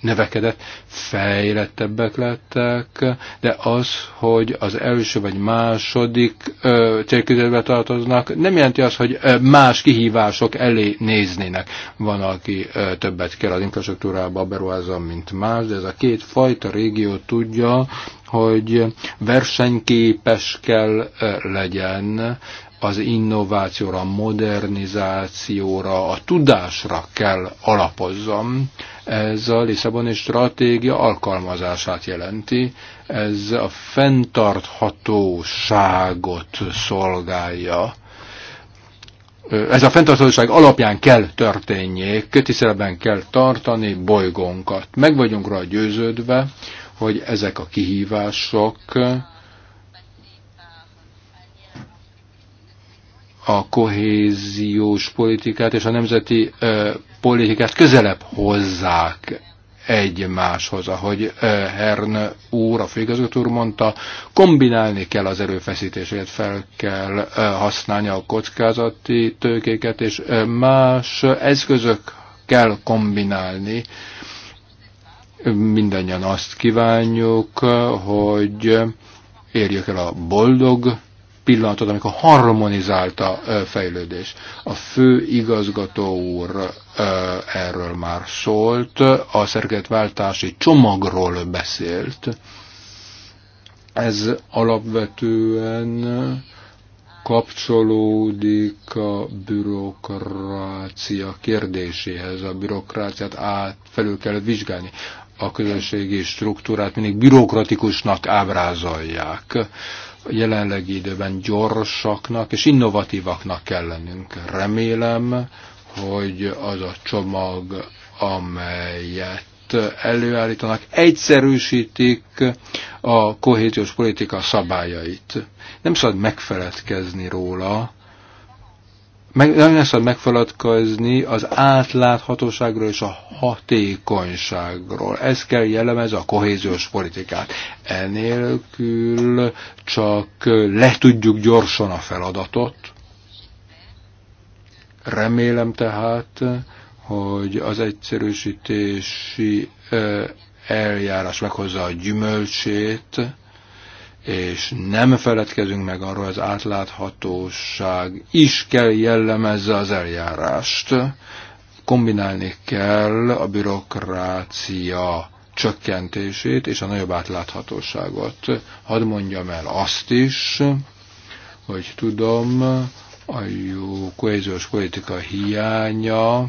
[SPEAKER 1] növekedett, fejlettebbek lettek, de az, hogy az első vagy második e, célközébe tartoznak, nem jelenti az, hogy ö, e, más kihívások elé néznének. Van, aki ö, e, többet kell az infrastruktúrába beruházza, mint más, de ez a két fajta régió tudja, hogy versenyképes kell ö, legyen az innovációra, a modernizációra, a tudásra kell alapozzam. Ez a Lisszaboni stratégia alkalmazását jelenti, ez a fenntarthatóságot szolgálja. Ez a fenntarthatóság alapján kell történjék, tiszteletben kell tartani bolygónkat. Meg vagyunk rá győződve, hogy ezek a kihívások a kohéziós politikát és a nemzeti ö, politikát közelebb hozzák egymáshoz, ahogy Hern úr, a főigazgató úr mondta, kombinálni kell az erőfeszítéseket, fel kell használni a kockázati tőkéket, és más eszközök kell kombinálni. Mindannyian azt kívánjuk, hogy érjük el a boldog pillanatot, amikor harmonizálta a fejlődés. A fő igazgató úr erről már szólt, a szerkezetváltási csomagról beszélt. Ez alapvetően kapcsolódik a bürokrácia kérdéséhez. A bürokráciát át felül kell vizsgálni. A közösségi struktúrát mindig bürokratikusnak ábrázolják jelenlegi időben gyorsaknak és innovatívaknak kell lennünk. Remélem, hogy az a csomag, amelyet előállítanak, egyszerűsítik a kohéziós politika szabályait. Nem szabad megfeledkezni róla, meg, nem szabad megfeladkozni az átláthatóságról és a hatékonyságról. Ez kell jellemez a kohéziós politikát. Enélkül csak tudjuk gyorsan a feladatot. Remélem tehát, hogy az egyszerűsítési eljárás meghozza a gyümölcsét, és nem feledkezünk meg arról, az átláthatóság is kell jellemezze az eljárást. Kombinálni kell a bürokrácia csökkentését és a nagyobb átláthatóságot. Hadd mondjam el azt is, hogy tudom, a jó kohéziós politika hiánya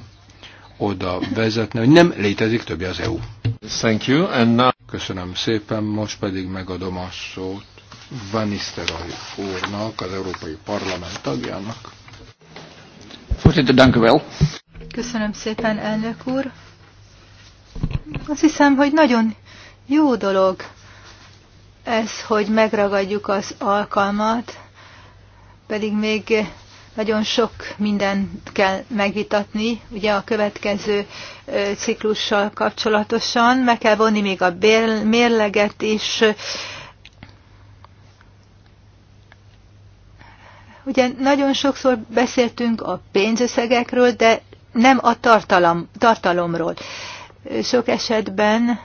[SPEAKER 1] oda vezetne, hogy nem létezik többi az EU. Thank you, and now... Köszönöm szépen, most pedig megadom a szót Vanisterai úrnak, az Európai Parlament tagjának.
[SPEAKER 2] Köszönöm szépen, elnök úr. Azt hiszem, hogy nagyon jó dolog ez, hogy megragadjuk az alkalmat, pedig még Nagyon sok mindent kell megvitatni, ugye a következő ciklussal kapcsolatosan. Meg kell vonni még a mérleget is. Ugye nagyon sokszor beszéltünk a pénzösszegekről, de nem a tartalom, tartalomról. Sok esetben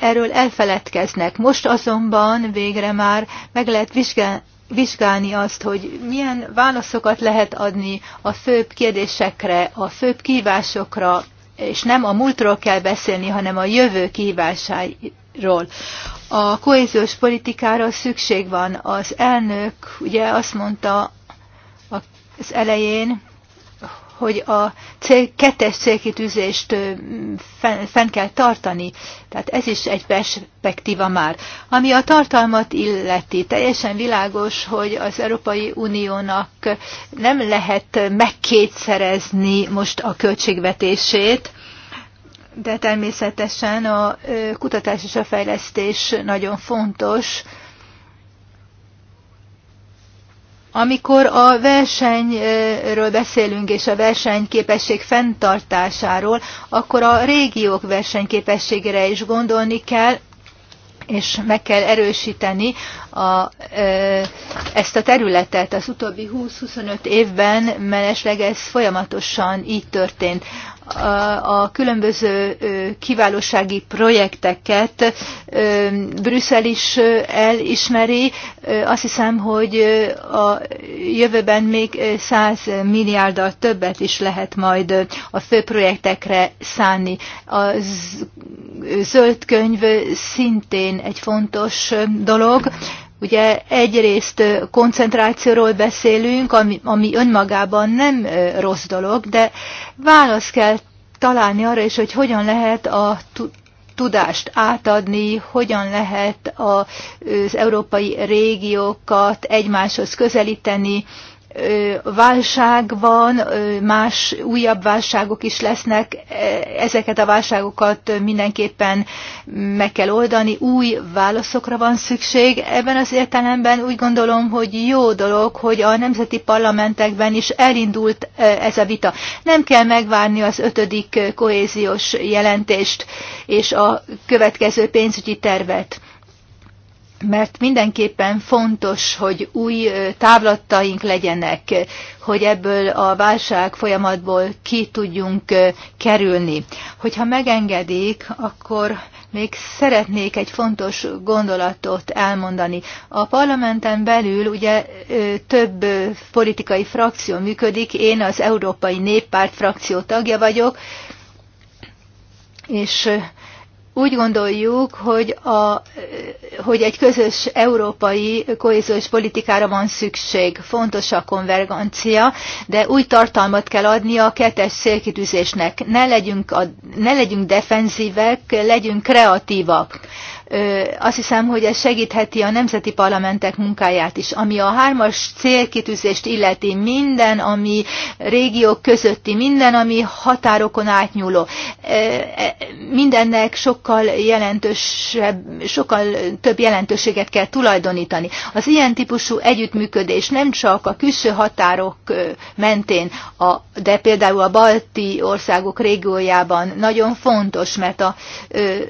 [SPEAKER 2] erről elfeledkeznek. Most azonban végre már meg lehet vizsgálni, vizsgálni azt, hogy milyen válaszokat lehet adni a főbb kérdésekre, a főbb kívásokra, és nem a múltról kell beszélni, hanem a jövő kívásáról. A kohéziós politikára szükség van. Az elnök ugye azt mondta az elején, hogy a cél, kettes célkitűzést fenn kell tartani. Tehát ez is egy perspektíva már. Ami a tartalmat illeti, teljesen világos, hogy az Európai Uniónak nem lehet megkétszerezni most a költségvetését, de természetesen a kutatás és a fejlesztés nagyon fontos, Amikor a versenyről beszélünk, és a versenyképesség fenntartásáról, akkor a régiók versenyképességére is gondolni kell, és meg kell erősíteni a, ezt a területet. Az utóbbi 20-25 évben mellesleg ez folyamatosan így történt a különböző kiválósági projekteket Brüsszel is elismeri. Azt hiszem, hogy a jövőben még 100 milliárddal többet is lehet majd a fő projektekre szánni. A zöld könyv szintén egy fontos dolog. Ugye egyrészt koncentrációról beszélünk, ami, ami önmagában nem rossz dolog, de választ kell találni arra is, hogy hogyan lehet a tudást átadni, hogyan lehet az európai régiókat egymáshoz közelíteni, válság van, más újabb válságok is lesznek, ezeket a válságokat mindenképpen meg kell oldani, új válaszokra van szükség. Ebben az értelemben úgy gondolom, hogy jó dolog, hogy a nemzeti parlamentekben is elindult ez a vita. Nem kell megvárni az ötödik kohéziós jelentést és a következő pénzügyi tervet mert mindenképpen fontos, hogy új távlattaink legyenek, hogy ebből a válság folyamatból ki tudjunk kerülni. Hogyha megengedik, akkor még szeretnék egy fontos gondolatot elmondani. A parlamenten belül ugye több politikai frakció működik, én az Európai Néppárt frakció tagja vagyok, és úgy gondoljuk, hogy, a, hogy egy közös európai kohéziós politikára van szükség. Fontos a konvergencia, de új tartalmat kell adni a kettes célkitűzésnek. Ne legyünk, a, ne legyünk defenzívek, legyünk kreatívak azt hiszem, hogy ez segítheti a nemzeti parlamentek munkáját is. Ami a hármas célkitűzést illeti minden, ami régiók közötti, minden, ami határokon átnyúló, e, mindennek sokkal jelentősebb, sokkal több jelentőséget kell tulajdonítani. Az ilyen típusú együttműködés nem csak a külső határok mentén, a, de például a balti országok régiójában nagyon fontos, mert a,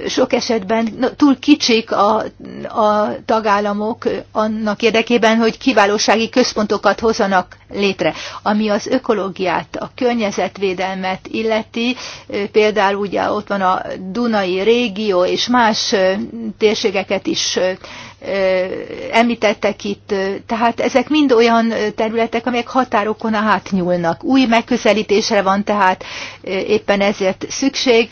[SPEAKER 2] sok esetben túl ki kicsik a, a tagállamok annak érdekében, hogy kiválósági központokat hozzanak létre. Ami az ökológiát, a környezetvédelmet illeti, például ugye ott van a Dunai régió és más térségeket is említettek itt, tehát ezek mind olyan területek, amelyek határokon átnyúlnak. Új megközelítésre van tehát éppen ezért szükség,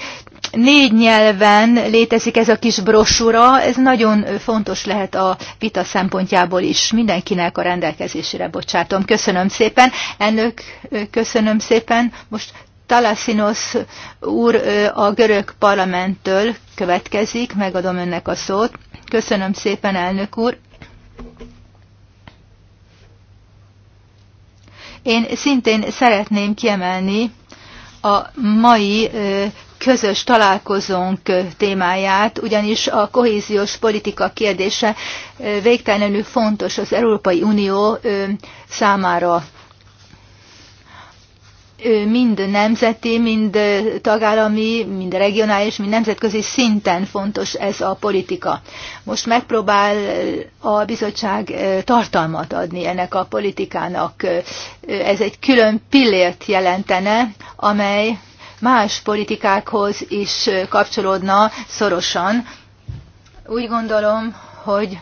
[SPEAKER 2] négy nyelven létezik ez a kis brosúra, ez nagyon fontos lehet a vita szempontjából is. Mindenkinek a rendelkezésére bocsátom. Köszönöm szépen. Ennök, köszönöm szépen. Most Talasinos úr a görög parlamenttől következik, megadom önnek a szót. Köszönöm szépen, elnök úr. Én szintén szeretném kiemelni a mai közös találkozónk témáját, ugyanis a kohéziós politika kérdése végtelenül fontos az Európai Unió számára mind nemzeti, mind tagállami, mind regionális, mind nemzetközi szinten fontos ez a politika. Most megpróbál a bizottság tartalmat adni ennek a politikának. Ez egy külön pillért jelentene, amely más politikákhoz is kapcsolódna szorosan. Úgy gondolom, hogy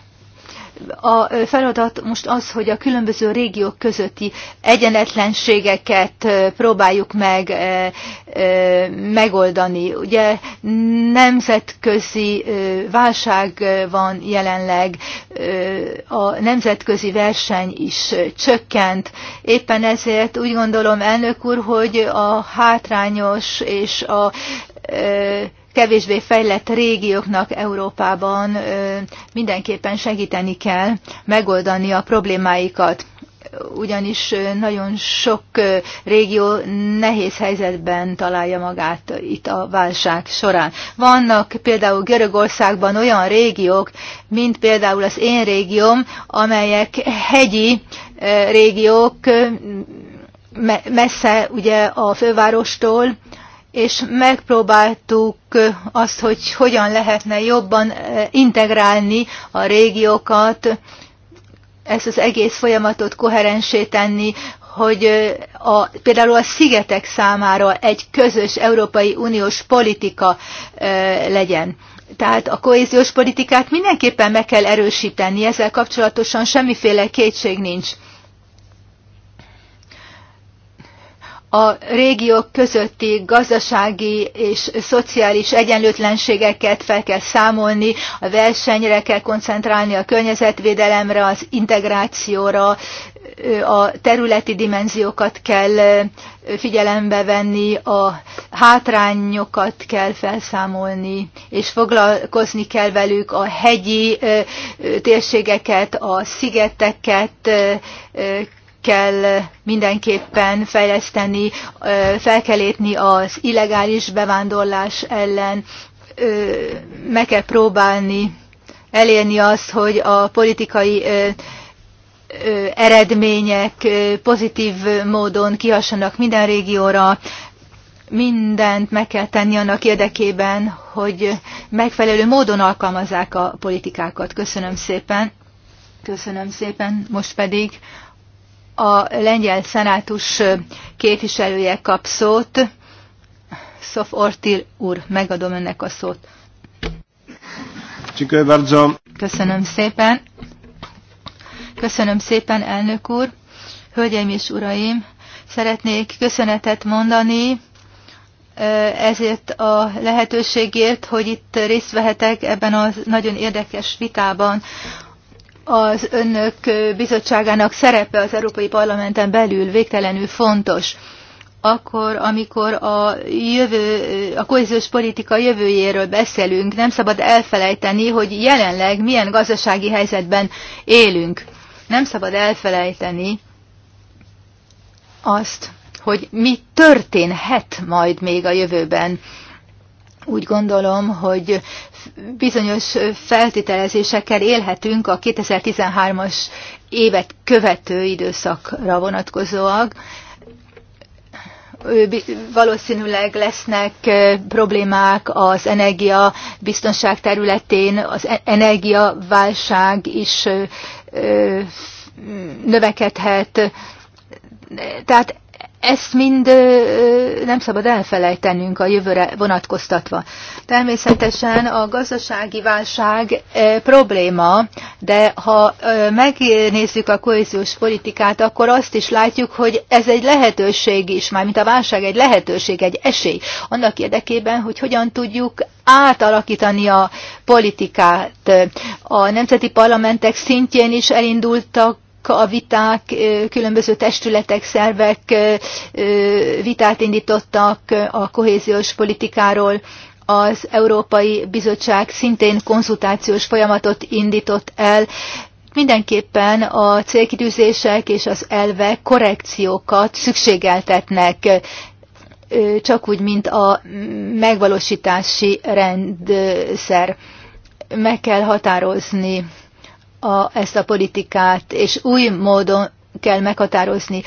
[SPEAKER 2] a feladat most az, hogy a különböző régiók közötti egyenetlenségeket próbáljuk meg megoldani. Ugye nemzetközi válság van jelenleg, a nemzetközi verseny is csökkent. Éppen ezért úgy gondolom, elnök úr, hogy a hátrányos és a kevésbé fejlett régióknak Európában mindenképpen segíteni kell megoldani a problémáikat ugyanis nagyon sok régió nehéz helyzetben találja magát itt a válság során. Vannak például Görögországban olyan régiók, mint például az én régióm, amelyek hegyi régiók, messze ugye a fővárostól, és megpróbáltuk azt, hogy hogyan lehetne jobban integrálni a régiókat, ezt az egész folyamatot koherensé tenni, hogy a, például a szigetek számára egy közös Európai Uniós politika e, legyen. Tehát a kohéziós politikát mindenképpen meg kell erősíteni, ezzel kapcsolatosan semmiféle kétség nincs. a régiók közötti gazdasági és szociális egyenlőtlenségeket fel kell számolni, a versenyre kell koncentrálni, a környezetvédelemre, az integrációra, a területi dimenziókat kell figyelembe venni, a hátrányokat kell felszámolni, és foglalkozni kell velük a hegyi térségeket, a szigeteket kell mindenképpen fejleszteni, fel kell lépni az illegális bevándorlás ellen, meg kell próbálni elérni azt, hogy a politikai eredmények pozitív módon kihassanak minden régióra, mindent meg kell tenni annak érdekében, hogy megfelelő módon alkalmazzák a politikákat. Köszönöm szépen. Köszönöm szépen. Most pedig a lengyel szenátus képviselője kap szót. Szof Ortil úr, megadom önnek a szót. Köszönöm szépen. Köszönöm szépen, elnök úr. Hölgyeim és uraim, szeretnék köszönetet mondani ezért a lehetőségért, hogy itt részt vehetek ebben a nagyon érdekes vitában, az önök bizottságának szerepe az Európai Parlamenten belül végtelenül fontos. Akkor, amikor a, jövő, a kohéziós politika jövőjéről beszélünk, nem szabad elfelejteni, hogy jelenleg milyen gazdasági helyzetben élünk. Nem szabad elfelejteni azt, hogy mi történhet majd még a jövőben úgy gondolom, hogy bizonyos feltételezésekkel élhetünk a 2013-as évet követő időszakra vonatkozóak. Valószínűleg lesznek problémák az energia biztonság területén, az e- energiaválság is növekedhet. Tehát Ezt mind nem szabad elfelejtenünk a jövőre vonatkoztatva. Természetesen a gazdasági válság probléma, de ha megnézzük a kohéziós politikát, akkor azt is látjuk, hogy ez egy lehetőség is, mármint a válság egy lehetőség, egy esély. Annak érdekében, hogy hogyan tudjuk átalakítani a politikát. A nemzeti parlamentek szintjén is elindultak a viták, különböző testületek, szervek vitát indítottak a kohéziós politikáról. Az Európai Bizottság szintén konzultációs folyamatot indított el. Mindenképpen a célkitűzések és az elvek korrekciókat szükségeltetnek, csak úgy, mint a megvalósítási rendszer. Meg kell határozni a, ezt a politikát, és új módon kell meghatározni,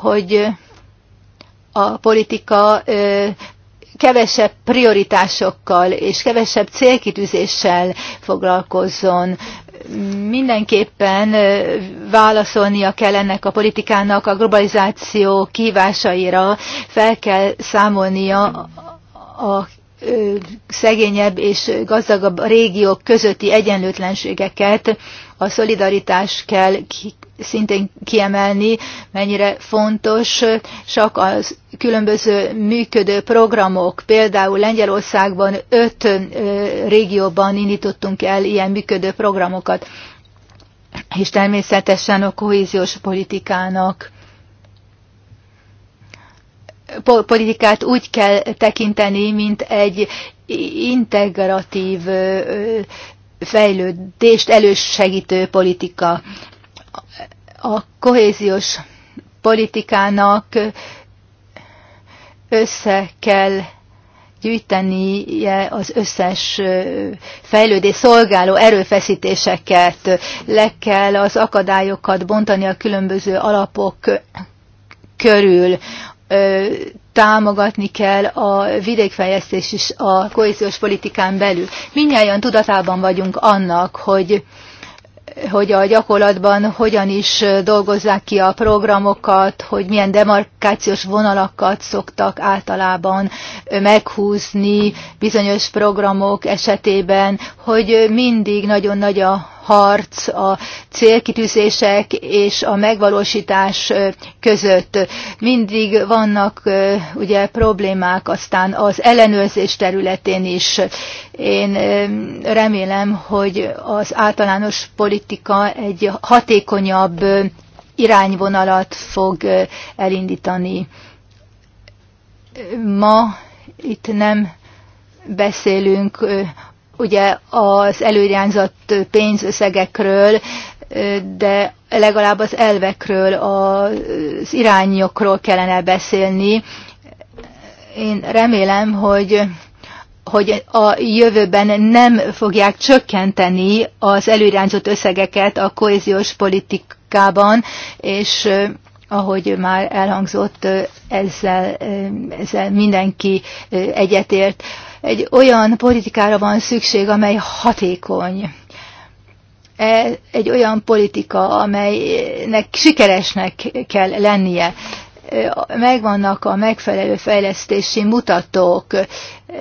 [SPEAKER 2] hogy a politika kevesebb prioritásokkal és kevesebb célkitűzéssel foglalkozzon. Mindenképpen válaszolnia kell ennek a politikának a globalizáció kívásaira, fel kell számolnia a szegényebb és gazdagabb régiók közötti egyenlőtlenségeket a szolidaritás kell ki, szintén kiemelni, mennyire fontos, csak az különböző működő programok, például Lengyelországban öt régióban indítottunk el ilyen működő programokat, és természetesen a kohéziós politikának politikát úgy kell tekinteni, mint egy integratív fejlődést elősegítő politika. A kohéziós politikának össze kell gyűjtenie az összes fejlődés szolgáló erőfeszítéseket, le kell az akadályokat bontani a különböző alapok körül támogatni kell a vidékfejlesztés is a kohéziós politikán belül. Minnyáján tudatában vagyunk annak, hogy hogy a gyakorlatban hogyan is dolgozzák ki a programokat, hogy milyen demarkációs vonalakat szoktak általában meghúzni bizonyos programok esetében, hogy mindig nagyon nagy a harc a célkitűzések és a megvalósítás között. Mindig vannak ugye problémák aztán az ellenőrzés területén is. Én remélem, hogy az általános politika egy hatékonyabb irányvonalat fog elindítani. Ma itt nem beszélünk ugye az előirányzott pénzösszegekről, de legalább az elvekről, az irányokról kellene beszélni. Én remélem, hogy hogy a jövőben nem fogják csökkenteni az előirányzott összegeket a kohéziós politikában, és ahogy már elhangzott, ezzel, ezzel mindenki egyetért. Egy olyan politikára van szükség, amely hatékony. E, egy olyan politika, amelynek sikeresnek kell lennie e, megvannak a megfelelő fejlesztési mutatók.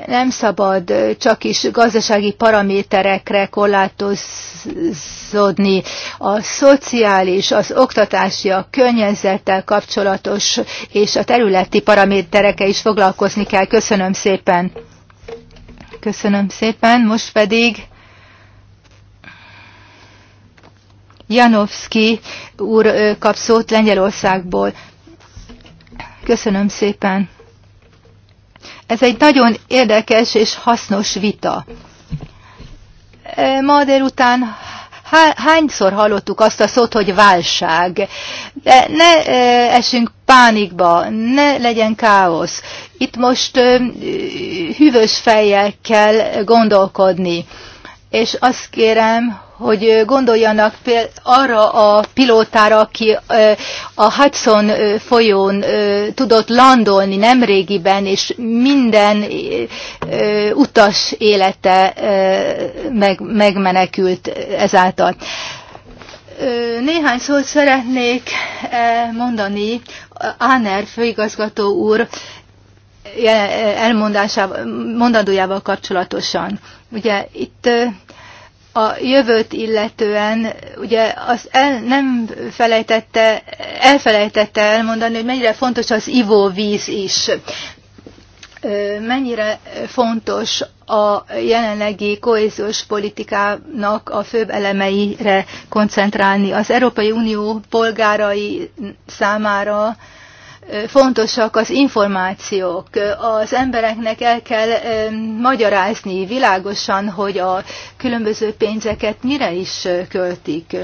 [SPEAKER 2] Nem szabad csak is gazdasági paraméterekre korlátozódni. A szociális, az oktatási, a környezettel kapcsolatos és a területi paraméterekkel is foglalkozni kell. Köszönöm szépen! Köszönöm szépen. Most pedig Janowski úr kap szót Lengyelországból. Köszönöm szépen. Ez egy nagyon érdekes és hasznos vita. Ma délután hányszor hallottuk azt a szót, hogy válság. De ne esünk pánikba, ne legyen káosz. Itt most hűvös fejjel kell gondolkodni. És azt kérem, hogy gondoljanak arra a pilótára, aki a Hudson folyón tudott landolni nemrégiben, és minden utas élete meg, megmenekült ezáltal. Néhány szót szeretnék mondani Áner főigazgató úr elmondásával, mondandójával kapcsolatosan. Ugye itt a jövőt illetően ugye azt el, nem felejtette, elfelejtette elmondani, hogy mennyire fontos az ivóvíz is mennyire fontos a jelenlegi kohéziós politikának a főbb elemeire koncentrálni. Az Európai Unió polgárai számára fontosak az információk. Az embereknek el kell magyarázni világosan, hogy a különböző pénzeket mire is költik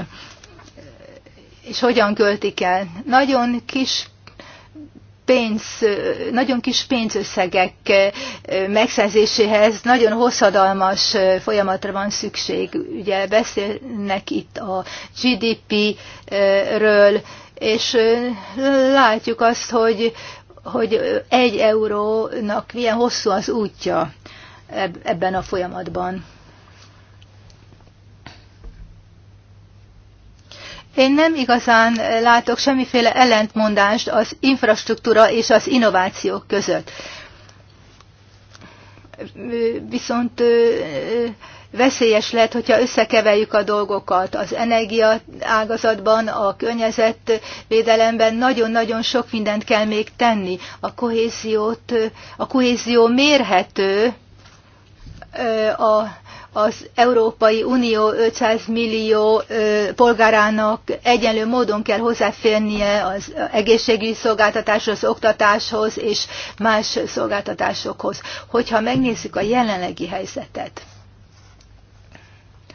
[SPEAKER 2] és hogyan költik el. Nagyon kis pénz, nagyon kis pénzösszegek megszerzéséhez nagyon hosszadalmas folyamatra van szükség. Ugye beszélnek itt a GDP-ről, és látjuk azt, hogy, hogy egy eurónak milyen hosszú az útja ebben a folyamatban. Én nem igazán látok semmiféle ellentmondást az infrastruktúra és az innovációk között. Viszont veszélyes lehet, hogyha összekeverjük a dolgokat. Az energia ágazatban, a környezetvédelemben nagyon-nagyon sok mindent kell még tenni. A kohéziót, a kohézió mérhető a az Európai Unió 500 millió polgárának egyenlő módon kell hozzáférnie az egészségügyi szolgáltatáshoz, az oktatáshoz és más szolgáltatásokhoz. Hogyha megnézzük a jelenlegi helyzetet,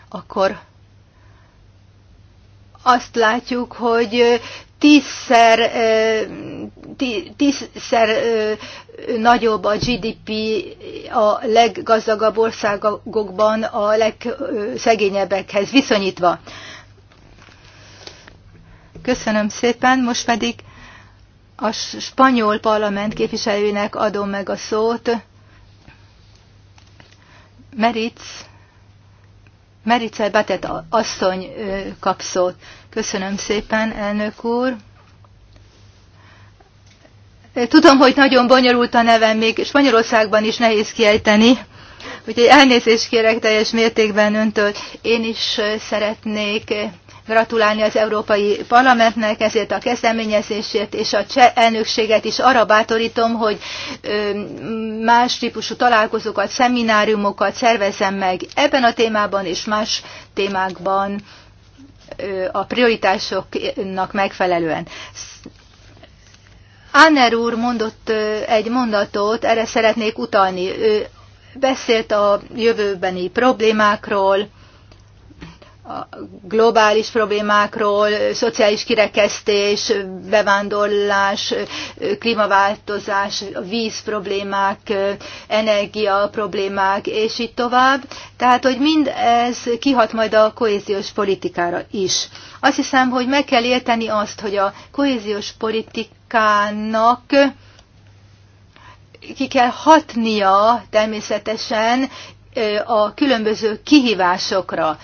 [SPEAKER 2] akkor azt látjuk, hogy tízszer, eh, tízszer eh, nagyobb a GDP a leggazdagabb országokban a legszegényebbekhez viszonyítva. Köszönöm szépen, most pedig a spanyol parlament képviselőinek adom meg a szót. Meritz, Meritzel Batet asszony eh, kap szót. Köszönöm szépen, elnök úr. Tudom, hogy nagyon bonyolult a nevem, még Spanyolországban is nehéz kiejteni, úgyhogy elnézést kérek teljes mértékben öntől. Én is szeretnék gratulálni az Európai Parlamentnek ezért a kezdeményezésért, és a cseh elnökséget is arra bátorítom, hogy más típusú találkozókat, szemináriumokat szervezem meg ebben a témában és más témákban a prioritásoknak megfelelően. Anner úr mondott egy mondatot, erre szeretnék utalni. Ő beszélt a jövőbeni problémákról, a globális problémákról, szociális kirekesztés, bevándorlás, klímaváltozás, víz problémák, energia problémák, és így tovább. Tehát, hogy mind ez kihat majd a kohéziós politikára is. Azt hiszem, hogy meg kell érteni azt, hogy a kohéziós politikának ki kell hatnia természetesen a különböző kihívásokra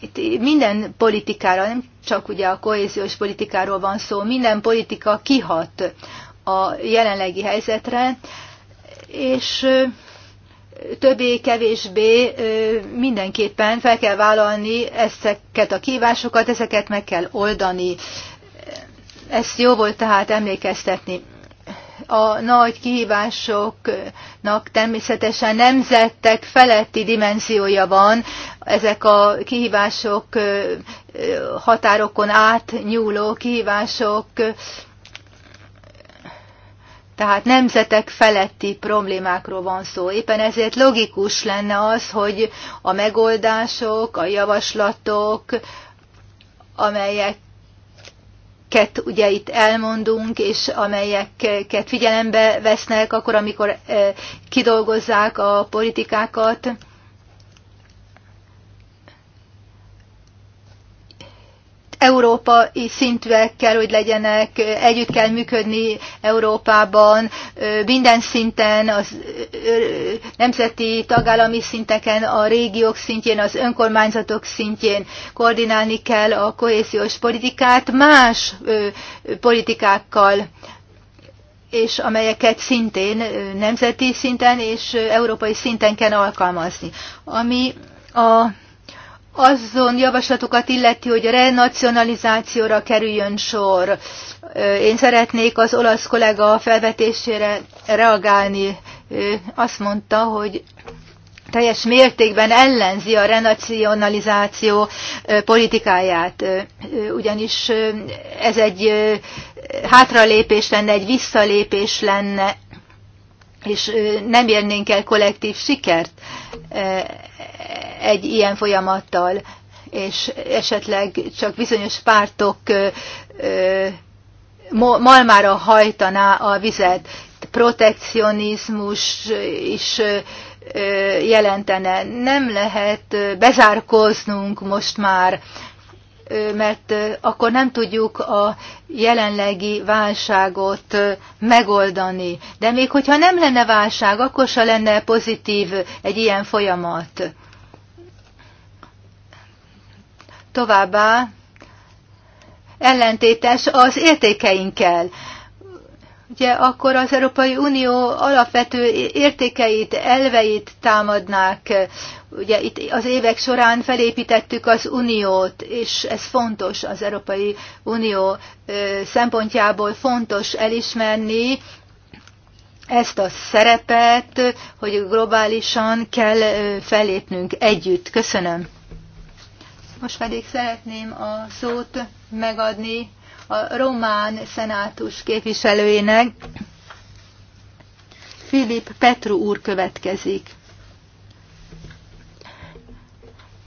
[SPEAKER 2] itt minden politikára, nem csak ugye a kohéziós politikáról van szó, minden politika kihat a jelenlegi helyzetre, és többé-kevésbé mindenképpen fel kell vállalni ezeket a kívásokat, ezeket meg kell oldani. Ezt jó volt tehát emlékeztetni a nagy kihívásoknak természetesen nemzetek feletti dimenziója van. Ezek a kihívások határokon átnyúló kihívások, tehát nemzetek feletti problémákról van szó. Éppen ezért logikus lenne az, hogy a megoldások, a javaslatok, amelyek amelyeket ugye itt elmondunk, és amelyeket figyelembe vesznek akkor, amikor eh, kidolgozzák a politikákat. európai szintűek kell, hogy legyenek, együtt kell működni Európában, minden szinten, az nemzeti tagállami szinteken, a régiók szintjén, az önkormányzatok szintjén koordinálni kell a kohéziós politikát más politikákkal és amelyeket szintén nemzeti szinten és európai szinten kell alkalmazni. Ami a azon javaslatokat illeti, hogy a renacionalizációra kerüljön sor. Én szeretnék az olasz kollega felvetésére reagálni. Ő azt mondta, hogy teljes mértékben ellenzi a renacionalizáció politikáját, ugyanis ez egy hátralépés lenne, egy visszalépés lenne, és nem érnénk el kollektív sikert egy ilyen folyamattal, és esetleg csak bizonyos pártok malmára hajtaná a vizet. Protekcionizmus is jelentene. Nem lehet bezárkóznunk most már, mert akkor nem tudjuk a jelenlegi válságot megoldani. De még hogyha nem lenne válság, akkor se lenne pozitív egy ilyen folyamat továbbá ellentétes az értékeinkkel. Ugye akkor az Európai Unió alapvető értékeit, elveit támadnák. Ugye itt az évek során felépítettük az Uniót, és ez fontos az Európai Unió szempontjából fontos elismerni, ezt a szerepet, hogy globálisan kell felépnünk együtt. Köszönöm. Most pedig szeretném a szót megadni a román szenátus képviselőjének. Filip Petru úr következik.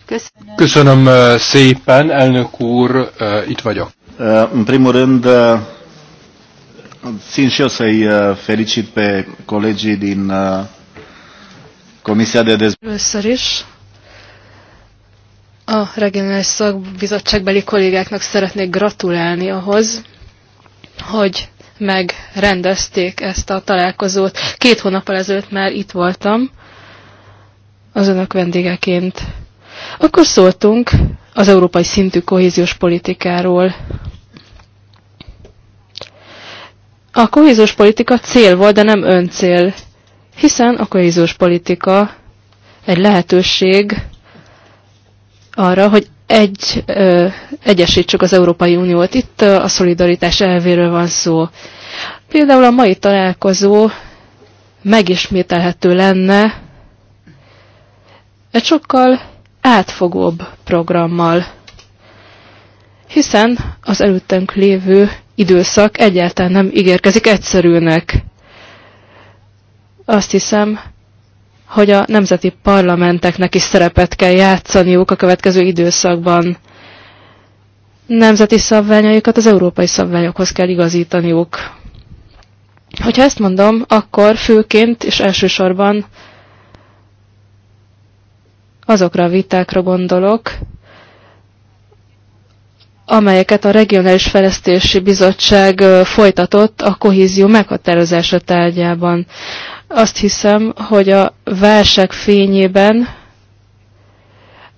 [SPEAKER 2] Köszönöm.
[SPEAKER 1] Köszönöm szépen, elnök úr, itt vagyok. În
[SPEAKER 3] țin și eu să-i felicit pe colegii din Comisia de Dezvoltare. A regionális szakbizottságbeli kollégáknak szeretnék gratulálni ahhoz, hogy megrendezték ezt a találkozót. Két hónap ezelőtt már itt voltam az önök vendégeként. Akkor szóltunk az európai szintű kohéziós politikáról. A kohéziós politika cél volt, de nem öncél, hiszen a kohéziós politika egy lehetőség arra, hogy egy, ö, egyesítsük az Európai Uniót. Itt a szolidaritás elvéről van szó. Például a mai találkozó megismételhető lenne egy sokkal átfogóbb programmal, hiszen az előttünk lévő időszak egyáltalán nem ígérkezik egyszerűnek. Azt hiszem, hogy a nemzeti parlamenteknek is szerepet kell játszaniuk a következő időszakban. Nemzeti szabványaikat az európai szabványokhoz kell igazítaniuk. Hogyha ezt mondom, akkor főként és elsősorban azokra a vitákra gondolok, amelyeket a Regionális Fejlesztési Bizottság folytatott a kohézió meghatározása tárgyában. Azt hiszem, hogy a versek fényében,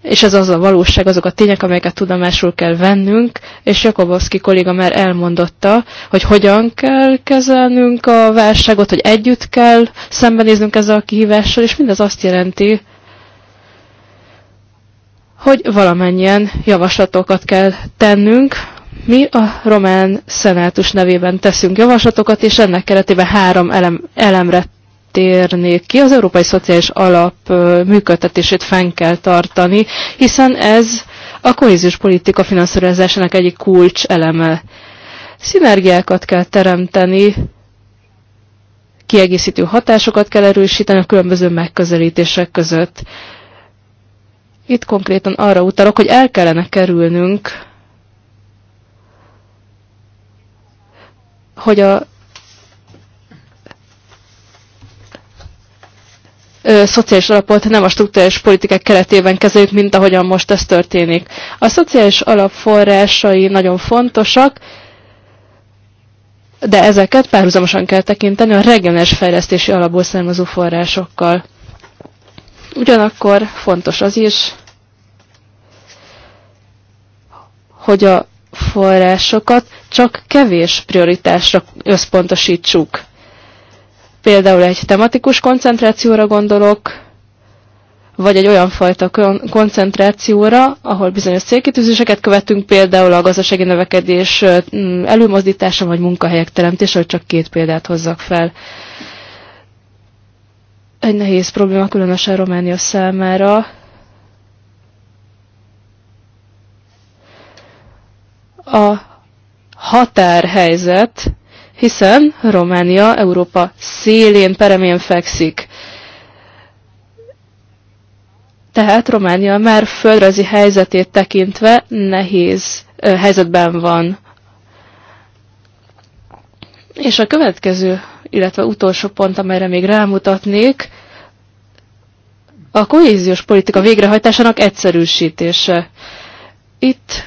[SPEAKER 3] és ez az a valóság, azok a tények, amelyeket tudomásul kell vennünk, és Jakobowski kolléga már elmondotta, hogy hogyan kell kezelnünk a válságot, hogy együtt kell szembenéznünk ezzel a kihívással, és mindez azt jelenti, hogy valamennyien javaslatokat kell tennünk. Mi a román szenátus nevében teszünk javaslatokat, és ennek keretében három elem, elemre térni ki, az Európai Szociális Alap működtetését fenn kell tartani, hiszen ez a kohéziós politika finanszírozásának egyik kulcs eleme. Szinergiákat kell teremteni, kiegészítő hatásokat kell erősíteni a különböző megközelítések között. Itt konkrétan arra utalok, hogy el kellene kerülnünk, hogy a szociális alapot nem a struktúrális politikák keretében kezeljük, mint ahogyan most ez történik. A szociális alapforrásai nagyon fontosak, de ezeket párhuzamosan kell tekinteni a regionális fejlesztési alapból származó forrásokkal. Ugyanakkor fontos az is, hogy a forrásokat csak kevés prioritásra összpontosítsuk. Például egy tematikus koncentrációra gondolok, vagy egy olyan fajta koncentrációra, ahol bizonyos célkitűzéseket követünk, például a gazdasági növekedés előmozdítása, vagy munkahelyek teremtése, hogy csak két példát hozzak fel. Egy nehéz probléma, különösen Románia számára. A határhelyzet, hiszen Románia Európa szélén, peremén fekszik. Tehát Románia már földrajzi helyzetét tekintve nehéz ö, helyzetben van. És a következő, illetve utolsó pont, amelyre még rámutatnék, a kohéziós politika végrehajtásának egyszerűsítése. Itt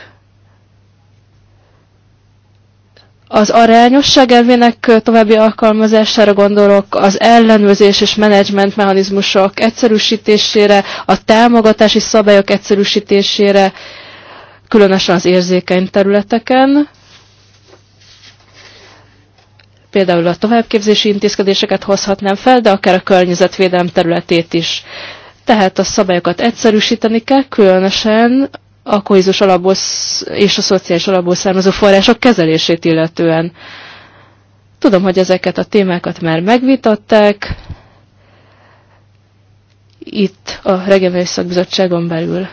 [SPEAKER 3] Az arányosság elvének további alkalmazására gondolok, az ellenőrzés és menedzsment mechanizmusok egyszerűsítésére, a támogatási szabályok egyszerűsítésére, különösen az érzékeny területeken, például a továbbképzési intézkedéseket hozhatnám fel, de akár a környezetvédelem területét is. Tehát a szabályokat egyszerűsíteni kell, különösen a kohézus alapból és a szociális alapból származó források kezelését illetően. Tudom, hogy ezeket a témákat már megvitatták itt a regionális szakbizottságon belül.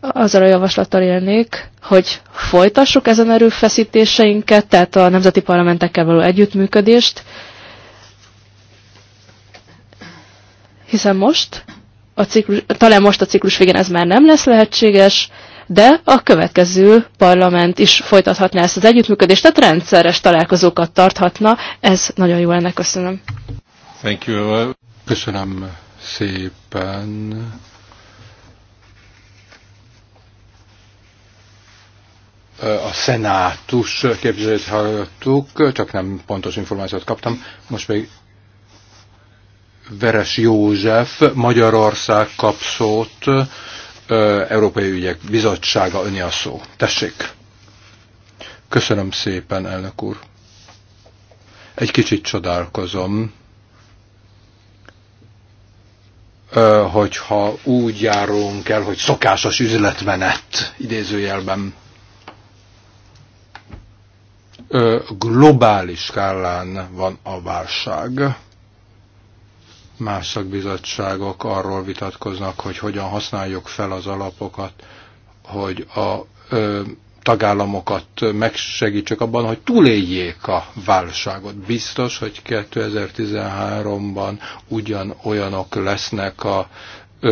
[SPEAKER 3] azzal a javaslattal élnék, hogy folytassuk ezen erőfeszítéseinket, tehát a nemzeti parlamentekkel való együttműködést, hiszen most, a ciklus, talán most a ciklus végén ez már nem lesz lehetséges, de a következő parlament is folytathatná ezt az együttműködést, tehát rendszeres találkozókat tarthatna. Ez nagyon jó lenne, köszönöm.
[SPEAKER 1] Thank you. Köszönöm szépen. A szenátus képzelőt hallottuk, csak nem pontos információt kaptam. Most pedig Veres József Magyarország kapszót Európai Ügyek Bizottsága öni a szó. Tessék! Köszönöm szépen, elnök úr! Egy kicsit csodálkozom, hogyha úgy járunk el, hogy szokásos üzletmenet, idézőjelben globális skálán van a válság más szakbizottságok arról vitatkoznak, hogy hogyan használjuk fel az alapokat, hogy a ö, tagállamokat megsegítsük abban, hogy túléljék a válságot. Biztos, hogy 2013-ban ugyanolyanok lesznek a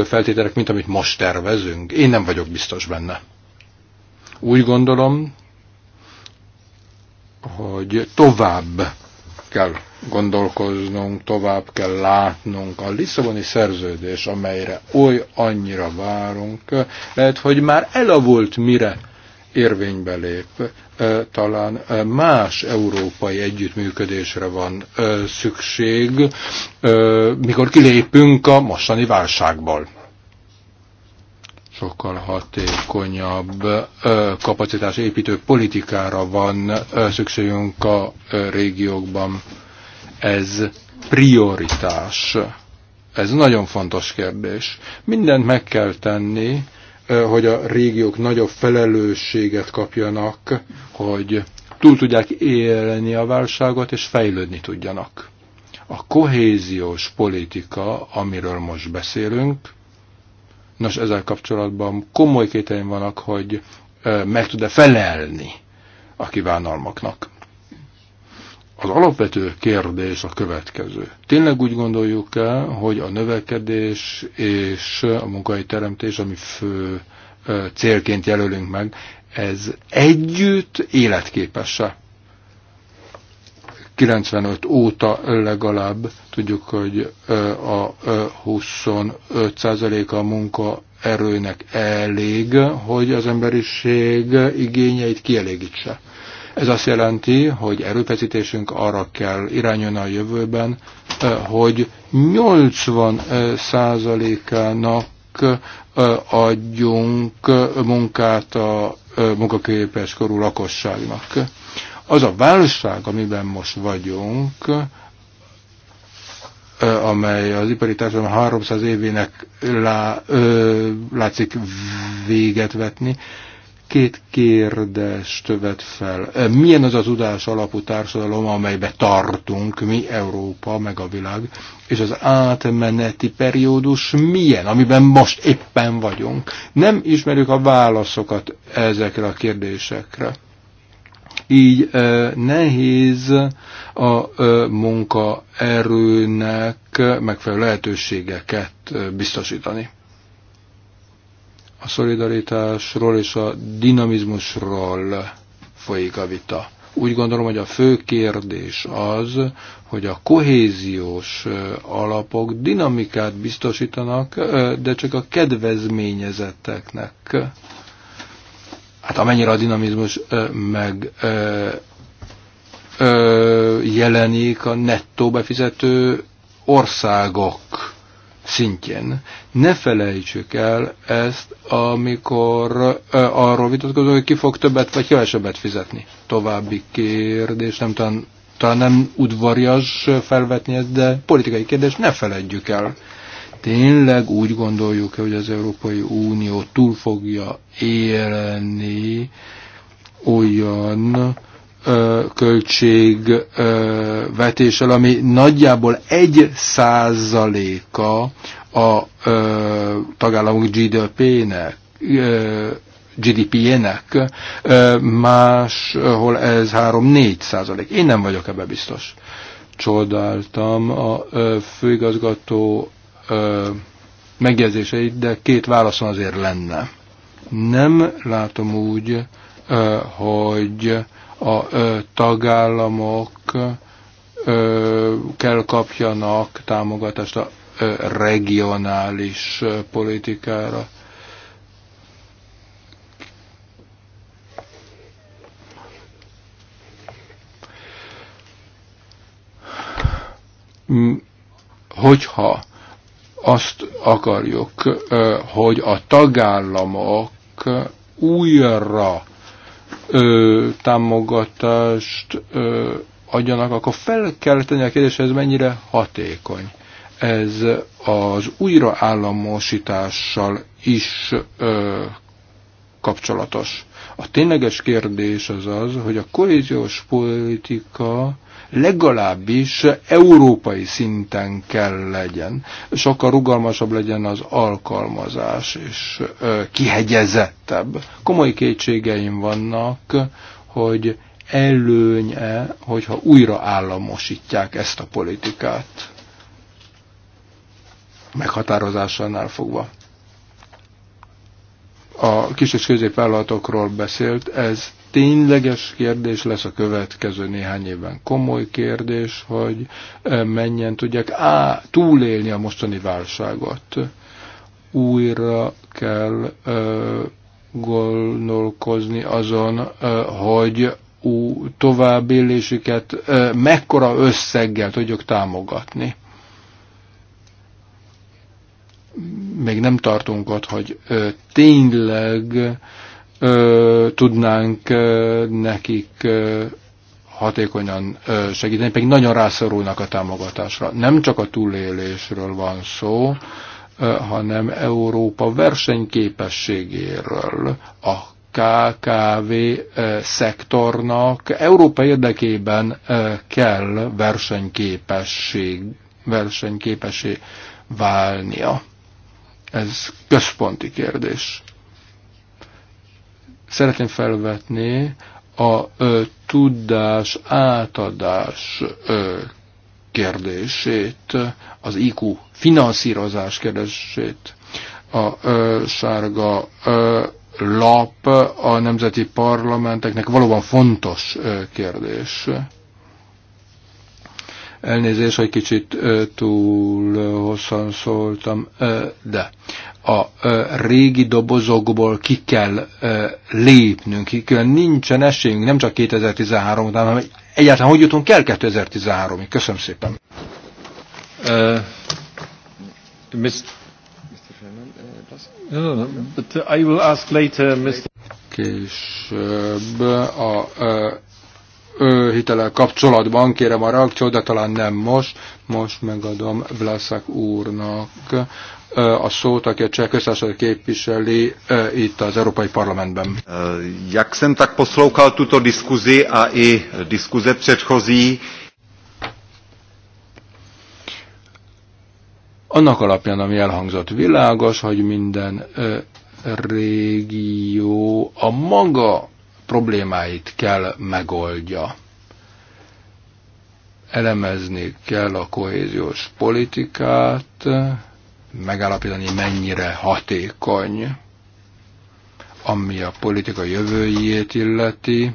[SPEAKER 1] feltételek, mint amit most tervezünk. Én nem vagyok biztos benne. Úgy gondolom, hogy tovább kell gondolkoznunk, tovább kell látnunk. A Lisszaboni szerződés, amelyre oly annyira várunk, lehet, hogy már elavult mire érvénybe lép. Talán más európai együttműködésre van szükség, mikor kilépünk a mostani válságból sokkal hatékonyabb kapacitás építő politikára van szükségünk a régiókban. Ez prioritás. Ez nagyon fontos kérdés. Mindent meg kell tenni, hogy a régiók nagyobb felelősséget kapjanak, hogy túl tudják élni a válságot, és fejlődni tudjanak. A kohéziós politika, amiről most beszélünk, Nos, ezzel kapcsolatban komoly kételjem vannak, hogy meg tud-e felelni a kívánalmaknak. Az alapvető kérdés a következő. Tényleg úgy gondoljuk el, hogy a növekedés és a munkai teremtés, ami fő célként jelölünk meg, ez együtt életképes-e? 95 óta legalább tudjuk, hogy a 25% a munka erőnek elég, hogy az emberiség igényeit kielégítse. Ez azt jelenti, hogy erőfeszítésünk arra kell irányulni a jövőben, hogy 80%-ának adjunk munkát a munkaképes korú lakosságnak az a válság, amiben most vagyunk, amely az ipari társadalom 300 évének lá, ö, látszik véget vetni, két kérdést vet fel. Milyen az a tudás alapú társadalom, amelybe tartunk, mi Európa, meg a világ, és az átmeneti periódus milyen, amiben most éppen vagyunk? Nem ismerjük a válaszokat ezekre a kérdésekre így eh, nehéz a eh, munkaerőnek megfelelő lehetőségeket eh, biztosítani. A szolidaritásról és a dinamizmusról folyik a vita. Úgy gondolom, hogy a fő kérdés az, hogy a kohéziós alapok dinamikát biztosítanak, de csak a kedvezményezetteknek hát amennyire a dinamizmus meg jelenik a nettó befizető országok szintjén. Ne felejtsük el ezt, amikor ö, arról vitatkozunk, hogy ki fog többet vagy kevesebbet fizetni. További kérdés, nem talán, talán nem udvarjas felvetni ezt, de politikai kérdés, ne feledjük el tényleg úgy gondoljuk -e, hogy az Európai Unió túl fogja élni olyan költségvetéssel, ami nagyjából egy százaléka a ö, tagállamok GDP-nek, GDP-jének, máshol ez 3-4 százalék. Én nem vagyok ebbe biztos. Csodáltam a főigazgató megjegyzéseit, de két válaszom azért lenne. Nem látom úgy, hogy a tagállamok kell kapjanak támogatást a regionális politikára. Hogyha azt akarjuk, hogy a tagállamok újra támogatást adjanak, akkor fel kell tenni a kérdés, ez mennyire hatékony. Ez az újraállamosítással is ö, kapcsolatos. A tényleges kérdés az az, hogy a kohéziós politika legalábbis európai szinten kell legyen. Sokkal rugalmasabb legyen az alkalmazás, és kihegyezettebb. Komoly kétségeim vannak, hogy előnye, hogyha újra államosítják ezt a politikát meghatározásánál fogva. A kis és középvállalatokról beszélt, ez tényleges kérdés lesz a következő néhány évben. Komoly kérdés, hogy menjen tudják á, túlélni a mostani válságot. Újra kell ö, gondolkozni azon, ö, hogy élésüket ö, mekkora összeggel tudjuk támogatni még nem tartunk ott, hogy ö, tényleg ö, tudnánk ö, nekik ö, hatékonyan ö, segíteni, pedig nagyon rászorulnak a támogatásra. Nem csak a túlélésről van szó, ö, hanem Európa versenyképességéről, a KKV szektornak Európa érdekében kell versenyképesség, versenyképessé válnia. Ez központi kérdés szeretném felvetni a ö, tudás átadás ö, kérdését, az IQ finanszírozás kérdését. A ö, sárga ö, lap a nemzeti parlamenteknek valóban fontos ö, kérdés. Elnézést, hogy kicsit túl hosszan szóltam, de a régi dobozokból ki kell lépnünk, külön nincsen esélyünk, nem csak 2013 után, hanem egyáltalán hogy jutunk el 2013-ig. Köszönöm szépen. No, no, no, Később a, a hitellel kapcsolatban. Kérem a reakciót, de talán nem most. Most megadom Vlaszak úrnak a szót, aki a Cseh köztársaság képviseli itt az Európai Parlamentben. Jak sem tak poslouchal tuto diskuzi a i diskuze předchozí, Annak alapján, ami elhangzott, világos, hogy minden régió a maga problémáit kell megoldja. Elemezni kell a kohéziós politikát, megállapítani mennyire hatékony, ami a politika jövőjét illeti,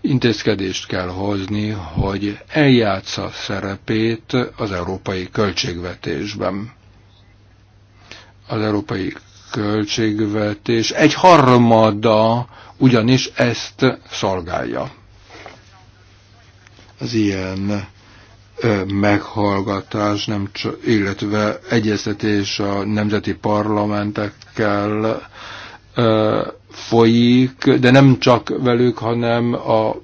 [SPEAKER 1] intézkedést kell hozni, hogy eljátsza szerepét az európai költségvetésben. Az európai költségvetés egy harmada ugyanis ezt szolgálja. Az ilyen meghallgatás, nem csak, illetve egyeztetés a nemzeti parlamentekkel folyik, de nem csak velük, hanem a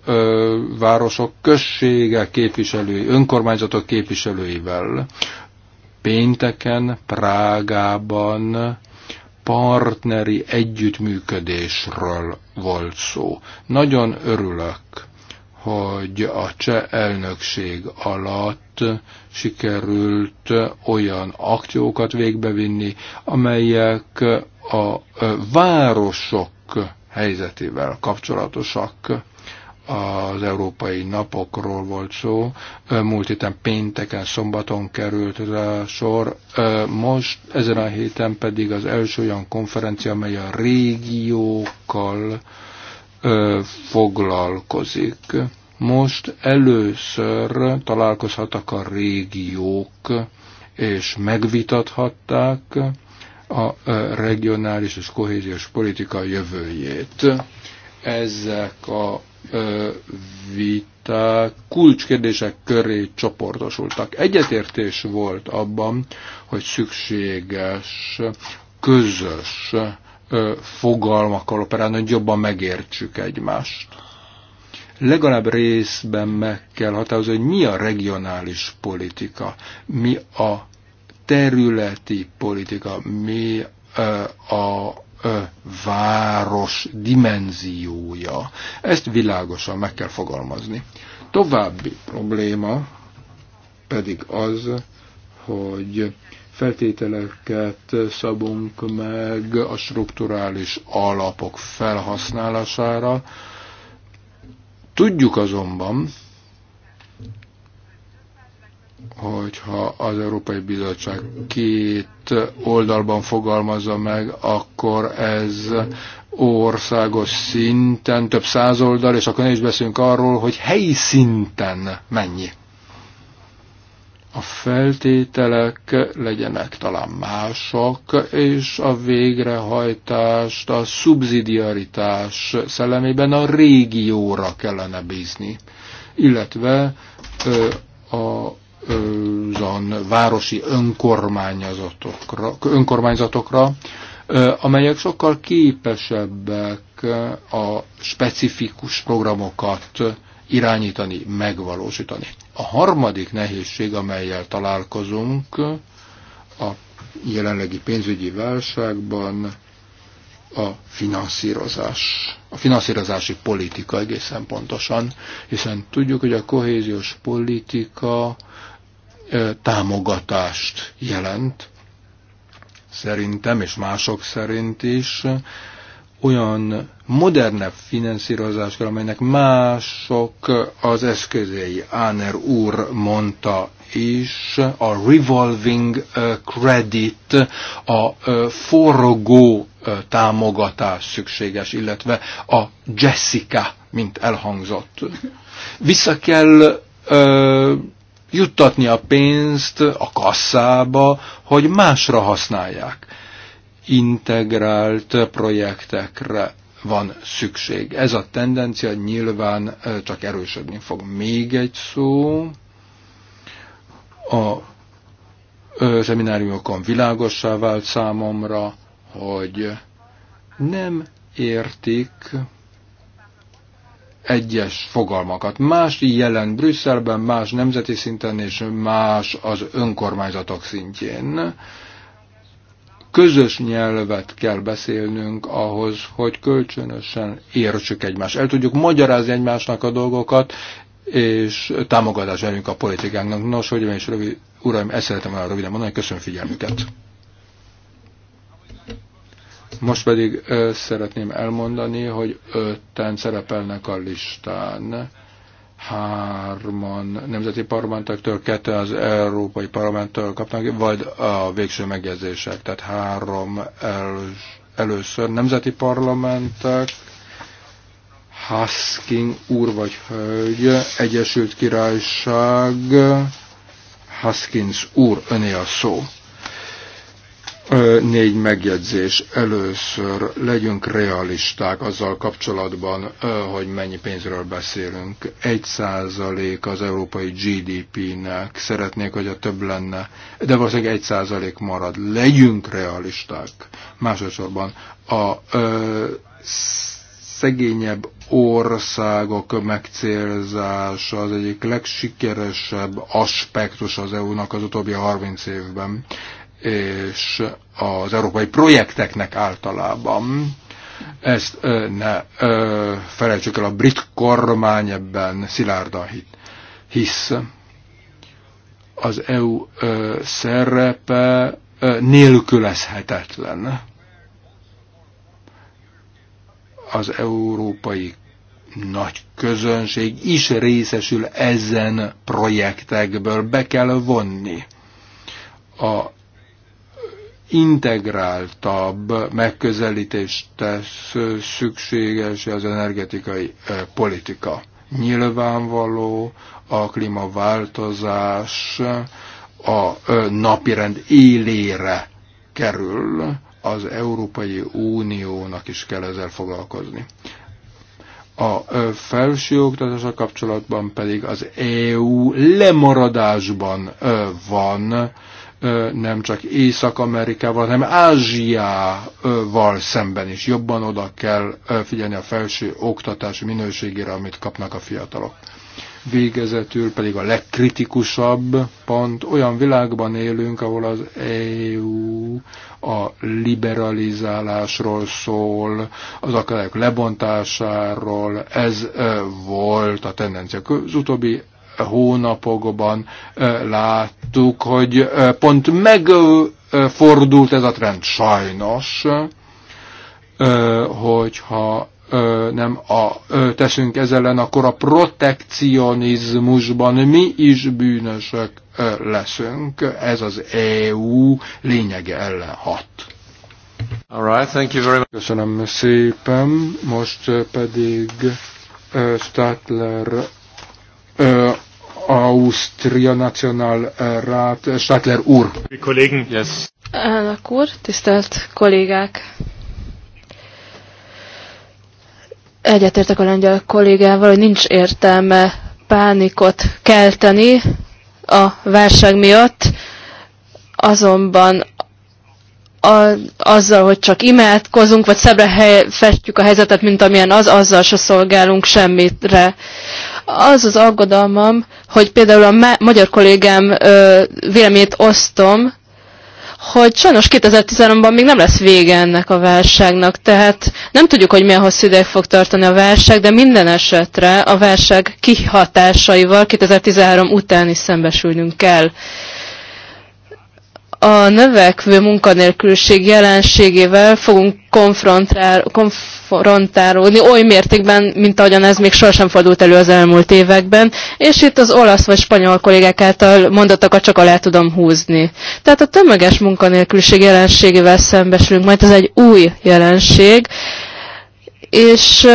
[SPEAKER 1] városok községe képviselői, önkormányzatok képviselőivel. Pénteken Prágában partneri együttműködésről volt szó. Nagyon örülök, hogy a cseh elnökség alatt sikerült olyan akciókat végbevinni, amelyek a városok helyzetével kapcsolatosak az európai napokról volt szó. Múlt héten pénteken, szombaton került rá sor. Most ezen a héten pedig az első olyan konferencia, amely a régiókkal foglalkozik. Most először találkozhattak a régiók, és megvitathatták a regionális és kohéziós politika jövőjét. Ezek a viták kulcskérdések köré csoportosultak. Egyetértés volt abban, hogy szükséges közös fogalmakkal operálni, hogy jobban megértsük egymást. Legalább részben meg kell határozni, hogy mi a regionális politika, mi a területi politika, mi a város dimenziója. Ezt világosan meg kell fogalmazni. További probléma pedig az, hogy feltételeket szabunk meg a strukturális alapok felhasználására. Tudjuk azonban, hogyha az Európai Bizottság két oldalban fogalmazza meg, akkor ez országos szinten több száz oldal, és akkor ne is beszélünk arról, hogy helyi szinten mennyi. A feltételek legyenek talán mások, és a végrehajtást a szubszidiaritás szellemében a régióra kellene bízni, illetve a azon városi önkormányzatokra, önkormányzatokra amelyek sokkal képesebbek a specifikus programokat irányítani, megvalósítani. A harmadik nehézség, amelyel találkozunk a jelenlegi pénzügyi válságban, a finanszírozás, a finanszírozási politika egészen pontosan, hiszen tudjuk, hogy a kohéziós politika támogatást jelent, szerintem és mások szerint is, olyan modernebb finanszírozás kell, amelynek mások az eszközei. Áner úr mondta is, a revolving credit, a forgó támogatás szükséges, illetve a Jessica, mint elhangzott. Vissza kell juttatni a pénzt a kasszába, hogy másra használják. Integrált projektekre van szükség. Ez a tendencia nyilván csak erősödni fog. Még egy szó. A szemináriumokon világossá vált számomra, hogy nem értik egyes fogalmakat. Más jelen Brüsszelben, más nemzeti szinten és más az önkormányzatok szintjén. Közös nyelvet kell beszélnünk ahhoz, hogy kölcsönösen értsük egymást. El tudjuk magyarázni egymásnak a dolgokat, és támogatás elünk a politikánknak. Nos, hogy is rövid, uraim, ezt szeretem olyan röviden mondani, köszönöm figyelmüket. Most pedig ö, szeretném elmondani, hogy ötten szerepelnek a listán, hárman nemzeti parlamentektől, kettő az Európai Parlamenttől kapnak, vagy a végső megjegyzések, tehát három el, először nemzeti parlamentek, Husking úr vagy hölgy, Egyesült Királyság, Haskins úr, öné a szó. Négy megjegyzés. Először legyünk realisták azzal kapcsolatban, hogy mennyi pénzről beszélünk. Egy százalék az európai GDP-nek. Szeretnék, hogy a több lenne, de valószínűleg egy százalék marad. Legyünk realisták. Másodszorban a ö, szegényebb országok megcélzása az egyik legsikeresebb aspektus az EU-nak az utóbbi 30 évben és az európai projekteknek általában. Ezt ne felejtsük el, a brit kormány ebben szilárdan hisz. Az EU szerepe nélkülözhetetlen az európai nagy közönség is részesül ezen projektekből, be kell vonni. A integráltabb megközelítést tesz szükséges az energetikai politika. Nyilvánvaló a klímaváltozás a napirend élére kerül, az Európai Uniónak is kell ezzel foglalkozni. A felsőoktatása kapcsolatban pedig az EU lemaradásban van nem csak Észak-Amerikával, hanem Ázsiával szemben is jobban oda kell figyelni a felső oktatási minőségére, amit kapnak a fiatalok. Végezetül pedig a legkritikusabb pont, olyan világban élünk, ahol az EU a liberalizálásról szól, az akadályok lebontásáról, ez volt a tendencia. Az utóbbi hónapokban láttuk, hogy pont megfordult ez a trend sajnos, hogyha nem a, teszünk ezzel ellen, akkor a protekcionizmusban mi is bűnösök leszünk. Ez az EU lényege ellen hat. All right, thank you very much. Köszönöm szépen. Most pedig Stadler Eh, Austria National eh, Rat, eh, Stadler Ur. Die Kollegen, yes.
[SPEAKER 3] Elnök úr, tisztelt kollégák! Egyetértek a lengyel kollégával, hogy nincs értelme pánikot kelteni a válság miatt, azonban a, azzal, hogy csak imádkozunk, vagy szebbre hely, festjük a helyzetet, mint amilyen az, azzal se szolgálunk semmitre. Az az aggodalmam, hogy például a magyar kollégám véleményét osztom, hogy sajnos 2013-ban még nem lesz vége ennek a válságnak, tehát nem tudjuk, hogy milyen hosszú ideig fog tartani a válság, de minden esetre a válság kihatásaival 2013 után is szembesülnünk kell a növekvő munkanélküliség jelenségével fogunk konfrontálódni oly mértékben, mint ahogyan ez még sohasem fordult elő az elmúlt években, és itt az olasz vagy spanyol kollégák által mondatokat csak alá tudom húzni. Tehát a tömeges munkanélküliség jelenségével szembesülünk, majd ez egy új jelenség, és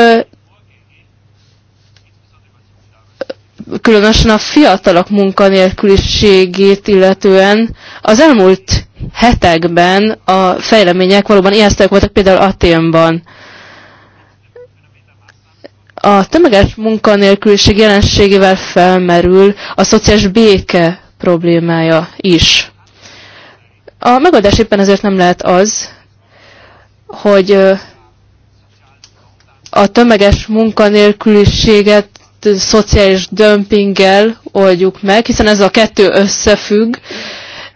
[SPEAKER 3] különösen a fiatalok munkanélküliségét illetően az elmúlt hetekben a fejlemények valóban ijesztőek voltak, például Aténban. A tömeges munkanélküliség jelenségével felmerül a szociális béke problémája is. A megoldás éppen ezért nem lehet az, hogy a tömeges munkanélküliséget szociális dömpinggel oldjuk meg, hiszen ez a kettő összefügg.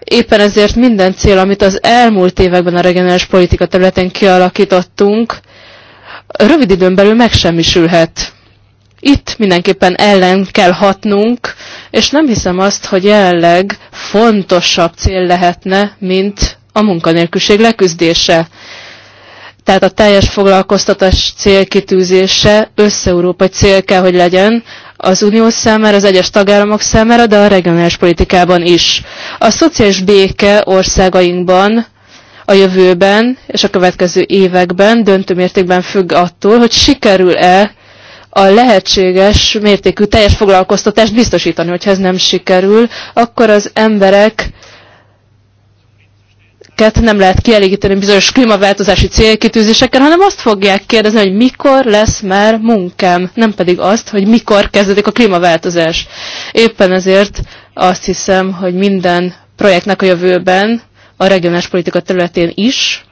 [SPEAKER 3] Éppen ezért minden cél, amit az elmúlt években a regionális politika területén kialakítottunk, rövid időn belül megsemmisülhet. Itt mindenképpen ellen kell hatnunk, és nem hiszem azt, hogy jelenleg fontosabb cél lehetne, mint a munkanélküliség leküzdése. Tehát a teljes foglalkoztatás célkitűzése össze-európai cél kell, hogy legyen az unió számára, az egyes tagállamok számára, de a regionális politikában is. A szociális béke országainkban a jövőben és a következő években döntő mértékben függ attól, hogy sikerül-e a lehetséges mértékű teljes foglalkoztatást biztosítani. Hogyha ez nem sikerül, akkor az emberek ezeket nem lehet kielégíteni bizonyos klímaváltozási célkitűzésekkel, hanem azt fogják kérdezni, hogy mikor lesz már munkám, nem pedig azt, hogy mikor kezdődik a klímaváltozás. Éppen ezért azt hiszem, hogy minden projektnek a jövőben, a regionális politika területén is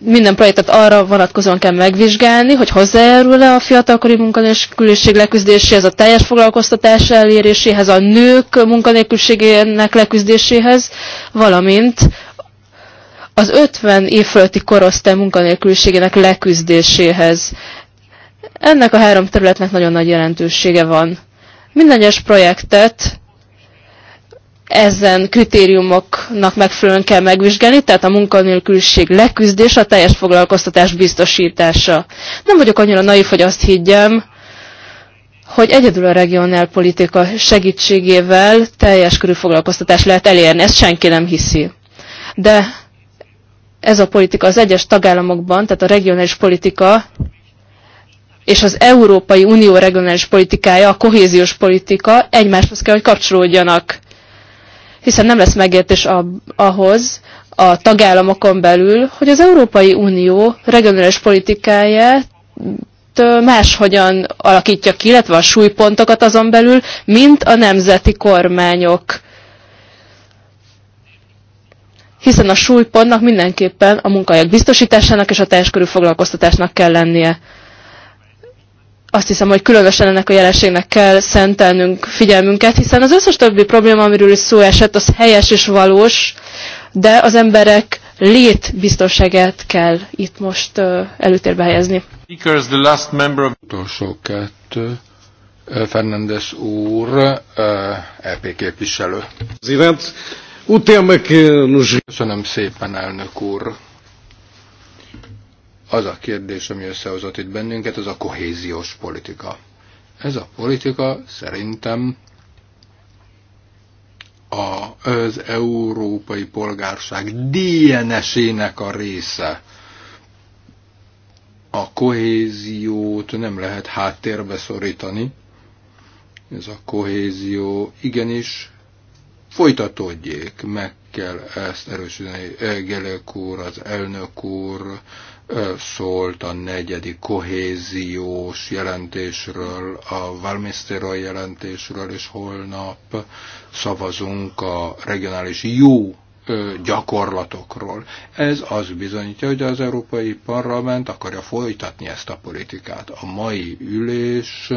[SPEAKER 3] minden projektet arra vonatkozóan kell megvizsgálni, hogy hozzájárul-e a fiatalkori munkanélküliség leküzdéséhez, a teljes foglalkoztatás eléréséhez, a nők munkanélküliségének leküzdéséhez, valamint az 50 év fölötti korosztály munkanélküliségének leküzdéséhez. Ennek a három területnek nagyon nagy jelentősége van. Minden egyes projektet ezen kritériumoknak megfelelően kell megvizsgálni, tehát a munkanélküliség leküzdése, a teljes foglalkoztatás biztosítása. Nem vagyok annyira naív, hogy azt higgyem, hogy egyedül a regionál politika segítségével teljes körű foglalkoztatást lehet elérni. Ezt senki nem hiszi. De ez a politika az egyes tagállamokban, tehát a regionális politika és az Európai Unió regionális politikája, a kohéziós politika egymáshoz kell, hogy kapcsolódjanak hiszen nem lesz megértés a, ahhoz a tagállamokon belül, hogy az Európai Unió regionális politikáját máshogyan alakítja ki, illetve a súlypontokat azon belül, mint a nemzeti kormányok. Hiszen a súlypontnak mindenképpen a munkahelyek biztosításának és a teljes körű foglalkoztatásnak kell lennie azt hiszem, hogy különösen ennek a jelenségnek kell szentelnünk figyelmünket, hiszen az összes többi probléma, amiről is szó esett, az helyes és valós, de az emberek létbiztonságát kell itt most uh, előtérbe helyezni.
[SPEAKER 1] the last member of... Utolsó kettő. Fernandes úr, uh, EP képviselő. Köszönöm szépen, elnök úr. Az a kérdés, ami összehozott itt bennünket, az a kohéziós politika. Ez a politika szerintem a, az európai polgárság DNS-ének a része. A kohéziót nem lehet háttérbe szorítani. Ez a kohézió igenis folytatódjék, meg kell ezt erősíteni. Gelek úr, az elnök úr, szólt a negyedik kohéziós jelentésről, a Valmisztéról jelentésről, és holnap szavazunk a regionális jó gyakorlatokról. Ez az bizonyítja, hogy az Európai Parlament akarja folytatni ezt a politikát. A mai ülés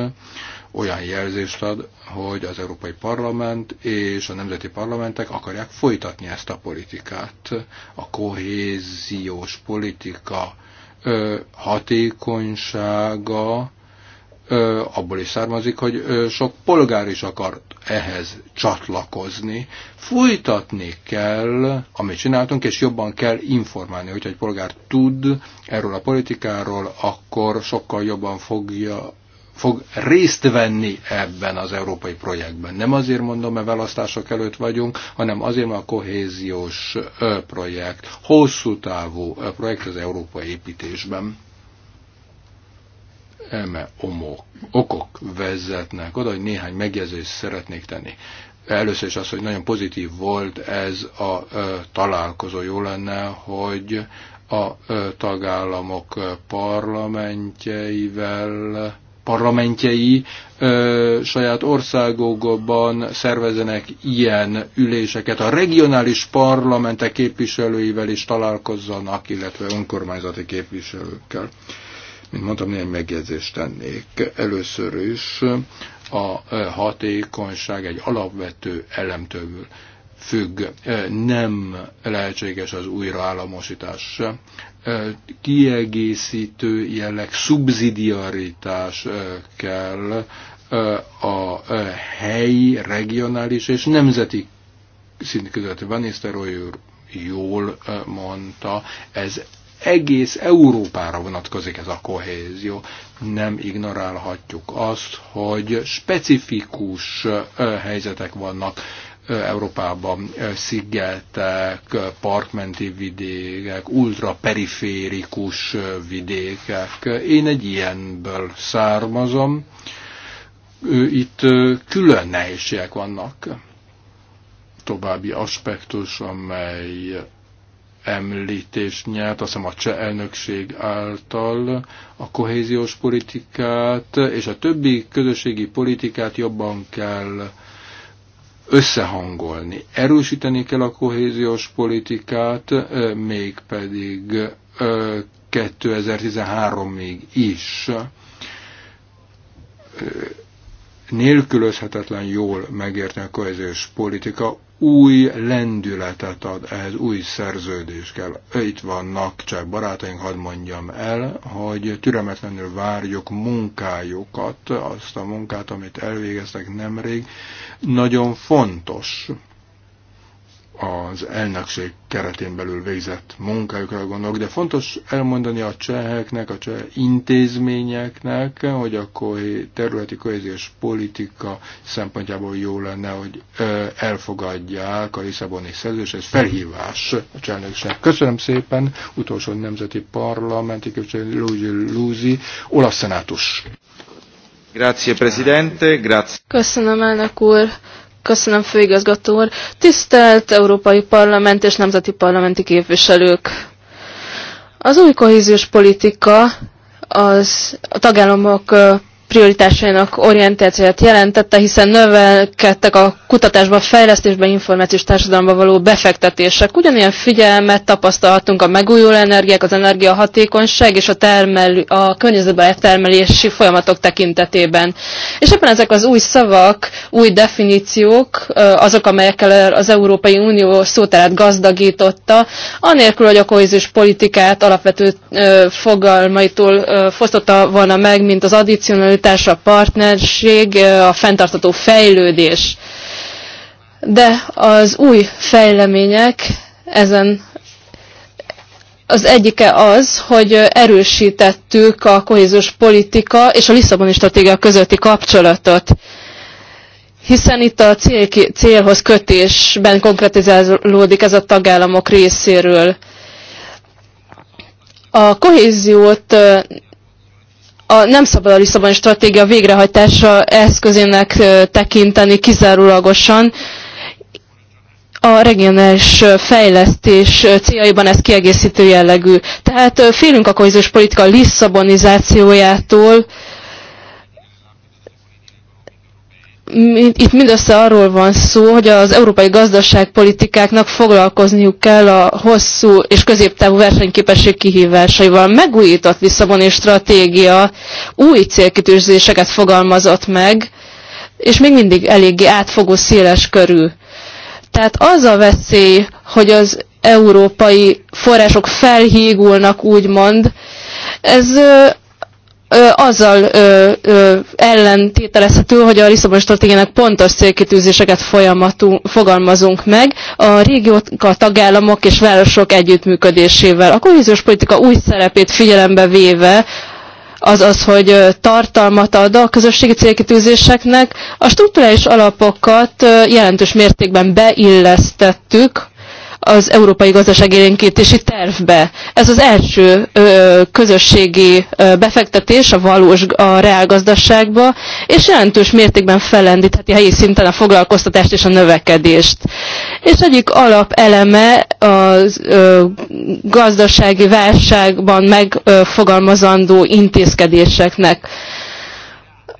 [SPEAKER 1] olyan jelzést ad, hogy az Európai Parlament és a nemzeti parlamentek akarják folytatni ezt a politikát. A kohéziós politika hatékonysága abból is származik, hogy sok polgár is akart ehhez csatlakozni. Folytatni kell, amit csináltunk, és jobban kell informálni. Hogyha egy polgár tud erről a politikáról, akkor sokkal jobban fogja fog részt venni ebben az európai projektben. Nem azért mondom, mert választások előtt vagyunk, hanem azért, mert a kohéziós projekt, hosszú távú projekt az európai építésben. Eme omok, okok vezetnek oda, hogy néhány megjegyzést szeretnék tenni. Először is az, hogy nagyon pozitív volt ez a ö, találkozó. Jó lenne, hogy a ö, tagállamok parlamentjeivel parlamentjei ö, saját országokban szervezenek ilyen üléseket, a regionális parlamentek képviselőivel is találkozzanak, illetve önkormányzati képviselőkkel. Mint mondtam, néhány megjegyzést tennék. Először is a hatékonyság egy alapvető elemtől függ, nem lehetséges az újraállamosítás. Kiegészítő jelleg, szubszidiaritás kell a helyi, regionális és nemzeti szint között. Van Nisztelrooy jól mondta, ez egész Európára vonatkozik ez a kohézió. Nem ignorálhatjuk azt, hogy specifikus helyzetek vannak Európában e, szigetek, parkmenti vidékek, ultraperiférikus e, vidékek. Én egy ilyenből származom. Itt e, külön nehézségek vannak. További aspektus, amely említést nyert, azt hiszem a cseh elnökség által a kohéziós politikát és a többi közösségi politikát jobban kell összehangolni. Erősíteni kell a kohéziós politikát, eh, mégpedig 2013-ig eh, is eh, nélkülözhetetlen jól megérteni a kohéziós politika új lendületet ad, ehhez új szerződés kell. Itt vannak csak barátaink, hadd mondjam el, hogy türemetlenül várjuk munkájukat, azt a munkát, amit elvégeztek nemrég. Nagyon fontos az elnökség keretén belül végzett munkájukra gondolok, de fontos elmondani a cseheknek, a cseh intézményeknek, hogy a területi kohéziós politika szempontjából jó lenne, hogy elfogadják a Lisszaboni szerződés, ez felhívás a cselnökség. Köszönöm szépen, utolsó nemzeti parlamenti képviselő Luigi Luzi, olasz szenátus. Grazie, Presidente, grazie.
[SPEAKER 3] Köszönöm, elnök úr. Köszönöm, főigazgató úr. Tisztelt Európai Parlament és Nemzeti Parlamenti képviselők! Az új kohéziós politika az a tagállamok prioritásainak orientációját jelentette, hiszen növelkedtek a kutatásba, fejlesztésbe, információs társadalomba való befektetések. Ugyanilyen figyelmet tapasztalhatunk a megújuló energiák, az energiahatékonyság és a, termelő, a környezetbe termelési folyamatok tekintetében. És ebben ezek az új szavak, új definíciók, azok, amelyekkel az Európai Unió szóterát gazdagította, anélkül, hogy a kohéziós politikát alapvető fogalmaitól fosztotta volna meg, mint az addicionalitás, mobilitás, a partnerség, a fenntartató fejlődés. De az új fejlemények ezen az egyike az, hogy erősítettük a kohéziós politika és a Lisszaboni stratégia közötti kapcsolatot hiszen itt a cél, célhoz kötésben konkretizálódik ez a tagállamok részéről. A kohéziót a nem szabad a Lisszaboni stratégia végrehajtása eszközének tekinteni kizárólagosan. A regionális fejlesztés céljaiban ez kiegészítő jellegű. Tehát félünk a kohéziós politika lisszabonizációjától, itt mindössze arról van szó, hogy az európai gazdaságpolitikáknak foglalkozniuk kell a hosszú és középtávú versenyképesség kihívásaival. Megújított Lisszaboni stratégia új célkitűzéseket fogalmazott meg, és még mindig eléggé átfogó széles körül. Tehát az a veszély, hogy az európai források felhígulnak, úgymond, ez ö, azzal ö, ö, ellentételezhető, hogy a Lisszabon stratégiának pontos célkitűzéseket fogalmazunk meg a régiók, a tagállamok és városok együttműködésével. A kohéziós politika új szerepét figyelembe véve az az, hogy tartalmat ad a közösségi célkitűzéseknek. A struktúrális alapokat jelentős mértékben beillesztettük az európai gazdaságélénkítési tervbe. Ez az első ö, közösségi ö, befektetés a valós, a reálgazdaságba, és jelentős mértékben felendítheti helyi szinten a foglalkoztatást és a növekedést. És egyik alapeleme a gazdasági válságban megfogalmazandó intézkedéseknek.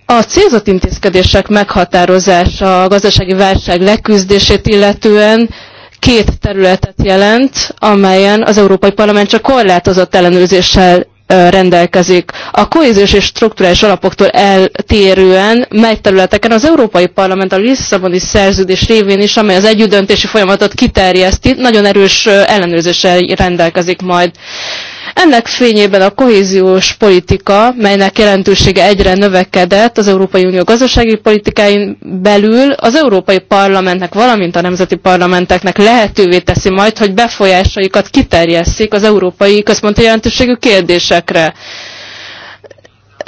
[SPEAKER 3] A célzott intézkedések meghatározása a gazdasági válság leküzdését illetően két területet jelent, amelyen az Európai Parlament csak korlátozott ellenőrzéssel rendelkezik. A kohéziós és struktúrális alapoktól eltérően, mely területeken az Európai Parlament a Lisszaboni szerződés révén is, amely az együttdöntési folyamatot kiterjeszti, nagyon erős ellenőrzéssel rendelkezik majd. Ennek fényében a kohéziós politika, melynek jelentősége egyre növekedett az Európai Unió gazdasági politikáin belül, az Európai Parlamentnek, valamint a nemzeti parlamenteknek lehetővé teszi majd, hogy befolyásaikat kiterjesszik az európai központi jelentőségű kérdésekre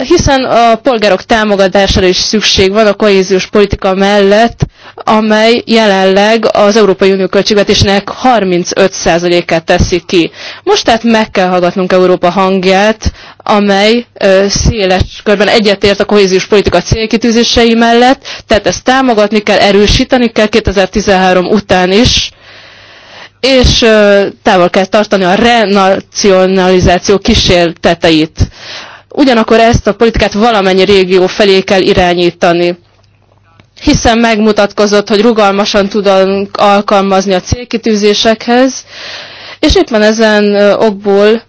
[SPEAKER 3] hiszen a polgárok támogatására is szükség van a kohéziós politika mellett, amely jelenleg az Európai Unió költségvetésnek 35%-át teszi ki. Most tehát meg kell hallgatnunk Európa hangját, amely ö, széles körben egyetért a kohéziós politika célkitűzései mellett, tehát ezt támogatni kell, erősíteni kell 2013 után is, és ö, távol kell tartani a renacionalizáció kísérteteit. Ugyanakkor ezt a politikát valamennyi régió felé kell irányítani hiszen megmutatkozott, hogy rugalmasan tudunk alkalmazni a célkitűzésekhez, és éppen ezen okból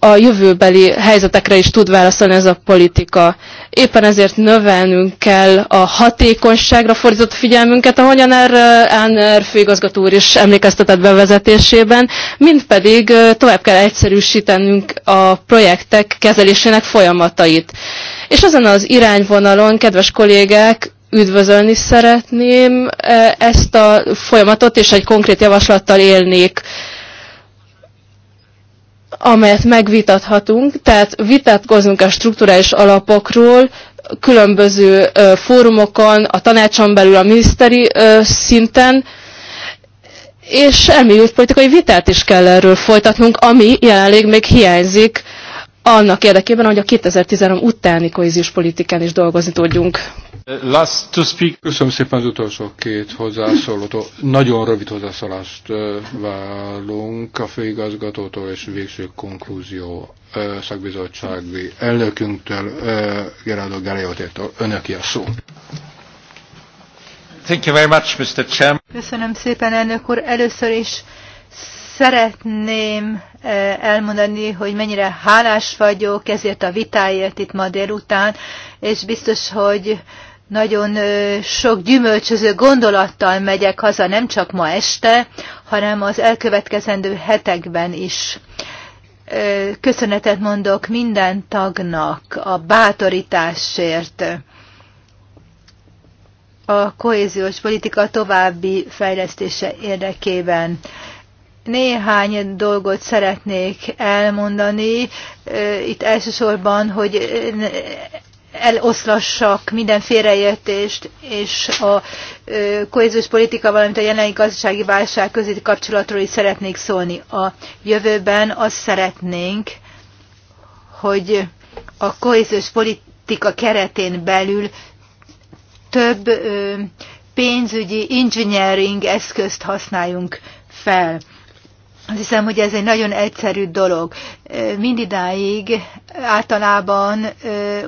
[SPEAKER 3] a jövőbeli helyzetekre is tud válaszolni ez a politika. Éppen ezért növelnünk kell a hatékonyságra fordított figyelmünket, ahogyan erre Áner főigazgató úr is emlékeztetett bevezetésében, mint pedig tovább kell egyszerűsítenünk a projektek kezelésének folyamatait. És ezen az irányvonalon, kedves kollégák, üdvözölni szeretném e, ezt a folyamatot, és egy konkrét javaslattal élnék, amelyet megvitathatunk. Tehát vitatkozunk a strukturális alapokról, különböző e, fórumokon, a tanácson belül, a miniszteri e, szinten, és elmélyült politikai vitát is kell erről folytatnunk, ami jelenleg még hiányzik annak érdekében, hogy a 2013 utáni kohéziós politikán is dolgozni tudjunk.
[SPEAKER 1] Uh, last to speak. Köszönöm szépen az utolsó két hozzászólótól. Nagyon rövid hozzászólást uh, válunk a főigazgatótól és végső konklúzió uh, szakbizottsági elnökünktől, Gerardo Galeotétól. Önöki a szó. Thank you very much, Mr. Chairman.
[SPEAKER 2] Köszönöm szépen, elnök úr. Először is szeretném elmondani, hogy mennyire hálás vagyok ezért a vitáért itt ma délután, és biztos, hogy nagyon sok gyümölcsöző gondolattal megyek haza, nem csak ma este, hanem az elkövetkezendő hetekben is. Köszönetet mondok minden tagnak a bátorításért. A kohéziós politika további fejlesztése érdekében néhány dolgot szeretnék elmondani. Itt elsősorban, hogy eloszlassak minden félreértést és a kohéziós politika, valamint a jelenlegi gazdasági válság közötti kapcsolatról is szeretnék szólni. A jövőben azt szeretnénk, hogy a kohéziós politika keretén belül több pénzügyi engineering eszközt használjunk fel Azt hiszem, hogy ez egy nagyon egyszerű dolog. Mindidáig általában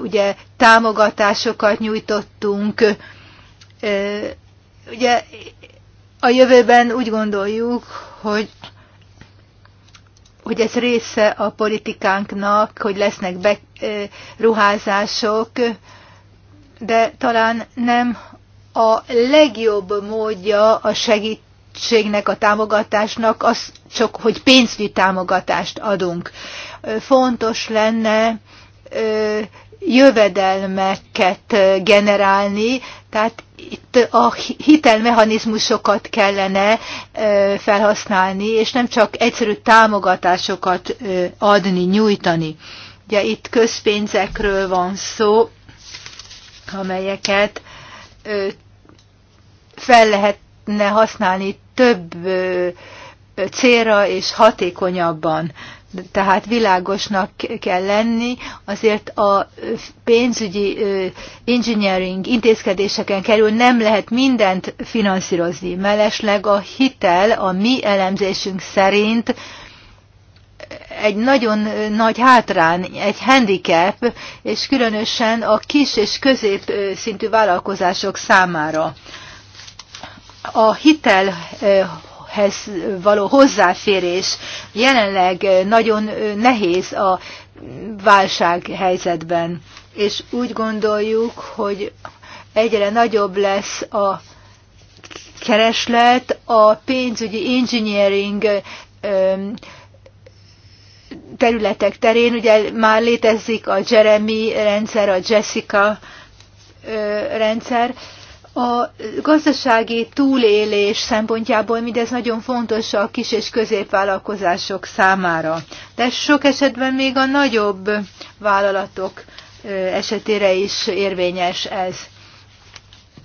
[SPEAKER 2] ugye támogatásokat nyújtottunk, ugye a jövőben úgy gondoljuk, hogy hogy ez része a politikánknak, hogy lesznek beruházások, de talán nem a legjobb módja a segít segítségnek, a támogatásnak az csak, hogy pénzügyi támogatást adunk. Fontos lenne jövedelmeket generálni, tehát itt a hitelmechanizmusokat kellene felhasználni, és nem csak egyszerű támogatásokat adni, nyújtani. Ugye itt közpénzekről van szó, amelyeket fel lehetne használni több célra és hatékonyabban. Tehát világosnak kell lenni, azért a pénzügyi engineering intézkedéseken kerül nem lehet mindent finanszírozni. Mellesleg a hitel a mi elemzésünk szerint egy nagyon nagy hátrán, egy handicap, és különösen a kis és középszintű vállalkozások számára. A hitel hez való hozzáférés jelenleg nagyon nehéz a válság helyzetben, és úgy gondoljuk, hogy egyre nagyobb lesz a kereslet a pénzügyi engineering területek terén. Ugye már létezik a Jeremy rendszer, a Jessica rendszer, a gazdasági túlélés szempontjából mindez nagyon fontos a kis és középvállalkozások számára, de sok esetben még a nagyobb vállalatok esetére is érvényes ez.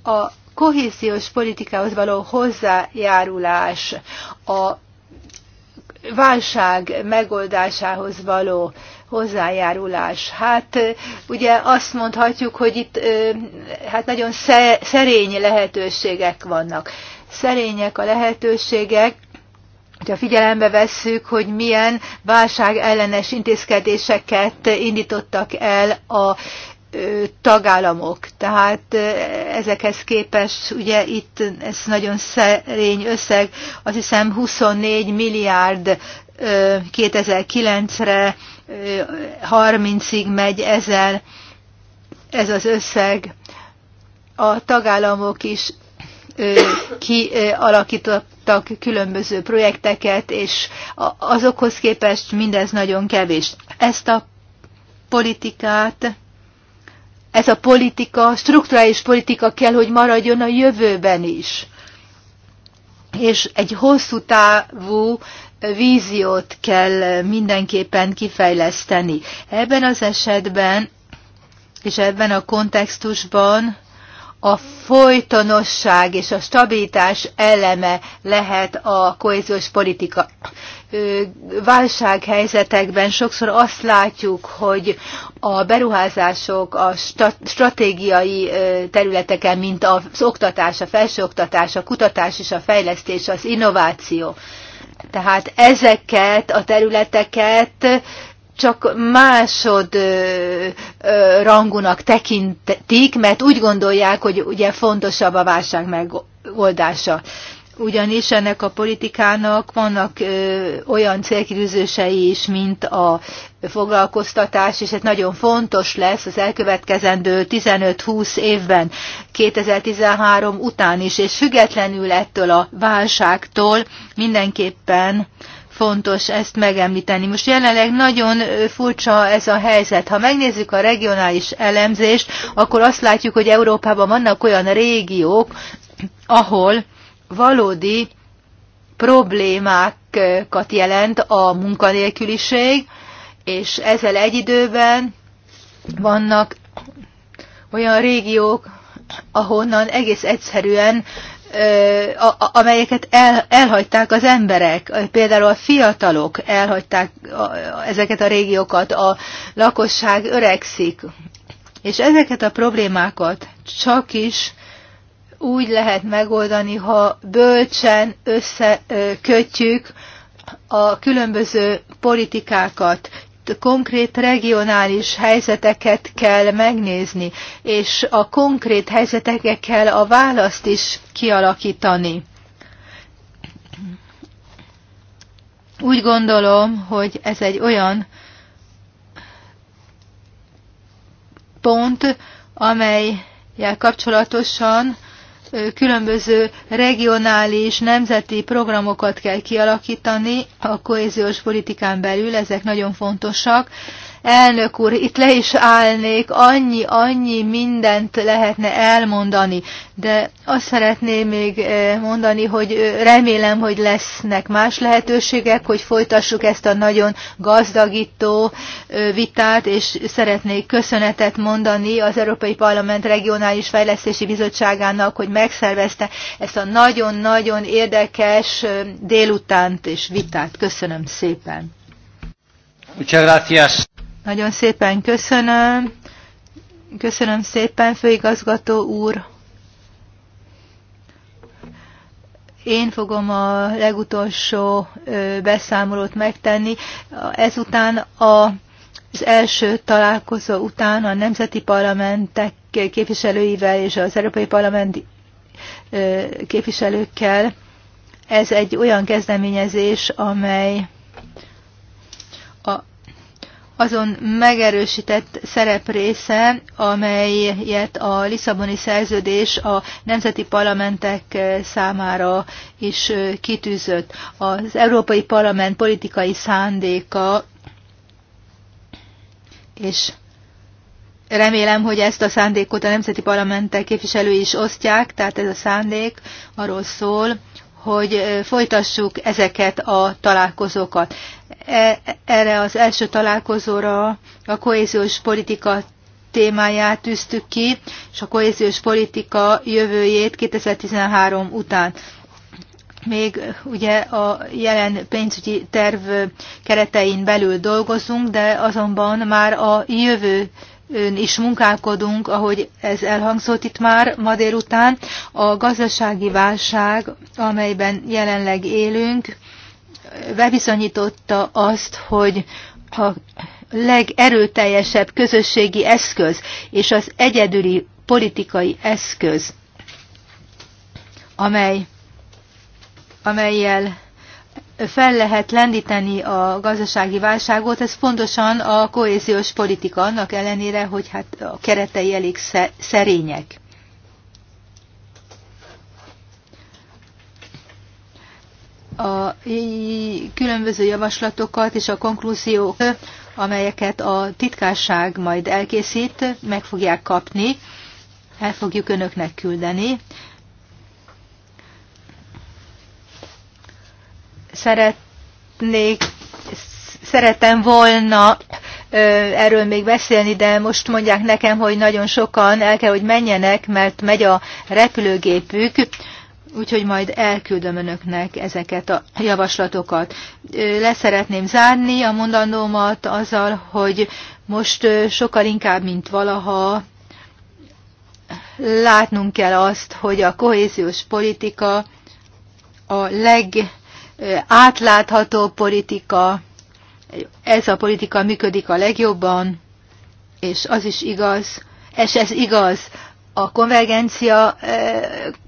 [SPEAKER 2] A kohéziós politikához való hozzájárulás, a válság megoldásához való hozzájárulás. Hát ugye azt mondhatjuk, hogy itt hát nagyon szerény lehetőségek vannak. Szerények a lehetőségek, hogyha figyelembe vesszük, hogy milyen válság ellenes intézkedéseket indítottak el a tagállamok. Tehát ezekhez képest ugye itt ez nagyon szerény összeg, azt hiszem 24 milliárd 2009-re 30-ig megy ezen, ez az összeg. A tagállamok is kialakítottak különböző projekteket, és azokhoz képest mindez nagyon kevés. Ezt a politikát, ez a politika, strukturális politika kell, hogy maradjon a jövőben is. És egy hosszú távú víziót kell mindenképpen kifejleszteni. Ebben az esetben és ebben a kontextusban a folytonosság és a stabilitás eleme lehet a kohéziós politika. Válsághelyzetekben sokszor azt látjuk, hogy a beruházások a stratégiai területeken, mint az oktatás, a felsőoktatás, a kutatás és a fejlesztés, az innováció Tehát ezeket a területeket csak másod rangunak tekintik, mert úgy gondolják, hogy ugye fontosabb a válság megoldása ugyanis ennek a politikának vannak ö, olyan célkirűzései is, mint a foglalkoztatás, és ez nagyon fontos lesz az elkövetkezendő 15-20 évben, 2013 után is, és függetlenül ettől a válságtól mindenképpen fontos ezt megemlíteni. Most jelenleg nagyon furcsa ez a helyzet. Ha megnézzük a regionális elemzést, akkor azt látjuk, hogy Európában vannak olyan régiók, ahol valódi problémákat jelent a munkanélküliség, és ezzel egy időben vannak olyan régiók, ahonnan egész egyszerűen amelyeket el, elhagyták az emberek, például a fiatalok elhagyták ezeket a régiókat, a lakosság öregszik, és ezeket a problémákat csak is úgy lehet megoldani, ha bölcsen összekötjük a különböző politikákat, konkrét regionális helyzeteket kell megnézni, és a konkrét helyzetekkel kell a választ is kialakítani. Úgy gondolom, hogy ez egy olyan pont, amelyel kapcsolatosan különböző regionális, nemzeti programokat kell kialakítani a kohéziós politikán belül, ezek nagyon fontosak Elnök úr, itt le is állnék, annyi-annyi mindent lehetne elmondani, de azt szeretném még eh, mondani, hogy eh, remélem, hogy lesznek más lehetőségek, hogy folytassuk ezt a nagyon gazdagító eh, vitát, és szeretnék köszönetet mondani az Európai Parlament Regionális Fejlesztési Bizottságának, hogy megszervezte ezt a nagyon-nagyon érdekes délutánt és vitát. Köszönöm szépen!
[SPEAKER 1] Muchas gracias.
[SPEAKER 2] Nagyon szépen köszönöm. Köszönöm szépen, főigazgató úr. Én fogom a legutolsó beszámolót megtenni. Ezután a, az első találkozó után a nemzeti parlamentek képviselőivel és az Európai Parlament képviselőkkel ez egy olyan kezdeményezés, amely azon megerősített szerep része, amelyet a Lisszaboni szerződés a nemzeti parlamentek számára is kitűzött. Az Európai Parlament politikai szándéka, és remélem, hogy ezt a szándékot a nemzeti parlamentek képviselői is osztják, tehát ez a szándék arról szól, hogy folytassuk ezeket a találkozókat. E, erre az első találkozóra a kohéziós politika témáját tűztük ki, és a kohéziós politika jövőjét 2013 után. Még ugye a jelen pénzügyi terv keretein belül dolgozunk, de azonban már a jövő ön is munkálkodunk, ahogy ez elhangzott itt már ma délután. A gazdasági válság, amelyben jelenleg élünk, bebizonyította azt, hogy a legerőteljesebb közösségi eszköz és az egyedüli politikai eszköz, amely, amelyel fel lehet lendíteni a gazdasági válságot, ez fontosan a kohéziós politika, annak ellenére, hogy hát a keretei elég szerények. A különböző javaslatokat és a konklúziók, amelyeket a titkárság majd elkészít, meg fogják kapni, el fogjuk önöknek küldeni. szeretnék, szeretem volna erről még beszélni, de most mondják nekem, hogy nagyon sokan el kell, hogy menjenek, mert megy a repülőgépük, úgyhogy majd elküldöm önöknek ezeket a javaslatokat. Leszeretném zárni a mondandómat azzal, hogy most sokkal inkább, mint valaha látnunk kell azt, hogy a kohéziós politika a leg átlátható politika, ez a politika működik a legjobban, és az is igaz, és ez igaz a konvergencia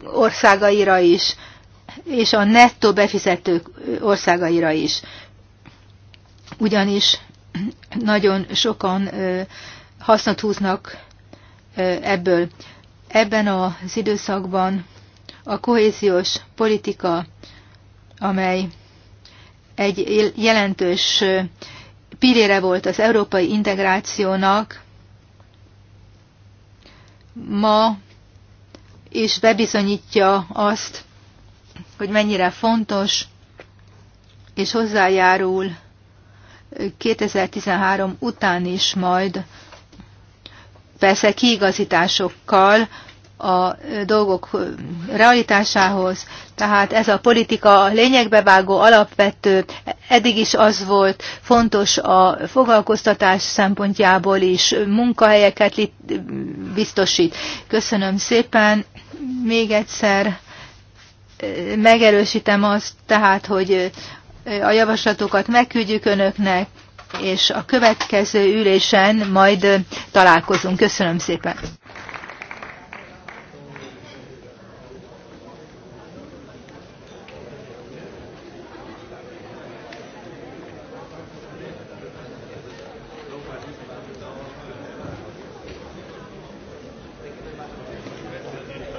[SPEAKER 2] országaira is, és a nettó befizetők országaira is. Ugyanis nagyon sokan hasznot húznak ebből. Ebben az időszakban a kohéziós politika amely egy jelentős pillére volt az európai integrációnak, ma is bebizonyítja azt, hogy mennyire fontos, és hozzájárul 2013 után is majd, persze kiigazításokkal, a dolgok realitásához. Tehát ez a politika lényegbe vágó alapvető, eddig is az volt fontos a foglalkoztatás szempontjából is, munkahelyeket biztosít. Köszönöm szépen. Még egyszer eh, megerősítem azt, tehát, hogy eh, a javaslatokat megküldjük önöknek, és a következő ülésen majd eh, találkozunk. Köszönöm szépen!